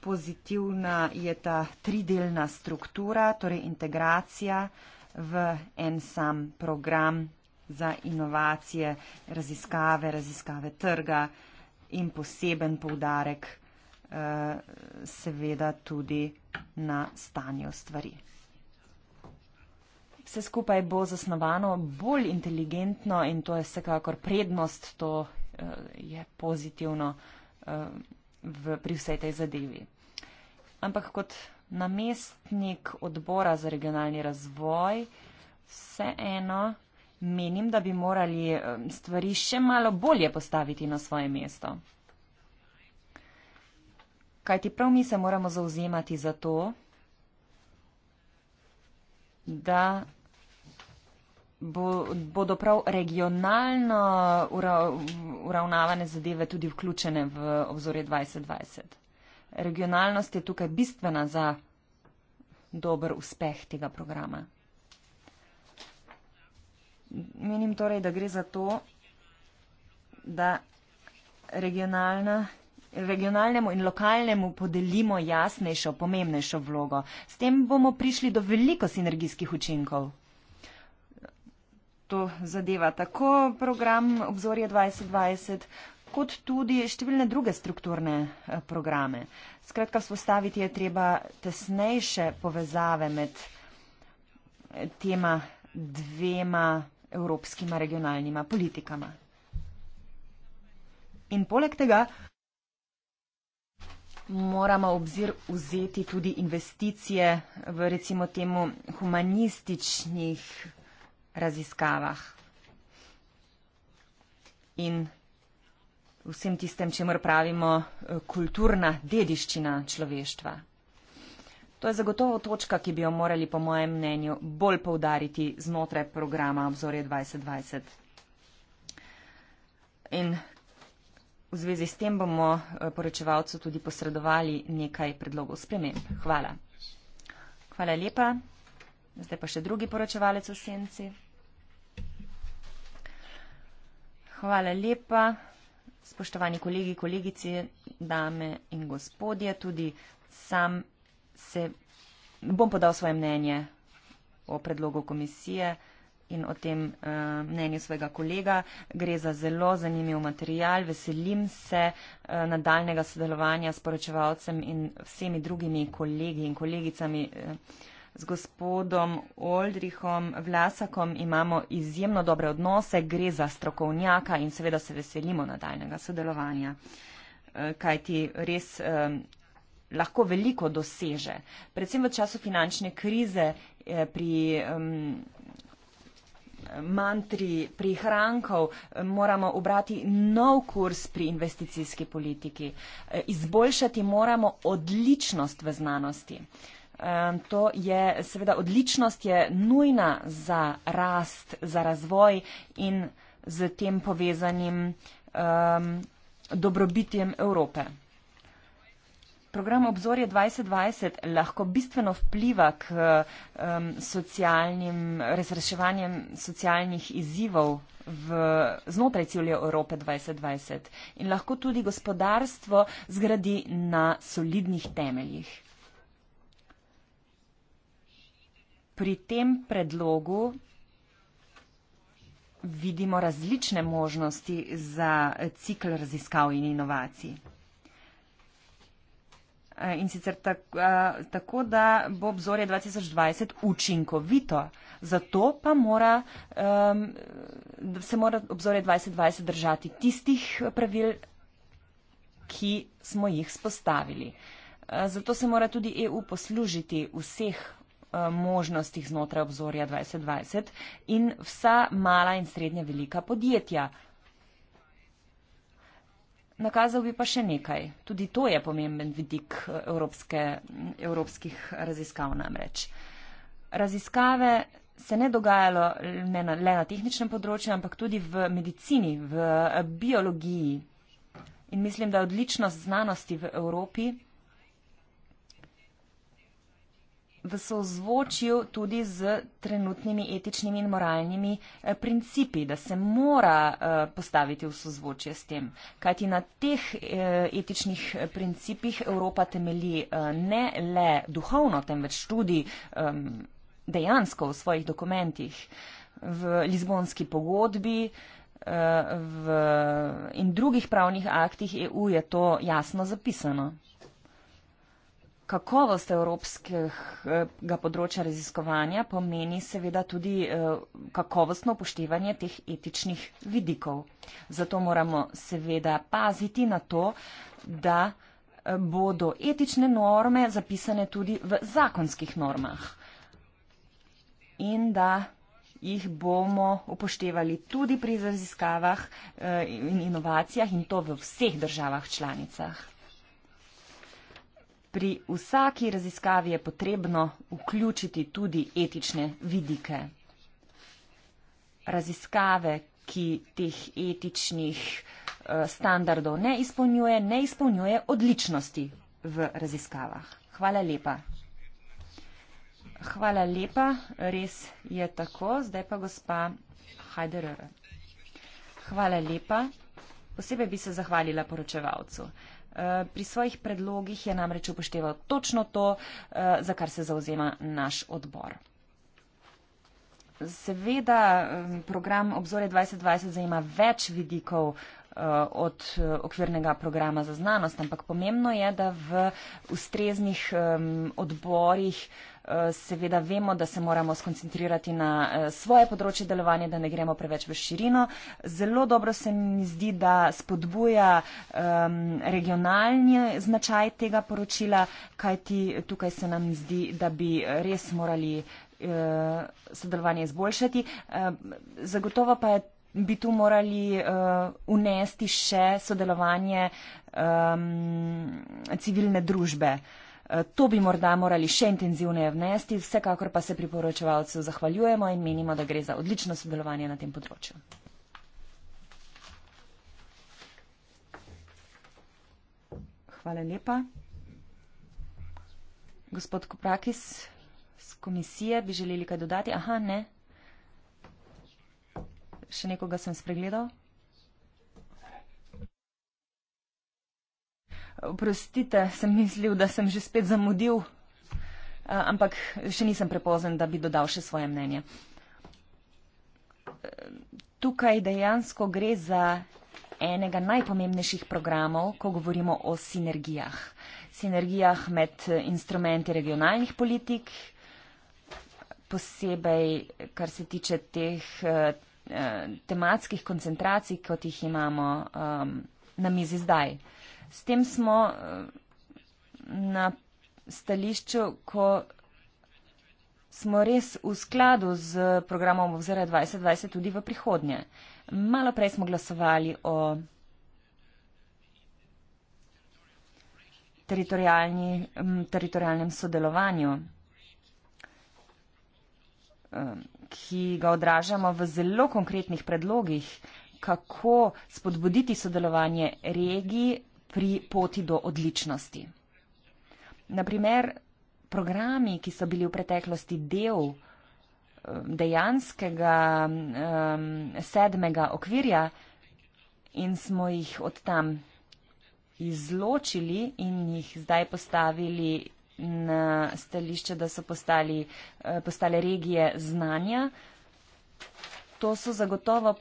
Pozitivna je ta tridelna struktura, torej integracija v en sam program za inovacije, raziskave, raziskave trga in poseben poudarek eh, seveda tudi na stanju stvari vse skupaj bo zasnovano bolj inteligentno in to je vsekakor prednost, to uh, je pozitivno uh, v, pri vsej tej zadevi. Ampak kot namestnik odbora za regionalni razvoj, vseeno menim, da bi morali eh, stvari še malo bolje postaviti na svoje mesto. Kaj ti prav mi se moramo zauzemati za to, da bo, bodo prav regionalno uravnavane zadeve tudi vključene v obzorje 2020. Regionalnost je tukaj bistvena za dober uspeh tega programa. Menim torej, da gre za to, da regionalna. Regionalnemu in lokalnemu podelimo jasnejšo, pomembnejšo vlogo. S tem bomo prišli do veliko sinergijskih učinkov to zadeva tako program Obzorje 2020, kot tudi številne druge strukturne eh, programe. Skratka, spostaviti je treba tesnejše povezave med eh, tema dvema evropskima regionalnima politikama. In poleg tega moramo obzir vzeti tudi investicije v recimo temu humanističnih raziskavah in vsem tistem, če mor pravimo, eh, kulturna dediščina človeštva. To je zagotovo točka, ki bi jo morali po mojem mnenju bolj poudariti znotraj programa Obzorje 2020. In v zvezi s tem bomo eh, poročevalcu tudi posredovali nekaj predlogov sprememb. Hvala. Hvala lepa. Zdaj pa še drugi poročevalec v senci. Hvala lepa, spoštovani kolegi, kolegici, dame in gospodje. Tudi sam se bom podal svoje mnenje o predlogu komisije in o tem uh, mnenju svojega kolega. Gre za zelo zanimiv material. Veselim se uh, eh, nadaljnega sodelovanja s poročevalcem in vsemi drugimi kolegi in kolegicami. Uh, z gospodom Oldrihom Vlasakom imamo izjemno dobre odnose, gre za strokovnjaka in seveda se veselimo nadaljnega sodelovanja, eh, kaj ti res eh, lahko veliko doseže. Predvsem v času finančne krize eh, pri mantri prihrankov moramo obrati nov kurs pri investicijski politiki. Izboljšati moramo odličnost v znanosti to je seveda odličnost, je nujna za rast, za razvoj in z tem povezanim um, dobrobitjem Evrope. Program obzorje 2020 lahko bistveno vpliva k um, socialnim, razreševanjem socialnih izzivov v, znotraj cilja Evrope 2020 in lahko tudi gospodarstvo zgradi na solidnih temeljih. pri tem predlogu vidimo različne možnosti za cikl raziskav in inovacij. Eh, in sicer eh, tako, da bo obzorje 2020 učinkovito, zato pa mora, se mora obzorje 2020 držati tistih pravil, ki smo jih spostavili. Eh, zato se mora tudi EU poslužiti vseh Eh, možnostih znotraj obzorja 2020 in vsa mala in srednja velika podjetja. Nakazal bi pa še nekaj. Tudi to je pomemben vidik eh, evropske, evropskih raziskav namreč. Raziskave se ne dogajalo ne na, le na tehničnem področju, ampak tudi v medicini, v eh, biologiji. In mislim, da je odličnost znanosti v Evropi v sozvočju tudi z trenutnimi etičnimi in moralnimi eh, principi, da se mora eh, postaviti v sozvočje s tem. Kajti na teh eh, etičnih principih Evropa temelji ne le duhovno, temveč tudi dejansko v svojih dokumentih, v Lizbonski pogodbi. V, in drugih pravnih aktih EU je to jasno zapisano kakovost evropskega področja raziskovanja pomeni seveda tudi eh, kakovostno upoštevanje teh etičnih vidikov. Zato moramo seveda paziti na to, da eh, bodo etične norme zapisane tudi v zakonskih normah in da jih bomo upoštevali tudi pri raziskavah eh, in inovacijah in to v vseh državah članicah pri vsaki raziskavi je potrebno vključiti tudi etične vidike. Raziskave, ki teh etičnih eh, standardov ne izpolnjuje, ne izpolnjuje odličnosti v raziskavah. Hvala lepa. Hvala lepa, res je tako. Zdaj pa gospa Hajderer. Hvala lepa. Posebej bi se zahvalila poročevalcu. Eh, pri svojih predlogih je namreč upošteval točno to, eh, za kar se zauzema naš odbor. Seveda eh, program obzore 2020 zajema več vidikov od okvirnega programa za znanost, ampak pomembno je, da v ustreznih odborih Eh, seveda vemo, da se moramo skoncentrirati na eh, svoje področje delovanja, da ne gremo preveč v širino. Zelo dobro se mi zdi, da spodbuja um, regionalni značaj tega poročila, kajti tukaj se nam zdi, da bi res morali uh, sodelovanje izboljšati. Uh, zagotovo pa je bi tu morali uh, unesti še sodelovanje um, civilne družbe. Uh, To bi morda morali še intenzivneje vnesti, vsekakor pa se priporočevalcev zahvaljujemo in menimo, da gre za odlično sodelovanje na tem področju. Hvala lepa. Gospod Koprakis z komisije, bi želeli kaj dodati? Aha, ne. Še nekoga sem spregledal? Oprostite, sem mislil, da sem že spet zamudil, eh, ampak še nisem prepozen, da bi dodal še svoje mnenje. Eh, tukaj dejansko gre za enega najpomembnejših programov, ko govorimo o sinergijah. Sinergijah med eh, instrumenti regionalnih politik, posebej kar se tiče teh tematskih koncentracij, kot jih imamo ehm, na mizi zdaj s tem smo eh, na stališču, ko smo res v skladu z programom obzira 2020 tudi v prihodnje. Malo prej smo glasovali o teritorijalnem sodelovanju, eh, ki ga odražamo v zelo konkretnih predlogih, kako spodbuditi sodelovanje regij pri poti do odličnosti. Naprimer, programi, ki so bili v preteklosti del um, dejanskega um, sedmega okvirja in smo jih od tam izločili in jih zdaj postavili na stališče, da so postali, eh, postale regije znanja. To so zagotovo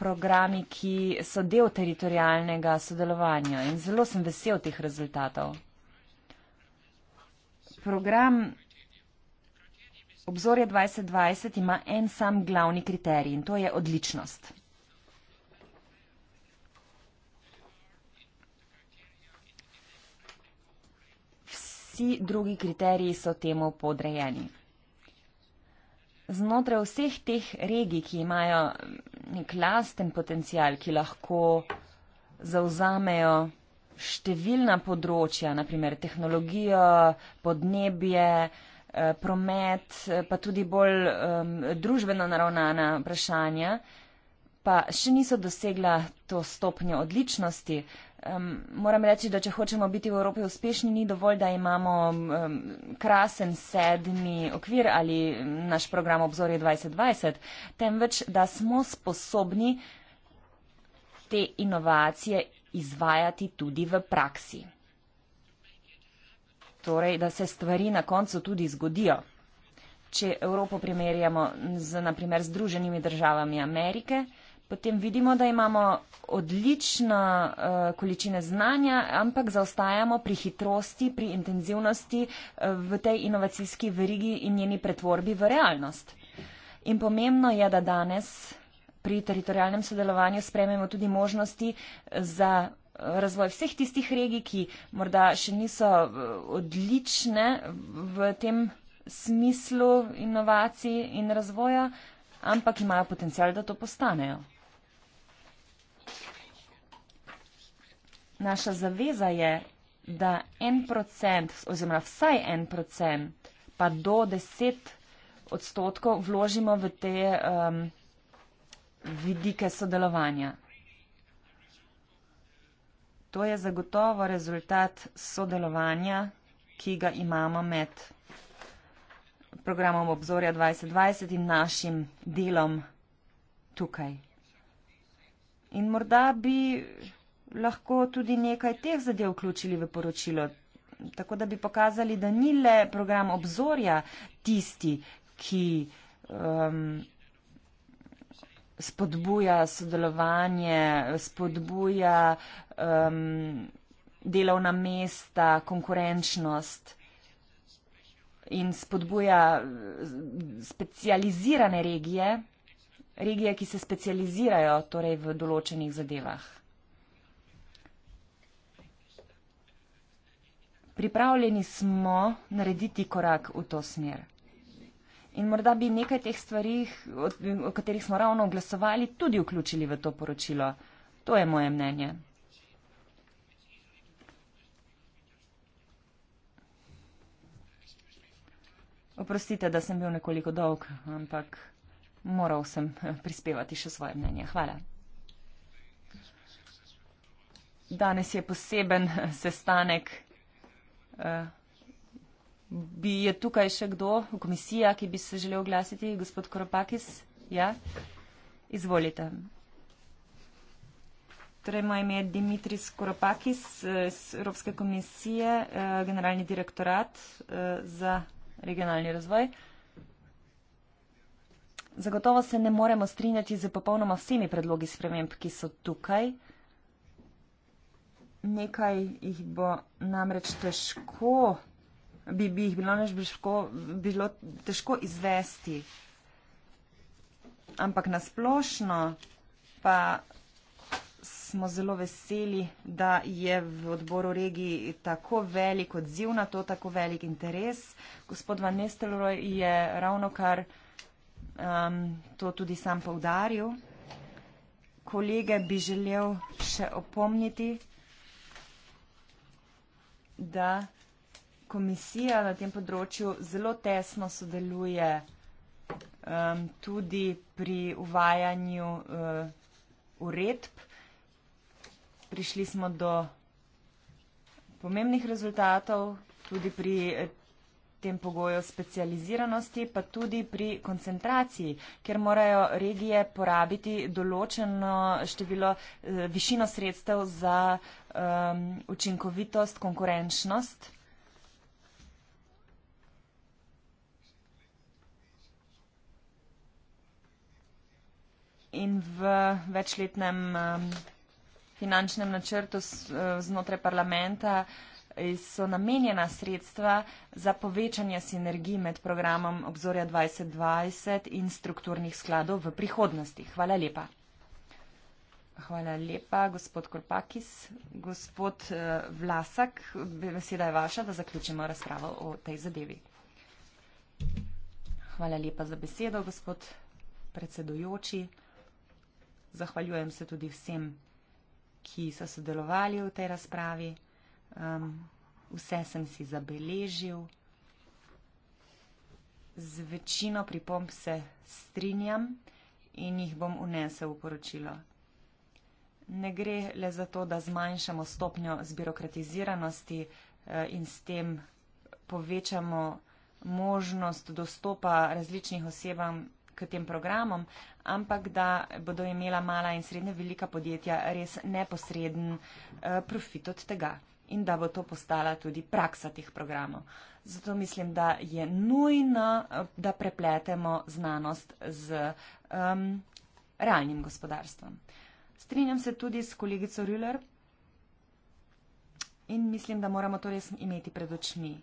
programi, ki so del teritorijalnega sodelovanja in zelo sem vesel teh rezultatov. Program Obzorje 2020 ima en sam glavni kriterij in to je odličnost. Vsi drugi kriteriji so temu podrejeni znotraj vseh teh regij, ki imajo mm, nek lasten potencial, ki lahko zauzamejo številna področja, naprimer tehnologijo, podnebje, eh, promet, eh, pa tudi bolj um, družbeno naravnana vprašanja pa še niso dosegla to stopnjo odličnosti. Um, moram reči, da če hočemo biti v Evropi uspešni, ni dovolj, da imamo um, krasen sedmi okvir ali naš program obzorje 2020, temveč, da smo sposobni te inovacije izvajati tudi v praksi. Torej, da se stvari na koncu tudi zgodijo. Če Evropo primerjamo z, naprimer, združenimi državami Amerike, potem vidimo, da imamo odlično uh, količine znanja, ampak zaostajamo pri hitrosti, pri intenzivnosti uh, v tej inovacijski verigi in njeni pretvorbi v realnost. In pomembno je, da danes pri teritorijalnem sodelovanju sprememo tudi možnosti eh, za razvoj vseh tistih regij, ki morda še niso odlične v tem smislu inovacij in razvoja, ampak imajo potencial, da to postanejo. Naša zaveza je, da en procent oziroma vsaj en procent pa do deset odstotkov vložimo v te um, vidike sodelovanja. To je zagotovo rezultat sodelovanja, ki ga imamo med programom obzorja 2020 in našim delom tukaj. In morda bi lahko tudi nekaj teh zadev vključili v poročilo, tako da bi pokazali, da ni le program obzorja tisti, ki um, spodbuja sodelovanje, spodbuja um, delovna mesta, konkurenčnost in spodbuja uh, specializirane regije regije, ki se specializirajo torej v določenih zadevah. Pripravljeni smo narediti korak v to smer. In morda bi nekaj teh stvari, o katerih smo ravno glasovali, tudi vključili v to poročilo. To je moje mnenje. Oprostite, da sem bil nekoliko dolg, ampak moral sem eh, prispevati še svoje mnenje. Hvala. Danes je poseben eh, sestanek. Eh, bi je tukaj še kdo, komisija, ki bi se želel oglasiti? Gospod Koropakis? Ja? Izvolite. Torej, moj ime je Dimitris Koropakis iz Evropske komisije, generalni direktorat za regionalni razvoj. Zagotovo se ne moremo strinjati z popolnoma vsemi predlogi sprememb, ki so tukaj. Nekaj jih bo namreč težko, bi, bi jih bilo neč težko, bilo težko izvesti. Ampak nasplošno pa smo zelo veseli, da je v odboru regiji tako velik odziv na to, tako velik interes. Gospod Van Nestelroj je ravno kar um, to tudi sam povdaril. Kolege bi želel še opomniti, da komisija na tem področju zelo tesno sodeluje um, tudi pri uvajanju uh, uredb. Prišli smo do pomembnih rezultatov tudi pri tem pogoju specializiranosti, pa tudi pri koncentraciji, ker morajo regije porabiti določeno število, eh, višino sredstev za um, učinkovitost, konkurenčnost. In v večletnem um, finančnem načrtu s, uh, znotraj parlamenta uh, so namenjena sredstva za povečanje sinergij med programom obzorja 2020 in strukturnih skladov v prihodnosti. Hvala lepa. Hvala lepa, gospod Korpakis. Gospod eh, Vlasak, beseda je vaša, da zaključimo razpravo o tej zadevi. Hvala lepa za besedo, gospod predsedujoči. Zahvaljujem se tudi vsem, ki so sodelovali v tej razpravi. Um, vse sem si zabeležil, z večino pripomb se strinjam in jih bom unesel v poročilo. Ne gre le za to, da zmanjšamo stopnjo zbirokratiziranosti eh, in s tem povečamo možnost dostopa različnih osebam k tem programom, ampak da bodo imela mala in srednje velika podjetja res neposreden eh, profit od tega in da bo to postala tudi praksa teh programov. Zato mislim, da je nujno, da prepletemo znanost z um, realnim gospodarstvom. Strinjam se tudi s kolegico Rüller in mislim, da moramo to res imeti pred očmi.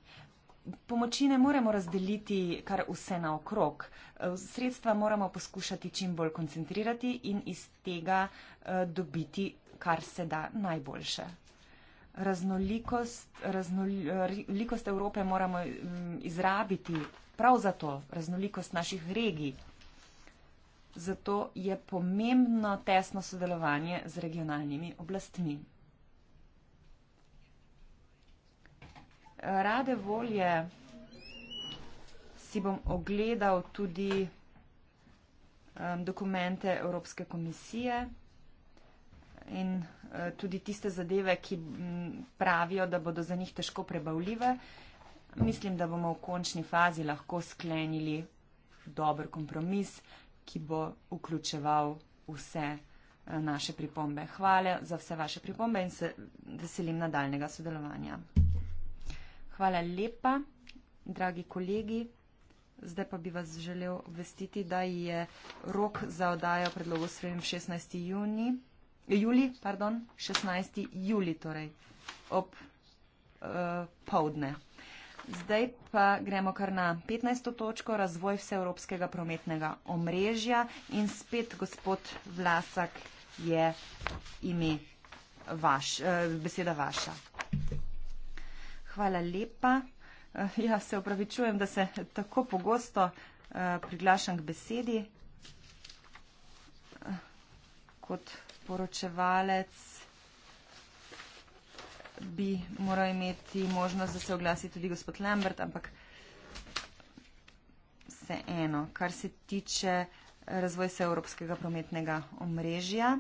Pomoči ne moremo razdeliti kar vse naokrog. Eh, sredstva moramo poskušati čim bolj koncentrirati in iz tega eh, dobiti kar se da najboljše raznolikost, raznolikost Evrope moramo mm, izrabiti prav zato, raznolikost naših regij. Zato je pomembno tesno sodelovanje z regionalnimi oblastmi. Rade volje si bom ogledal tudi mm, dokumente Evropske komisije in Eh, tudi tiste zadeve, ki pravijo, da bodo za njih težko prebavljive. Mislim, da bomo v končni fazi lahko sklenili dober kompromis, ki bo vključeval vse eh, naše pripombe. Hvala za vse vaše pripombe in se veselim nadaljnega sodelovanja. Hvala lepa, dragi kolegi. Zdaj pa bi vas želel obvestiti, da je rok za odajo predlogov sprejem 16. juni julij, pardon, 16. julij, torej ob uh, eh, povdne. Zdaj pa gremo kar na 15. točko, razvoj vseevropskega prometnega omrežja in spet gospod Vlasak je ime vaš, uh, beseda vaša. Hvala lepa. Uh, ja, se upravičujem, da se tako pogosto uh, priglašam k besedi. Uh, kot poročevalec bi moral imeti možnost, da se oglasi tudi gospod Lambert, ampak vse eno, kar se tiče razvoja se Evropskega prometnega omrežja.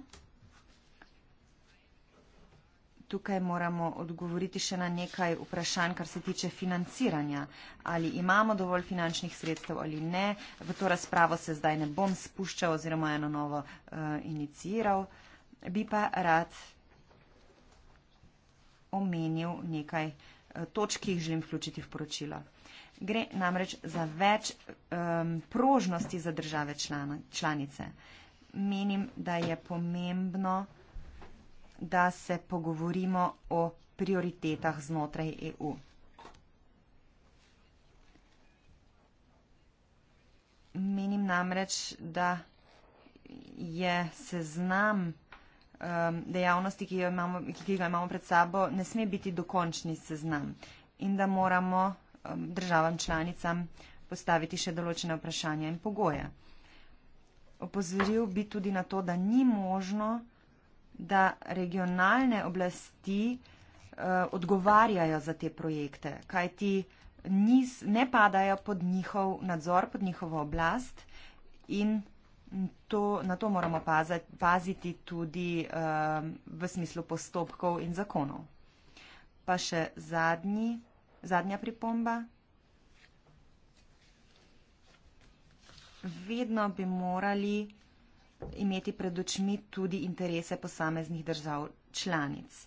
Tukaj moramo odgovoriti še na nekaj vprašanj, kar se tiče financiranja. Ali imamo dovolj finančnih sredstev ali ne. V to razpravo se zdaj ne bom spuščal oziroma eno novo uh, eh, inicijiral. Uh, bi pa rad omenil nekaj eh, točk, ki jih želim vključiti v poročilo. Gre namreč za več um, prožnosti za države člana, članice. Menim, da je pomembno, da se pogovorimo o prioritetah znotraj EU. Menim namreč, da je seznam Um, dejavnosti, ki, jo imamo, ki ga imamo pred sabo, ne sme biti dokončni seznam in da moramo um, državam članicam postaviti še določene vprašanja in pogoje. Opozoril bi tudi na to, da ni možno, da regionalne oblasti uh, odgovarjajo za te projekte, kaj ti niz, ne padajo pod njihov nadzor, pod njihovo oblast in To, na to moramo paziti tudi um, v smislu postopkov in zakonov. Pa še zadnji, zadnja pripomba. Vedno bi morali imeti pred očmi tudi interese posameznih držav članic.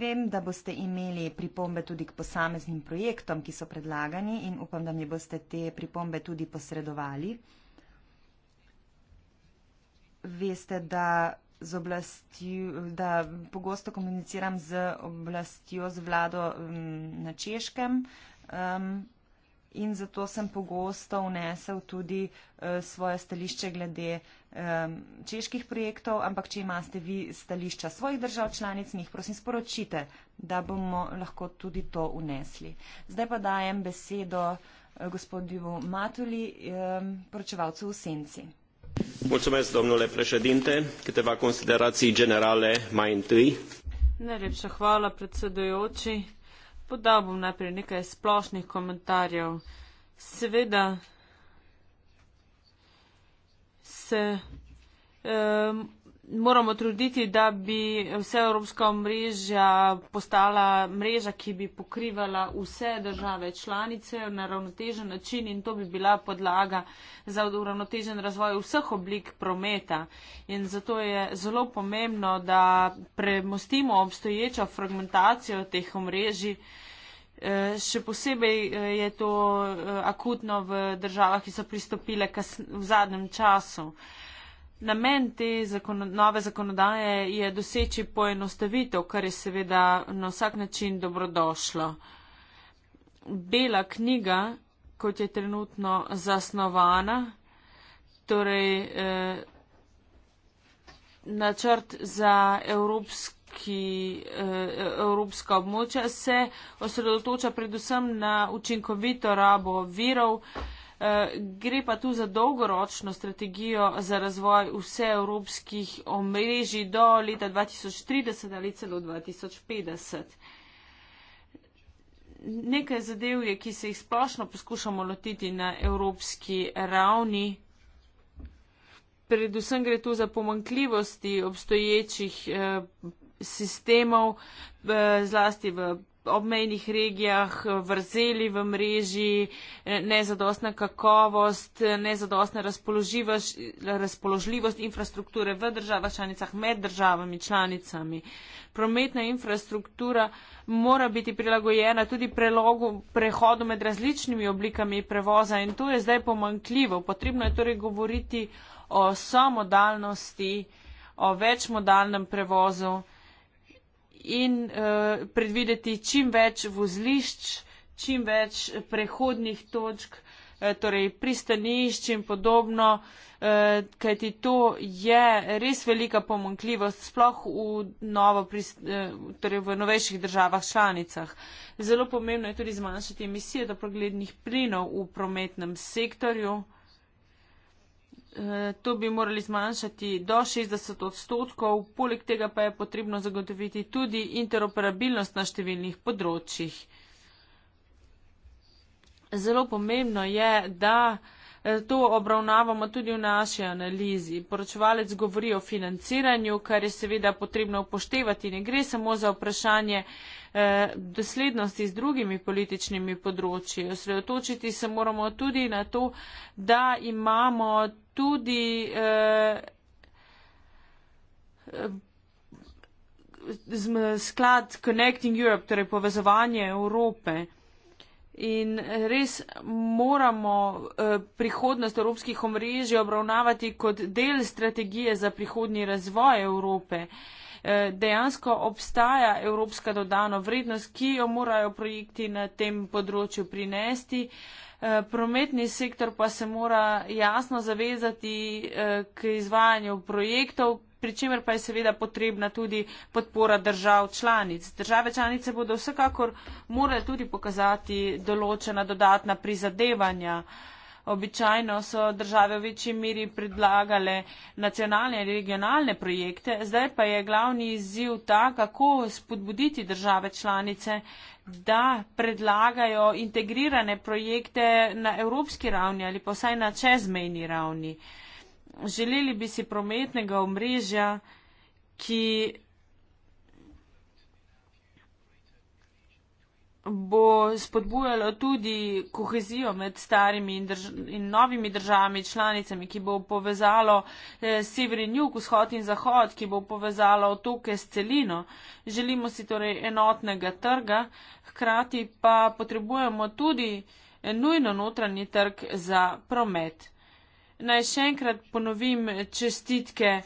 Vem, da boste imeli pripombe tudi k posameznim projektom, ki so predlagani in upam, da mi boste te pripombe tudi posredovali veste, da, oblasti, da pogosto komuniciram z oblastjo, z vlado mm, na češkem. Um, In zato sem pogosto vnesel tudi uh, svoje stališče glede um, čeških projektov, ampak če imate vi stališča svojih držav članic, mi jih prosim sporočite, da bomo lahko tudi to vnesli. Zdaj pa dajem besedo uh, eh, gospodju Matuli, um, poročevalcu v Senci. Mulțumesc, domnule președinte. Câteva considerații generale mai întâi. Najlepša hvala, predsedujoči.
Podal bom najprej nekaj splošnih komentarjev. Seveda se um, moramo truditi, da bi vse evropska mreža postala mreža, ki bi pokrivala vse države članice na ravnotežen način in to bi bila podlaga za uravnotežen razvoj vseh oblik prometa. In zato je zelo pomembno, da premostimo obstoječo fragmentacijo teh omrežij. E, še posebej e, je to e, akutno v državah, ki so pristopile v zadnjem času. Namen te zakon, nove zakonodaje je doseči poenostavitev, kar je seveda na vsak način dobrodošlo. Bela knjiga, kot je trenutno zasnovana, torej eh, načrt za evropski ki eh, evropska območja se osredotoča predvsem na učinkovito rabo virov, Eh, gre pa tu za dolgoročno strategijo za razvoj vse evropskih omrežij do leta 2030 ali celo 2050. Nekaj zadev je, ki se jih splošno poskušamo lotiti na evropski ravni. Predvsem gre tu za pomankljivosti obstoječih eh, sistemov, eh, zlasti v obmejnih regijah, vrzeli v mreži, nezadostna kakovost, nezadostna razpoložljivost infrastrukture v državah članicah med državami članicami. Prometna infrastruktura mora biti prilagojena tudi prelogu, prehodu med različnimi oblikami prevoza in to je zdaj pomankljivo. Potrebno je torej govoriti o samodalnosti, o večmodalnem prevozu in uh, predvideti čim več vozlišč, čim več prehodnih točk, uh, torej pristanišč in podobno, uh, kajti to je res velika pomankljivost, sploh v, novo, uh, torej v novejših državah članicah. Zelo pomembno je tudi zmanjšati emisije doproglednih plinov v prometnem sektorju. Eh, to bi morali zmanjšati do 60 odstotkov, poleg tega pa je potrebno zagotoviti tudi interoperabilnost na številnih področjih. Zelo pomembno je, da eh, to obravnavamo tudi v naši analizi. Poročevalec govori o financiranju, kar je seveda potrebno upoštevati. Ne gre samo za vprašanje eh, doslednosti z drugimi političnimi področji. Osredotočiti se moramo tudi na to, da imamo tudi eh, sklad Connecting Europe, torej povezovanje Evrope. In res moramo eh, prihodnost evropskih omrežij obravnavati kot del strategije za prihodni razvoj Evrope. Eh, Eh, dejansko obstaja evropska dodano vrednost, ki jo morajo projekti na tem področju prinesti. Eh, prometni sektor pa se mora jasno zavezati eh, k izvajanju projektov, pri čemer pa je seveda potrebna tudi podpora držav članic. Države članice bodo vsekakor morale tudi pokazati določena dodatna prizadevanja. Običajno so države v večji miri predlagale nacionalne ali regionalne projekte, zdaj pa je glavni izziv ta, kako spodbuditi države članice, da predlagajo integrirane projekte na evropski ravni ali pa vsaj na čezmejni ravni. Želeli bi si prometnega omrežja, ki bo spodbujalo tudi kohezijo med starimi in, drž in novimi državami članicami, ki bo povezalo eh, sever in jug, vzhod in zahod, ki bo povezalo otoke s celino. Želimo si torej enotnega trga, hkrati pa potrebujemo tudi eh, nujno notranji trg za promet. Naj še enkrat ponovim čestitke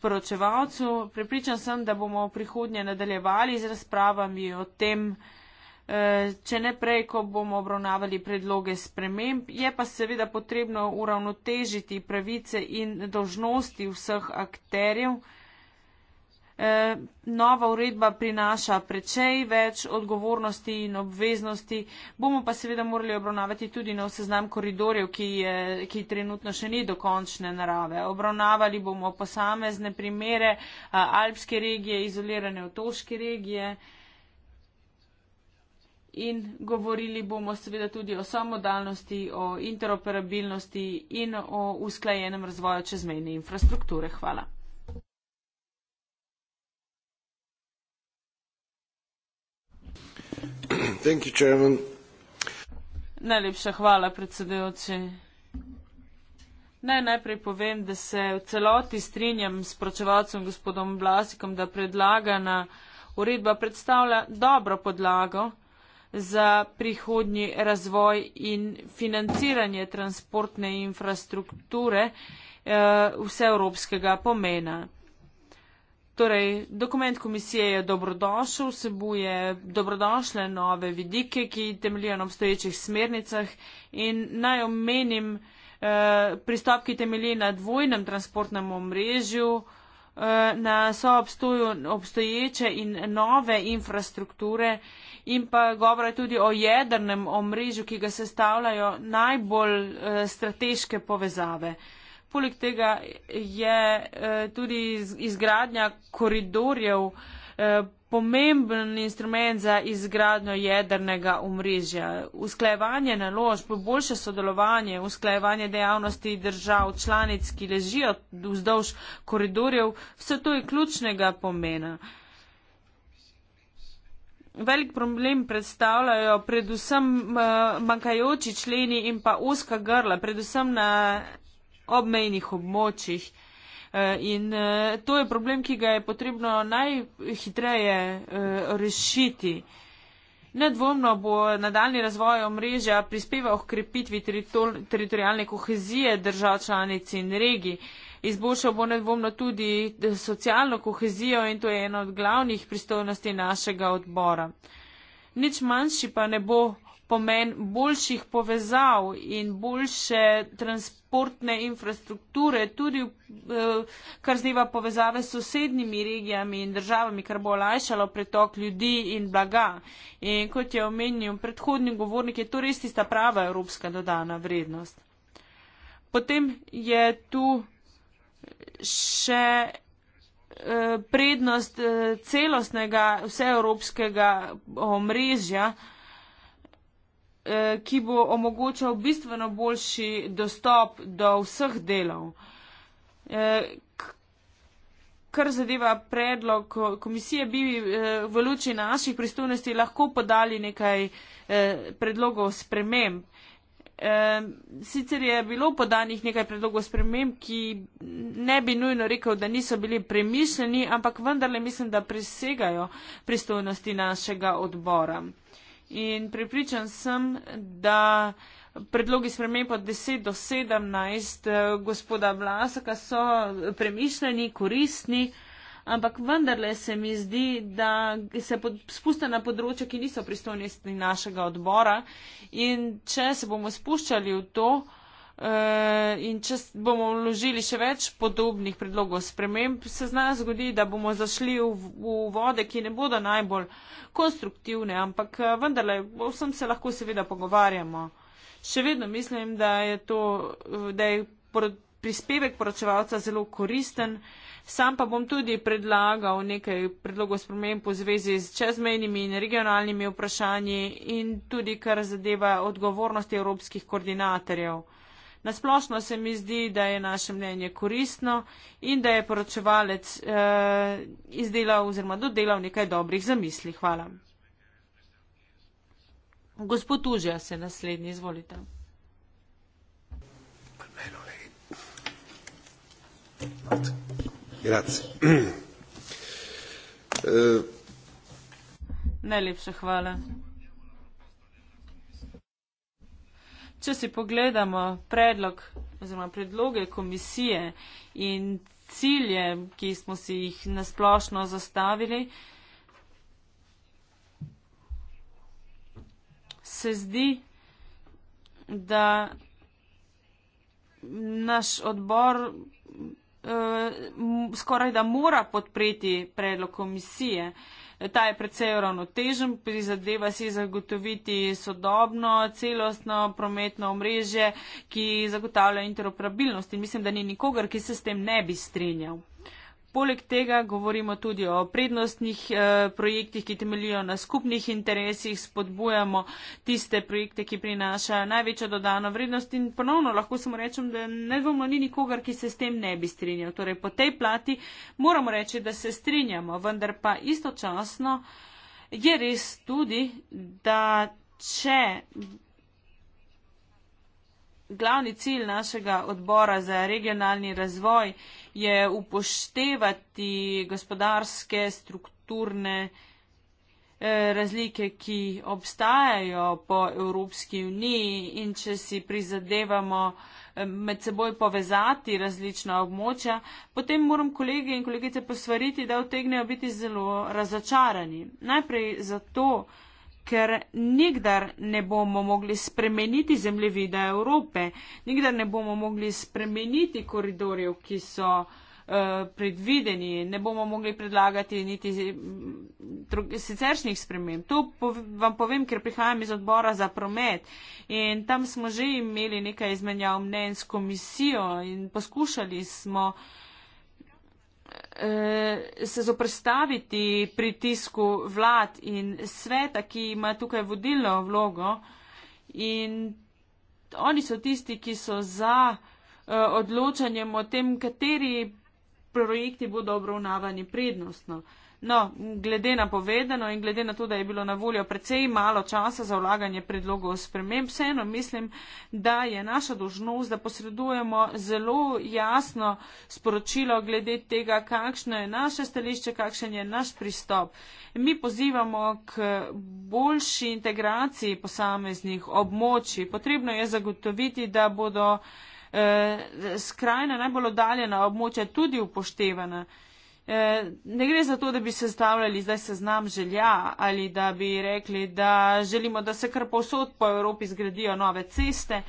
poročevalcu. Pripričan sem, da bomo v prihodnje nadaljevali z razpravami o tem, če ne prej, ko bomo obravnavali predloge sprememb. Je pa seveda potrebno uravnotežiti pravice in dožnosti vseh akterjev. E, nova uredba prinaša prečej več odgovornosti in obveznosti. Bomo pa seveda morali obravnavati tudi nov seznam koridorjev, ki, je, ki trenutno še ni dokončne narave. Obravnavali bomo posamezne primere alpske regije, izolirane otoške regije in govorili bomo seveda tudi o samodalnosti, o interoperabilnosti in o usklajenem razvoju čezmejne infrastrukture. Hvala. Thank you, Chairman. Najlepša hvala, predsedujoči. Naj najprej povem, da se v celoti strinjam s pročevalcem gospodom Blasikom, da predlagana uredba predstavlja dobro podlago za prihodnji razvoj in financiranje transportne infrastrukture eh, vseevropskega pomena. Torej, dokument komisije je dobrodošel, vsebuje dobrodošle nove vidike, ki temeljijo na obstoječih smernicah in naj omenim eh, pristop, ki temelji na dvojnem transportnem omrežju, eh, na soobstoju obstoječe in nove infrastrukture, In pa govora je tudi o jedrnem omrežju, ki ga sestavljajo najbolj eh, strateške povezave. Poleg tega je eh, tudi izgradnja koridorjev eh, pomemben instrument za izgradnjo jedrnega omrežja. Usklajevanje naložb, boljše sodelovanje, usklajevanje dejavnosti držav članic, ki ležijo vzdolž koridorjev, vse to je ključnega pomena velik problem predstavljajo predvsem eh, manjkajoči členi in pa oska grla, predvsem na obmejnih območjih. Eh, in eh, to je problem, ki ga je potrebno najhitreje rešiti. Nedvomno bo nadaljni razvoj omrežja prispeval k krepitvi teritorijalne kohezije držav članic in regij. Izboljšal bo nedvomno tudi socialno kohezijo in to je ena od glavnih pristojnosti našega odbora. Nič manjši pa ne bo pomen boljših povezav in boljše transportne infrastrukture, tudi eh, kar zneva povezave s sosednjimi regijami in državami, kar bo olajšalo pretok ljudi in blaga. In kot je omenil predhodni govornik, je to res tista prava evropska dodana vrednost. Potem je tu še eh, prednost eh, celostnega vseevropskega omrežja, eh, ki bo omogočal bistveno boljši dostop do vseh delov. Kar zadeva predlog komisije, bi v luči naših pristojnosti lahko podali nekaj predlogov sprememb sicer je bilo podanih nekaj predlogov sprememb, ki ne bi nujno rekel, da niso bili premišljeni, ampak vendarle mislim, da presegajo pristojnosti našega odbora. In pripričan sem, da predlogi sprememb od 10 do 17 eh, gospoda Vlasaka so premišljeni, koristni ampak vendarle se mi zdi, da se pod, spusta na področje, ki niso pristojnosti našega odbora in če se bomo spuščali v to eh, in če bomo vložili še več podobnih predlogov sprememb, se z nami zgodi, da bomo zašli v, v vode, ki ne bodo najbolj konstruktivne, ampak eh, vendarle o vsem se lahko seveda pogovarjamo. Še vedno mislim, da je to, eh, da je prispevek poročevalca zelo koristen. Eh, Sam pa bom tudi predlagal nekaj predlogov sprememb v zvezi z čezmejnimi in regionalnimi vprašanji in tudi kar zadeva odgovornosti evropskih koordinatorjev. Nasplošno se mi zdi, da je naše mnenje koristno in da je poročevalec eh, izdelal oziroma dodelal nekaj dobrih zamisli. Hvala. Gospod Užija se naslednji, izvolite.
Thank eh, you. Grazie.
Eh.
Najlepša hvala. Če si pogledamo predlog oziroma predloge komisije in cilje, ki smo si jih nasplošno zastavili, se zdi, da naš odbor Eh, skoraj da mora podpreti predlog komisije. Ta je predvsej ravnotežen, prizadeva si zagotoviti sodobno, celostno prometno omrežje, ki zagotavlja interoperabilnost in mislim, da ni nikogar, ki se s tem ne bi strinjal. Uh, Poleg tega govorimo tudi o prednostnih eh, projektih, ki temeljijo na skupnih interesih, spodbujamo tiste projekte, ki prinašajo največjo dodano vrednost in ponovno lahko samo rečem, da ne bomo ni nikogar, ki se s tem ne bi strinjal. Torej, po tej plati moramo reči, da se strinjamo, vendar pa istočasno je res tudi, da če. Glavni cilj našega odbora za regionalni razvoj je upoštevati gospodarske, strukturne eh, razlike, ki obstajajo po Evropski uniji in če si prizadevamo eh, med seboj povezati različna območja, potem moram kolege in kolegice posvariti, da utegnejo biti zelo razočarani. Najprej zato, ker nikdar ne bomo mogli spremeniti zemljevida Evrope, nikdar ne bomo mogli spremeniti koridorjev, ki so eh, predvideni, ne bomo mogli predlagati niti mm, siceršnjih sprememb. To vam povem, ker prihajam iz odbora za promet in tam smo že imeli nekaj izmenjav mnen s komisijo in poskušali smo uh, Eh, se zoprstaviti pritisku vlad in sveta, ki ima tukaj vodilno vlogo. In oni so tisti, ki so za eh, odločanjem o tem, kateri projekti bodo obravnavani prednostno. Uh, No, glede na povedano in glede na to, da je bilo na voljo precej malo časa za vlaganje predlogov sprememb, vseeno mislim, da je naša dožnost, da posredujemo zelo jasno sporočilo glede tega, kakšno je naše stališče, kakšen je naš pristop. Mi pozivamo k boljši integraciji posameznih območij. Potrebno je zagotoviti, da bodo eh, skrajna najbolj oddaljena območja tudi upoštevana. Eh, ne gre za to, da bi se stavljali zdaj seznam želja ali da bi rekli, da želimo, da se kar povsod po Evropi zgradijo nove ceste.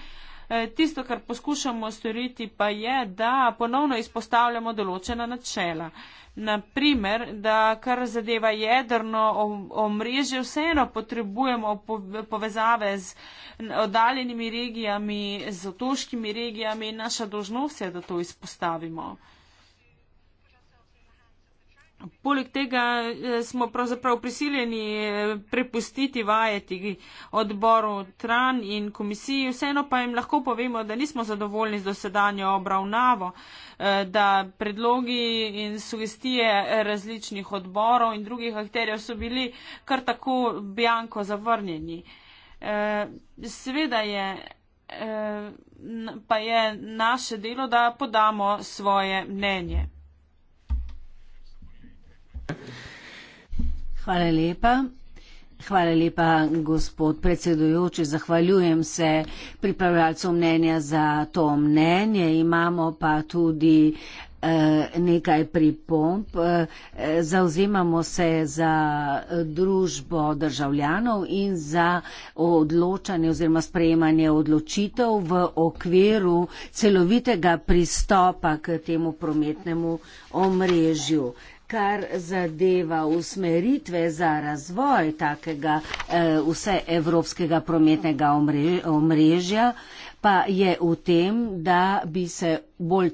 Eh, tisto, kar poskušamo storiti, pa je, da ponovno izpostavljamo določena načela. Naprimer, da kar zadeva jedrno omrežje, vseeno potrebujemo povezave z oddaljenimi regijami, z otoškimi regijami in naša dožnost je, da to izpostavimo. Poleg tega eh, smo pravzaprav prisiljeni eh, prepustiti vajeti odboru TRAN in komisiji, vseeno pa jim lahko povemo, da nismo zadovoljni z dosedanjo obravnavo, eh, da predlogi in sugestije različnih odborov in drugih akterjev so bili kar tako bjanko zavrnjeni. Sveda je, pa je naše delo, da podamo svoje mnenje.
Hvala lepa. Hvala lepa, gospod predsedujoči. Zahvaljujem se pripravljalcu mnenja za to mnenje. Imamo pa tudi eh, nekaj pripomp. Eh, Zauzemamo se za eh, družbo državljanov in za odločanje oziroma sprejemanje odločitev v okviru celovitega pristopa k temu prometnemu omrežju kar zadeva usmeritve za razvoj takega eh, vse evropskega prometnega omrež omrežja, pa je v tem, da bi se bolj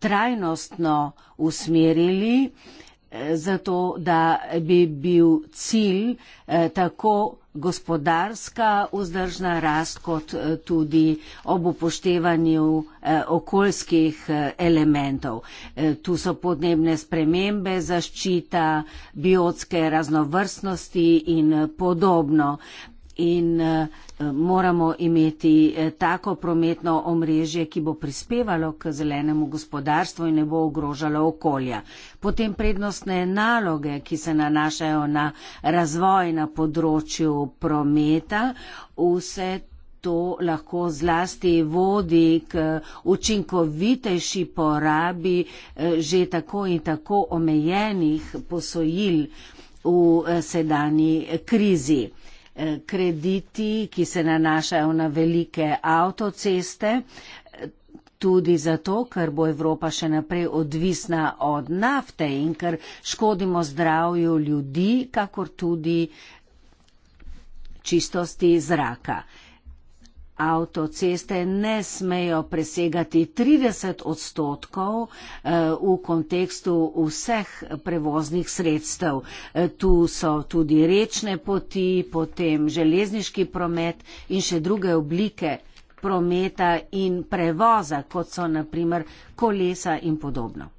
trajnostno usmerili eh, zato, da bi bil cilj eh, tako gospodarska vzdržna rast kot eh, tudi ob upoštevanju eh, okoljskih elementov. Tu so podnebne spremembe, zaščita biotske raznovrstnosti in podobno in eh, moramo imeti eh, tako prometno omrežje, ki bo prispevalo k zelenemu gospodarstvu in ne bo ogrožalo okolja. Potem prednostne naloge, ki se nanašajo na razvoj na področju prometa, vse to lahko zlasti vodi k učinkovitejši porabi eh, že tako in tako omejenih posojil v sedanji krizi. Eh, krediti, ki se nanašajo na velike avtoceste. Tudi zato, ker bo Evropa še naprej odvisna od nafte in ker škodimo zdravju ljudi, kakor tudi čistosti zraka avtoceste ne smejo presegati 30 odstotkov eh, v kontekstu vseh prevoznih sredstev. Eh, tu so tudi rečne poti, potem železniški promet in še druge oblike prometa in prevoza, kot so naprimer kolesa in podobno.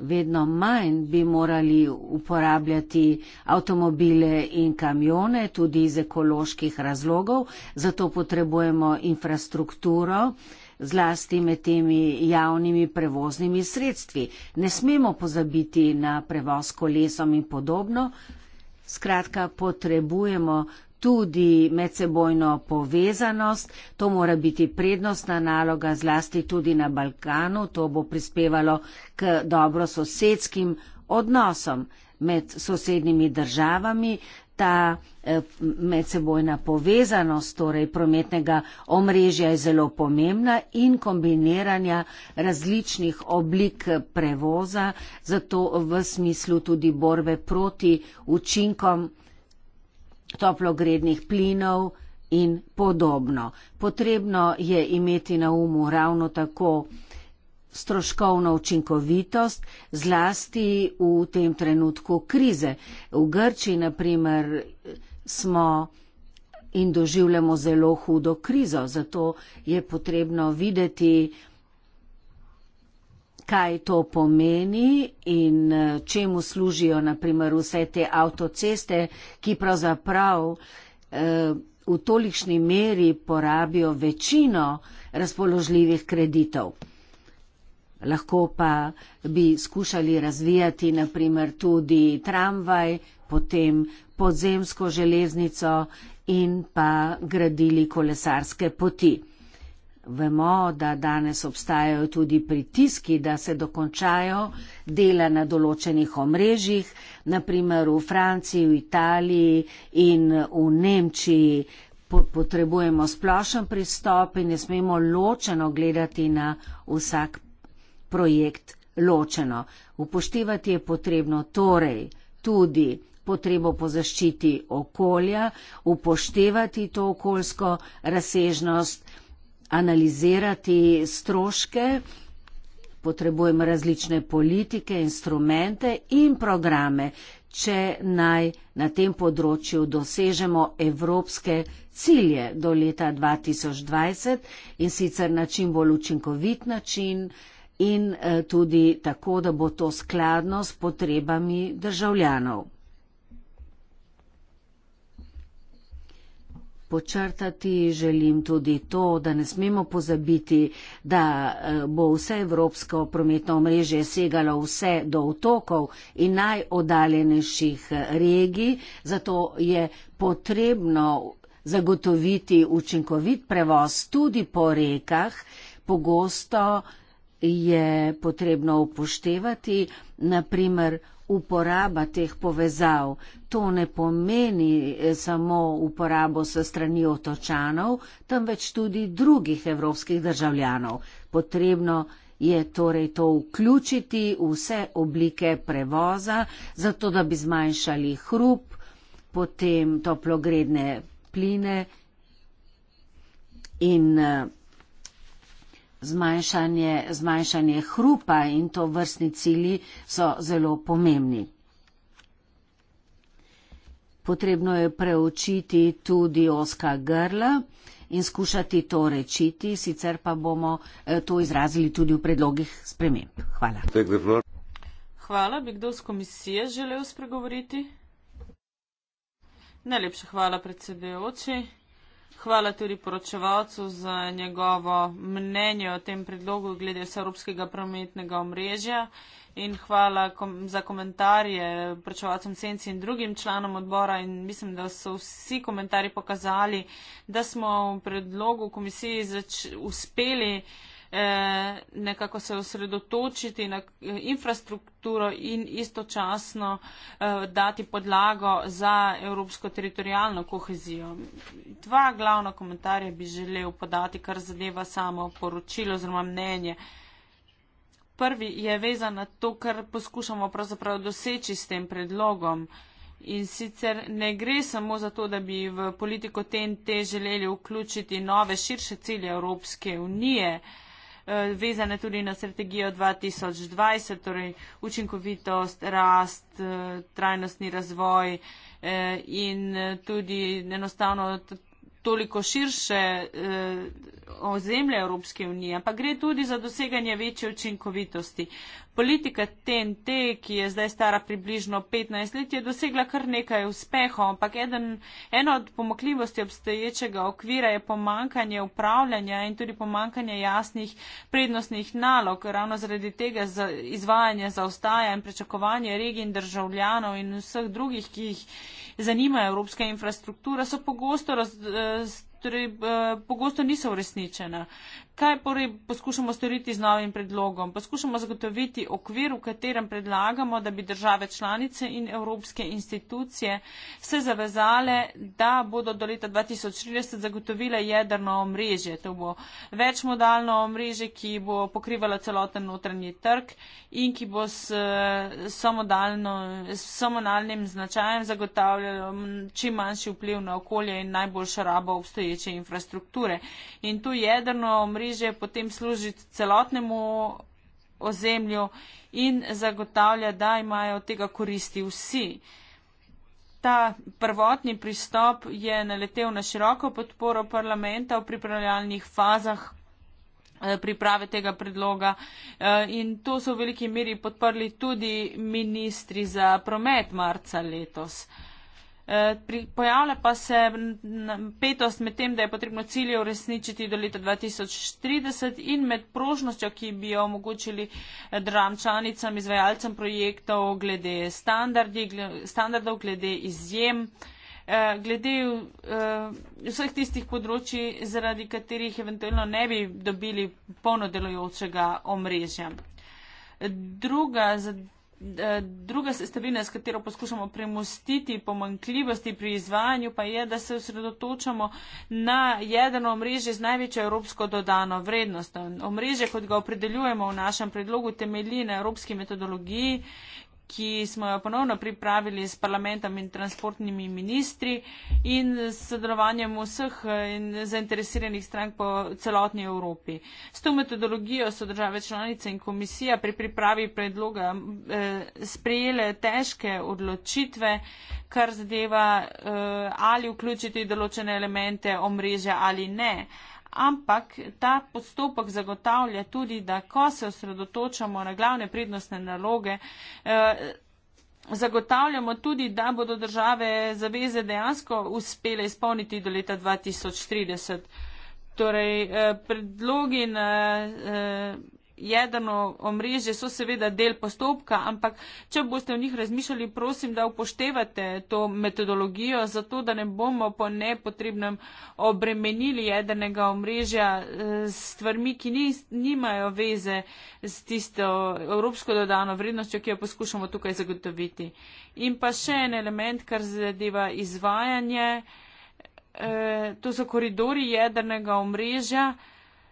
vedno manj bi morali uporabljati avtomobile in kamione, tudi iz ekoloških razlogov, zato potrebujemo infrastrukturo zlasti med temi javnimi prevoznimi sredstvi. Ne smemo pozabiti na prevoz kolesom in podobno. Skratka, potrebujemo tudi medsebojno povezanost. To mora biti prednostna naloga, zlasti tudi na Balkanu. To bo prispevalo k dobro sosedskim odnosom med sosednjimi državami. Ta eh, medsebojna povezanost, torej prometnega omrežja, je zelo pomembna in kombiniranja različnih oblik prevoza, zato v smislu tudi borbe proti učinkom toplogrednih plinov in podobno. Potrebno je imeti na umu ravno tako stroškovno učinkovitost, zlasti v tem trenutku krize. V Grči, naprimer, smo in doživljamo zelo hudo krizo, zato je potrebno videti, kaj to pomeni in eh, čemu služijo naprimer vse te avtoceste, ki pravzaprav eh, v tolikšni meri porabijo večino razpoložljivih kreditov. Lahko pa bi skušali razvijati naprimer tudi tramvaj, potem podzemsko železnico in pa gradili kolesarske poti. Vemo, da danes obstajajo tudi pritiski, da se dokončajo dela na določenih omrežjih, naprimer v Franciji, v Italiji in v Nemčiji. Potrebujemo splošen pristop in ne smemo ločeno gledati na vsak projekt ločeno. Upoštevati je potrebno torej tudi potrebo po zaščiti okolja, upoštevati to okoljsko razsežnost, analizirati stroške, potrebujemo različne politike, instrumente in programe, če naj na tem področju dosežemo evropske cilje do leta 2020 in sicer na čim bolj učinkovit način in eh, tudi tako, da bo to skladno s potrebami državljanov. Počrtati želim tudi to, da ne smemo pozabiti, da eh, bo vse evropsko prometno omrežje segalo vse do otokov in najodaljenejših eh, regij, zato je potrebno zagotoviti učinkovit prevoz tudi po rekah, pogosto je potrebno upoštevati, naprimer, uporaba teh povezav. To ne pomeni eh, samo uporabo se strani otočanov, temveč tudi drugih evropskih državljanov. Potrebno je torej to vključiti vse oblike prevoza, zato da bi zmanjšali hrup, potem toplogredne pline in eh, zmanjšanje, zmanjšanje hrupa in to vrstni cili so zelo pomembni. Potrebno je preučiti tudi oska grla in skušati to rečiti, sicer pa bomo eh, to izrazili tudi v predlogih sprememb. Hvala.
Hvala. Bi kdo z komisije želel spregovoriti? Najlepša hvala predsedujoči. Hvala tudi poročevalcu za njegovo mnenje o tem predlogu glede Evropskega prometnega omrežja in hvala kom za komentarje poročevalcem Senci in drugim članom odbora in mislim, da so vsi komentarji pokazali, da smo v predlogu komisiji uspeli uh, Eh, nekako se osredotočiti na eh, infrastrukturo in istočasno eh, dati podlago za evropsko teritorijalno kohezijo. Dva glavna komentarja bi želel podati, kar zadeva samo poročilo oziroma mnenje. Prvi je vezan na to, kar poskušamo pravzaprav doseči s tem predlogom. In sicer ne gre samo za to, da bi v politiko TNT želeli vključiti nove širše cilje Evropske unije, eh, Eh, vezane tudi na strategijo 2020, torej učinkovitost, rast, eh, trajnostni razvoj eh, in tudi enostavno toliko širše ozemlje Evropske unije, pa gre tudi za doseganje večje učinkovitosti. Politika TNT, ki je zdaj stara približno 15 let, je dosegla kar nekaj uspehov, ampak eden, ena od pomakljivosti obstoječega okvira je pomankanje upravljanja in tudi pomankanje jasnih prednostnih nalog. Ravno zaradi tega za izvajanje zaostaja in prečakovanje regij in državljanov in vseh drugih, ki jih zanimajo evropska infrastruktura, so pogosto. Raz, raz, eh, Torej, eh, pogosto niso uresničena. Kaj pori, torej poskušamo storiti z novim predlogom? Poskušamo zagotoviti okvir, v katerem predlagamo, da bi države članice in evropske institucije se zavezale, da bodo do leta 2030 zagotovile jedrno omrežje. To bo večmodalno omrežje, ki bo pokrivalo celoten notranji trg in ki bo s, s samodalnim značajem zagotavljalo čim manjši vpliv na okolje in najboljšo rabo obstoječe infrastrukture. In omrežje potem služi celotnemu ozemlju in zagotavlja, da imajo od tega koristi vsi. Ta prvotni pristop je naletel na široko podporo parlamenta v pripravljalnih fazah eh, priprave tega predloga eh, in to so v veliki meri podprli tudi ministri za promet marca letos. Eh, pri, pojavlja pa se petost med tem, da je potrebno cilje uresničiti do leta 2030 in med prožnostjo, ki bi jo omogočili eh, državam članicam, izvajalcem projektov glede standardov, glede izjem, eh, glede vseh tistih področji, zaradi katerih eventualno ne bi dobili polno delojočega omrežja. Druga zadeva. Eh, druga sestavina, s katero poskušamo premostiti pomankljivosti pri izvajanju, pa je, da se osredotočamo na jedrno omrežje z največjo evropsko dodano vrednostjo. Omrežje, kot ga opredeljujemo v našem predlogu, temelji na evropski metodologiji ki smo jo ponovno pripravili s parlamentom in transportnimi ministri in s sodelovanjem vseh zainteresiranih strank po celotni Evropi. S to metodologijo so države članice in komisija pri pripravi predloga eh, sprejele težke odločitve, kar zadeva eh, ali vključiti določene elemente omrežja ali ne. Eh, ampak ta postopek zagotavlja tudi, da ko se osredotočamo na glavne prednostne naloge, eh, Zagotavljamo tudi, da bodo države zaveze dejansko uspele izpolniti do leta 2030. Torej, eh, predlogi na, eh, jedrno omrežje so seveda del postopka, ampak če boste o njih razmišljali, prosim, da upoštevate to metodologijo, zato da ne bomo po nepotrebnem obremenili jedrnega omrežja eh, s stvarmi, ki ni, nimajo veze s tisto evropsko dodano vrednostjo, ki jo poskušamo tukaj zagotoviti. In pa še en element, kar zadeva izvajanje, eh, to so koridori jedrnega omrežja.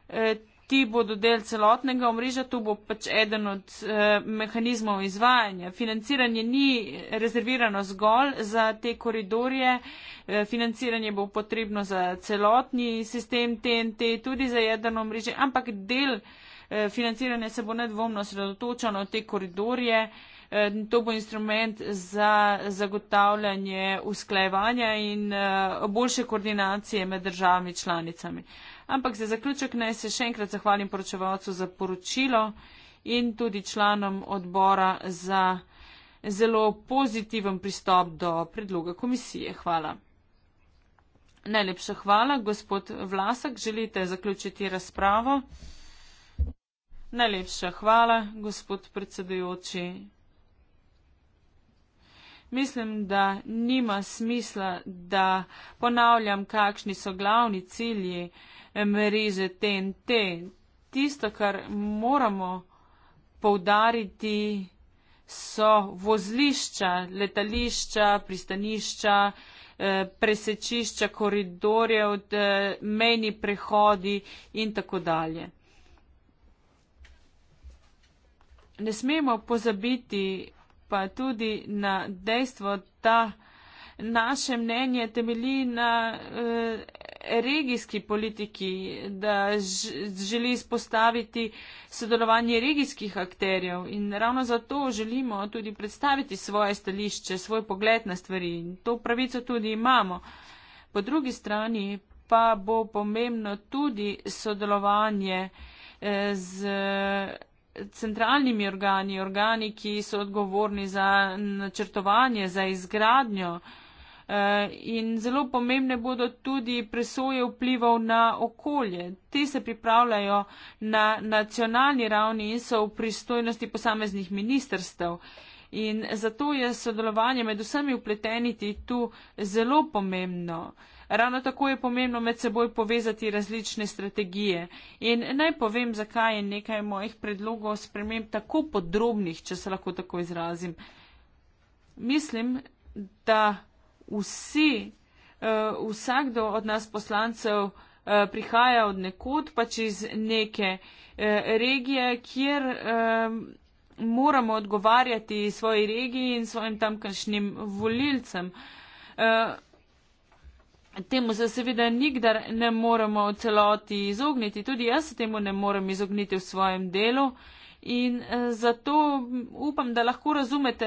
Eh, ti bodo del celotnega omrežja, to bo pač eden od eh, mehanizmov izvajanja. Financiranje ni rezervirano zgolj za te koridorje, eh, financiranje bo potrebno za celotni sistem TNT, tudi za jedrno omrežje, ampak del eh, financiranja se bo nedvomno sredotočalo v te koridorje. Eh, to bo instrument za zagotavljanje usklajevanja in eh, boljše koordinacije med državami članicami ampak za zaključek naj se še enkrat zahvalim poročevalcu za poročilo in tudi članom odbora za zelo pozitiven pristop do predloga komisije. Hvala. Najlepša hvala. Gospod Vlasak, želite zaključiti razpravo? Najlepša hvala, gospod predsedujoči. Mislim, da nima smisla, da ponavljam, kakšni so glavni cilji eh, mreže TNT. Tisto, kar moramo povdariti, so vozlišča, letališča, pristanišča, eh, presečišča, koridorje, eh, mejni prehodi in tako dalje. Ne smemo pozabiti pa tudi na dejstvo, da naše mnenje temelji na eh, regijski politiki, da želi izpostaviti sodelovanje regijskih akterjev in ravno zato želimo tudi predstaviti svoje stališče, svoj pogled na stvari in to pravico tudi imamo. Po drugi strani pa bo pomembno tudi sodelovanje eh, z centralnimi organi, organi, ki so odgovorni za načrtovanje, za izgradnjo Eh, in zelo pomembne bodo tudi presoje vplivov na okolje. Te se pripravljajo na nacionalni ravni in so v pristojnosti posameznih ministrstev. In zato je sodelovanje med vsemi vpleteniti tu zelo pomembno. Ravno tako je pomembno med seboj povezati različne strategije. In naj povem, zakaj je nekaj mojih predlogov sprememb tako podrobnih, če se lahko tako izrazim. Mislim, da vsi, uh, vsakdo od nas poslancev uh, prihaja od nekod, pač iz neke uh, regije, kjer um, moramo odgovarjati svoji regiji in svojim tamkajšnjim volilcem. Uh, Temu se seveda nikdar ne moremo v celoti izogniti, tudi jaz se temu ne morem izogniti v svojem delu, uh, In eh, zato upam, da lahko razumete,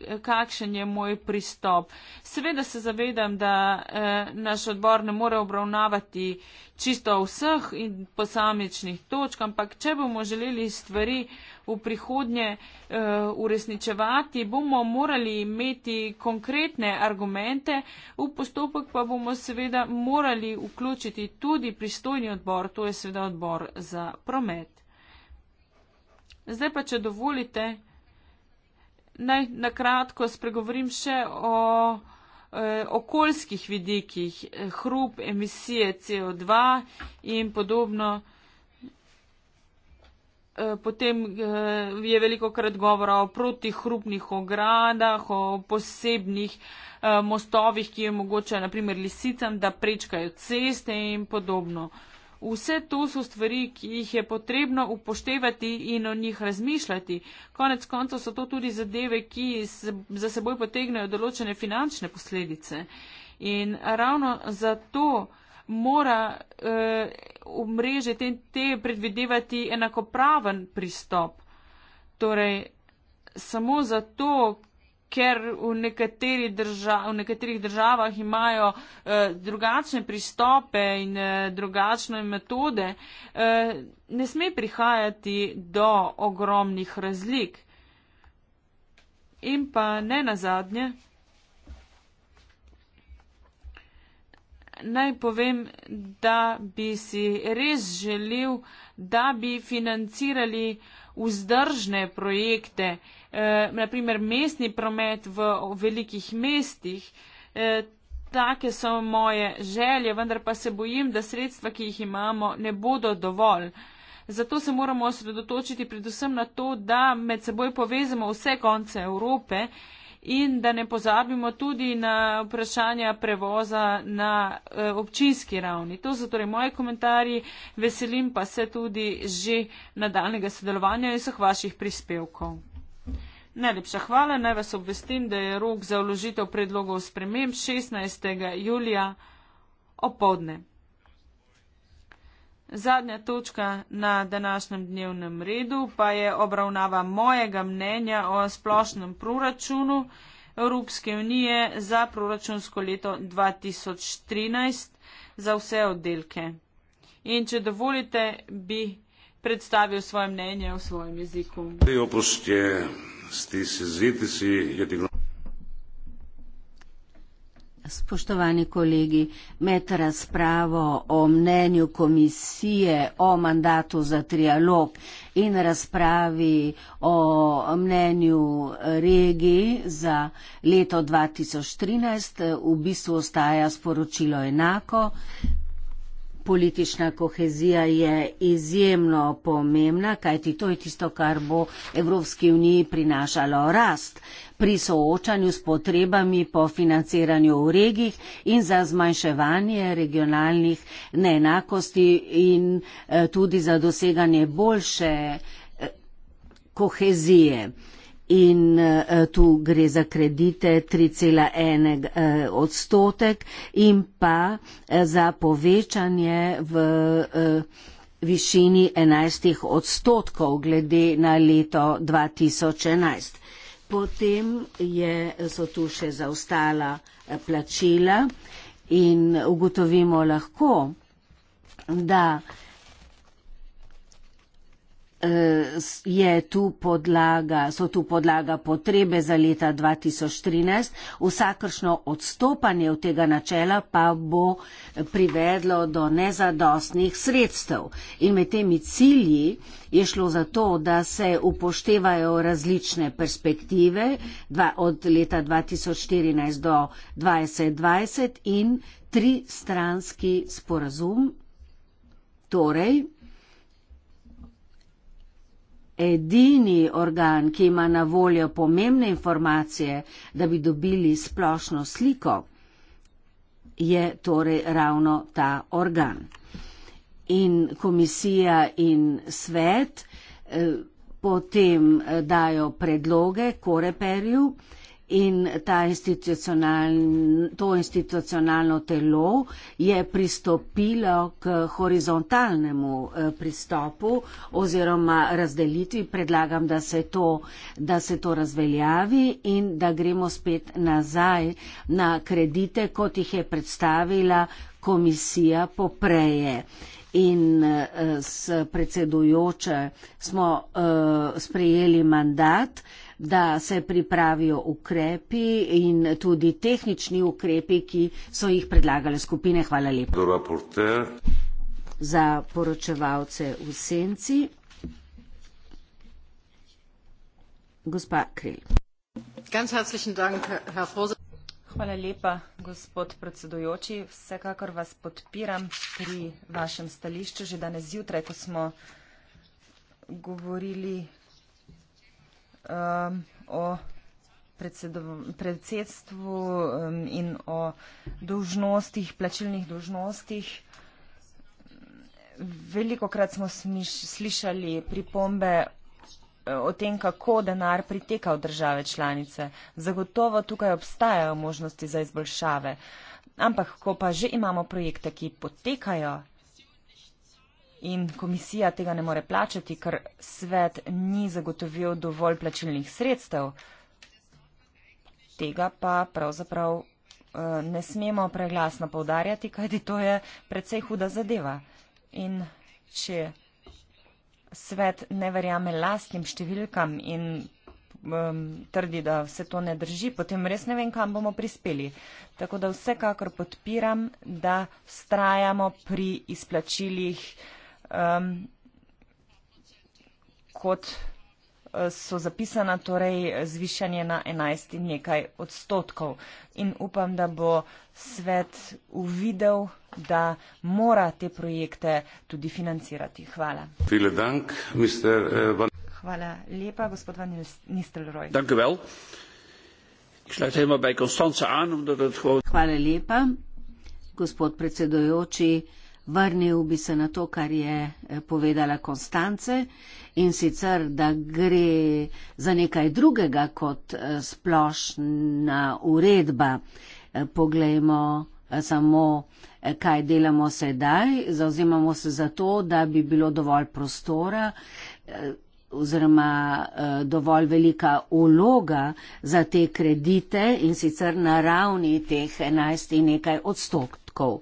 eh, kakšen je moj pristop. Seveda se zavedam, da eh, naš odbor ne more obravnavati čisto vseh in posamičnih točk, ampak če bomo želeli stvari v prihodnje uresničevati, bomo morali imeti konkretne argumente, v postopek pa bomo seveda morali vključiti tudi pristojni odbor, to je seveda odbor za promet. Zdaj pa, če dovolite, naj na kratko spregovorim še o eh, okoljskih vidikih, eh, hrup, emisije CO2 in podobno. Eh, potem je veliko krat govora o protihrupnih ogradah, o posebnih mostovih, ki je mogoče naprimer lisicam, da prečkajo ceste in podobno. Vse to so stvari, ki jih je potrebno upoštevati in o njih razmišljati. Konec koncev so to tudi zadeve, ki za seboj potegnejo določene finančne posledice. In ravno zato mora eh, v mreže te, te predvidevati enakopraven pristop. Torej, samo zato, ker v, nekateri drža, v nekaterih državah imajo eh, drugačne pristope in eh, drugačne metode, eh, ne sme prihajati do ogromnih razlik. In pa ne nazadnje, naj povem, da bi si res želel, da bi financirali vzdržne projekte, eh, Eh, naprimer mestni promet v velikih mestih. Eh, take so moje želje, vendar pa se bojim, da sredstva, ki jih imamo, ne bodo dovolj. Zato se moramo osredotočiti predvsem na to, da med seboj povezamo vse konce Evrope in da ne pozabimo tudi na vprašanja prevoza na eh, občinski ravni. To so torej moji komentarji, veselim pa se tudi že nadaljnega sodelovanja in vseh vaših prispevkov. Najlepša hvala, naj vas obvestim, da je rok za vložitev predlogov sprememb 16. julija opovdne. Zadnja točka na današnjem dnevnem redu pa je obravnava mojega mnenja o splošnem proračunu Evropske unije za proračunsko leto 2013 za vse oddelke. In če dovolite, bi predstavil svoje mnenje v svojem jeziku.
Spoštovani kolegi, med razpravo o mnenju komisije o mandatu za trialog in razpravi o mnenju regiji za leto 2013 v bistvu ostaja sporočilo enako, Politična kohezija je izjemno pomembna, kajti to je tisto, kar bo Evropski uniji prinašalo rast pri soočanju s potrebami po financiranju v regijih in za zmanjševanje regionalnih neenakosti in eh, tudi za doseganje boljše eh, kohezije in eh, tu gre za kredite 3,1 eh, odstotek in pa eh, za povečanje v višini 11 odstotkov glede na leto 2011. Potem je, so tu še zaostala plačila in ugotovimo lahko, da Eh, je tu podlaga, so tu podlaga potrebe za leta 2013. Vsakršno odstopanje od tega načela pa bo privedlo do nezadostnih sredstev. In med temi cilji je šlo za to, da se upoštevajo različne perspektive dva, od leta 2014 do 2020 in tristranski sporazum. Torej, edini organ, ki ima na voljo pomembne informacije, da bi dobili splošno sliko, je torej ravno ta organ. In komisija in svet eh, potem eh, dajo predloge koreperju, eh, in institucionalno, to institucionalno telo je pristopilo k horizontalnemu eh, pristopu oziroma razdelitvi. Predlagam, da se, to, da se to razveljavi in da gremo spet nazaj na kredite, kot jih je predstavila komisija popreje. In eh, s predsedujoče smo uh, sprejeli mandat uh, da se pripravijo ukrepi in tudi tehnični ukrepi, ki so jih predlagale skupine. Hvala lepa. Za poročevalce v senci. Gospa Krej.
Hvala
lepa, gospod predsedujoči. Vsekakor vas podpiram pri vašem stališču. Že danes zjutraj, ko smo govorili um, o predsedstvu um, in o dolžnostih, plačilnih dolžnostih. Veliko krat smo smiš, slišali pripombe eh, o tem, kako denar priteka v države članice. Zagotovo tukaj obstajajo možnosti za izboljšave. Ampak, ko pa že imamo projekte, ki potekajo in komisija tega ne more plačati, ker svet ni zagotovil dovolj plačilnih sredstev. Tega pa pravzaprav eh, ne smemo preglasno povdarjati, kajti to je predvsej huda zadeva. In če svet ne verjame lastnim številkam in trdi, da se to ne drži, potem res ne vem, kam bomo prispeli. Tako da vsekakor podpiram, da strajamo pri izplačilih kot eh, so zapisana, torej zvišanje na enajst in nekaj odstotkov. In upam, da bo svet uvidel, da mora te projekte tudi financirati. Hvala.
Eh,
Hvala lepa,
gospod Van Nistelrooy. Hvala lepa, gospod predsedujoči vrnil bi se na to, kar je eh, povedala Konstance in sicer, da gre za nekaj drugega kot eh, splošna uredba. Eh, poglejmo samo, kaj delamo sedaj. Zauzemamo se za to, da bi bilo dovolj prostora oziroma dovolj velika uloga za te kredite in sicer na ravni teh 11 in nekaj odstotkov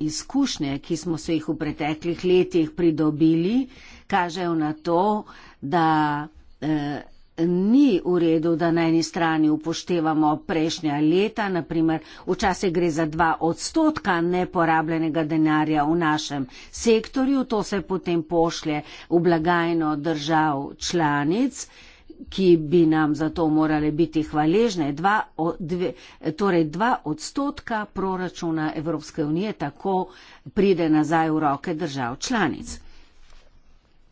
izkušnje, ki smo se jih v preteklih letih pridobili, kažejo na to, da eh, ni v redu, da na eni strani upoštevamo prejšnja leta, naprimer včasih gre za dva odstotka neporabljenega denarja v našem sektorju, to se potem pošlje v blagajno držav članic ki bi nam za to morale biti hvaležne, dva, dve, torej dva odstotka proračuna Evropske unije tako pride nazaj v roke držav članic.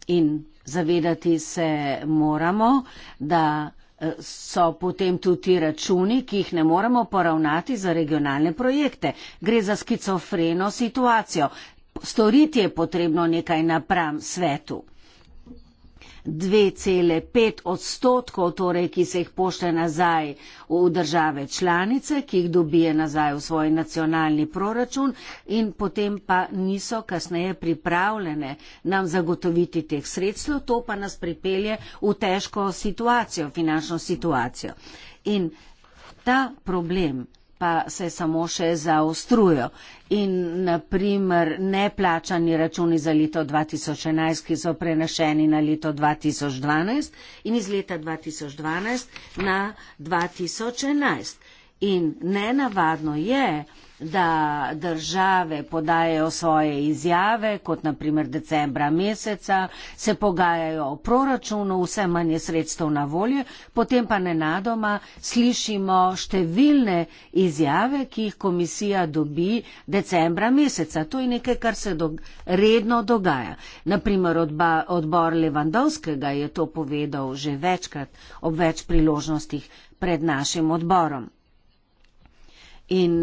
In zavedati se moramo, da eh, so potem tudi računi, ki jih ne moremo poravnati za regionalne projekte. Gre za skicofreno situacijo. Storiti je potrebno nekaj napram svetu. 2,5 odstotkov, torej, ki se jih pošle nazaj v države članice, ki jih dobije nazaj v svoj nacionalni proračun in potem pa niso kasneje pripravljene nam zagotoviti teh sredstev, to pa nas pripelje v težko situacijo, finančno situacijo. In ta problem pa se samo še zaostrujo. In naprimer neplačani računi za leto 2011, ki so prenešeni na leto 2012 in iz leta 2012 na 2011. In nenavadno je, da države podajajo svoje izjave, kot naprimer decembra meseca, se pogajajo o proračunu, vse manje sredstev na volje, potem pa nenadoma slišimo številne izjave, ki jih komisija dobi decembra meseca. To je nekaj, kar se do, redno dogaja. Naprimer odba, odbor Levandovskega je to povedal že večkrat ob več priložnostih pred našim odborom. In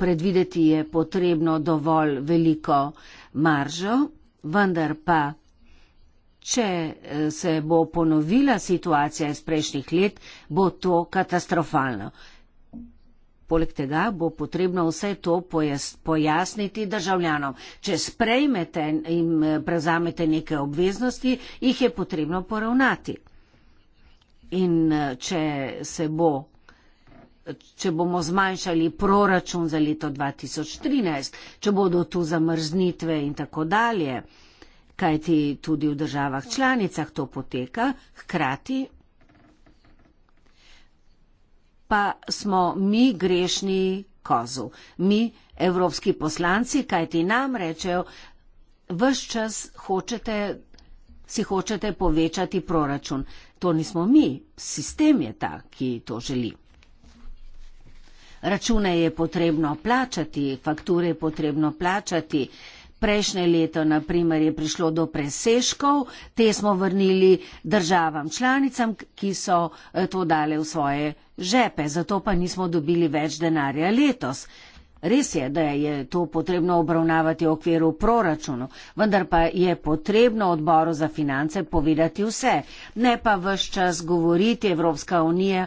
predvideti je potrebno dovolj veliko maržo, vendar pa, če eh, se bo ponovila situacija iz prejšnjih let, bo to katastrofalno. Poleg tega bo potrebno vse to pojasniti državljanom. Če sprejmete in eh, prezamete neke obveznosti, jih je potrebno poravnati. In eh, če se bo če bomo zmanjšali proračun za leto 2013, če bodo tu zamrznitve in tako dalje. Kajti tudi v državah članicah to poteka, hkrati pa smo mi grešni kozu, mi evropski poslanci, kajti nam rečejo, vse čas hočete, si hočete povečati proračun. To nismo mi, sistem je ta, ki to želi. Račune je potrebno plačati, fakture je potrebno plačati. Prejšnje leto, na primer, je prišlo do preseškov, te smo vrnili državam članicam, ki so eh, to dale v svoje žepe, zato pa nismo dobili več denarja letos. Res je, da je to potrebno obravnavati v okviru proračunu, vendar pa je potrebno odboru za finance povedati vse. Ne pa vse čas govoriti, Evropska unija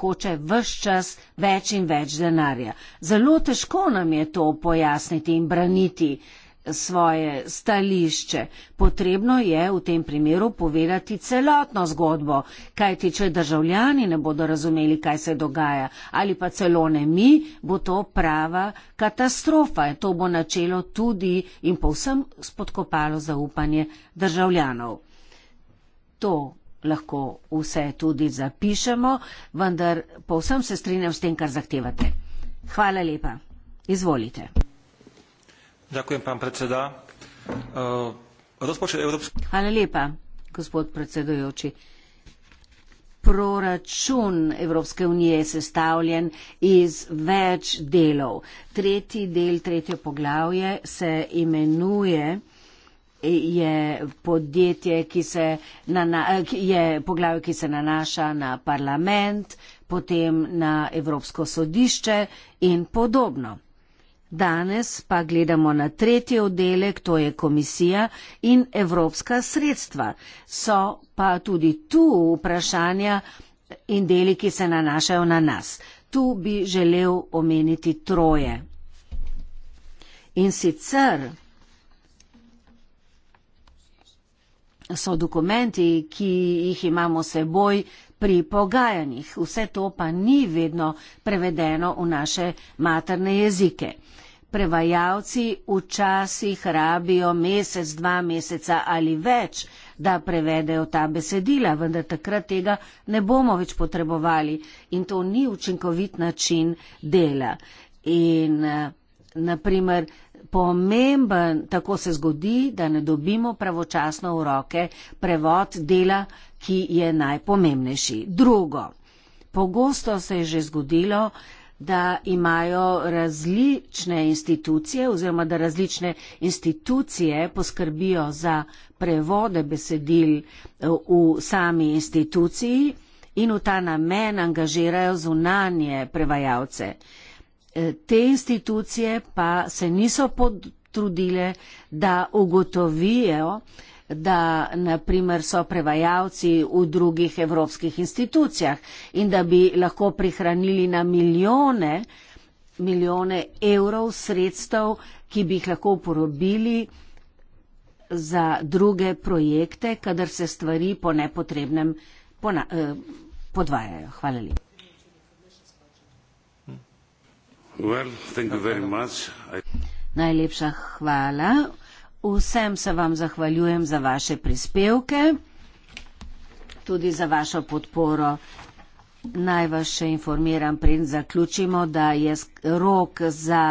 hoče vse čas več in več denarja. Zelo težko nam je to pojasniti in braniti svoje stališče. Potrebno je v tem primeru povedati celotno zgodbo, kaj ti, če državljani ne bodo razumeli, kaj se dogaja, ali pa celo ne mi, bo to prava katastrofa. To bo načelo tudi in povsem spodkopalo zaupanje državljanov. To lahko vse tudi zapišemo, vendar povsem se strinjam s tem, kar zahtevate. Hvala lepa. Izvolite. Zdravim, pan predseda. Uh, Evropske... Hvala lepa, gospod predsedujoči. Proračun Evropske unije je sestavljen iz več delov. Tretji del, tretje poglavje se imenuje uh, je podjetje, ki se, nana, je poglavje, ki se nanaša na parlament, potem na Evropsko sodišče in podobno. Danes pa gledamo na tretji oddelek, to je komisija in evropska sredstva. So pa tudi tu vprašanja in deli, ki se nanašajo na nas. Tu bi želel omeniti troje. In sicer so dokumenti, ki jih imamo seboj pri pogajanjih. Vse to pa ni vedno prevedeno v naše materne jezike. Prevajalci včasih rabijo mesec, dva meseca ali več, da prevedejo ta besedila, vendar takrat tega ne bomo več potrebovali in to ni učinkovit način dela. In, eh, naprimer, pomemben, tako se zgodi, da ne dobimo pravočasno v roke prevod dela, ki je najpomembnejši. Drugo, pogosto se je že zgodilo, da imajo različne institucije oziroma da različne institucije poskrbijo za prevode besedil eh, v sami instituciji in v ta namen angažirajo zunanje prevajalce. Eh, te institucije pa se niso potrudile, da ugotovijo, da naprimer so prevajalci v drugih evropskih institucijah in da bi lahko prihranili na milijone, milijone evrov sredstev, ki bi jih lahko uporobili za druge projekte, kadar se stvari po nepotrebnem eh, podvajajo. Hvala lepa. Najlepša hvala. Vsem se vam zahvaljujem za vaše prispevke, tudi za vašo podporo. Naj vas še informiram, pred zaključimo, da je rok za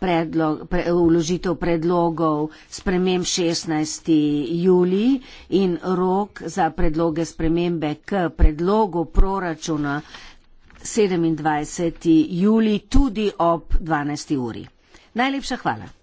predlog, pre, uložitev predlogov spremem 16. juli in rok za predloge spremembe k predlogu proračuna 27. julij tudi ob 12. uri. Najlepša hvala.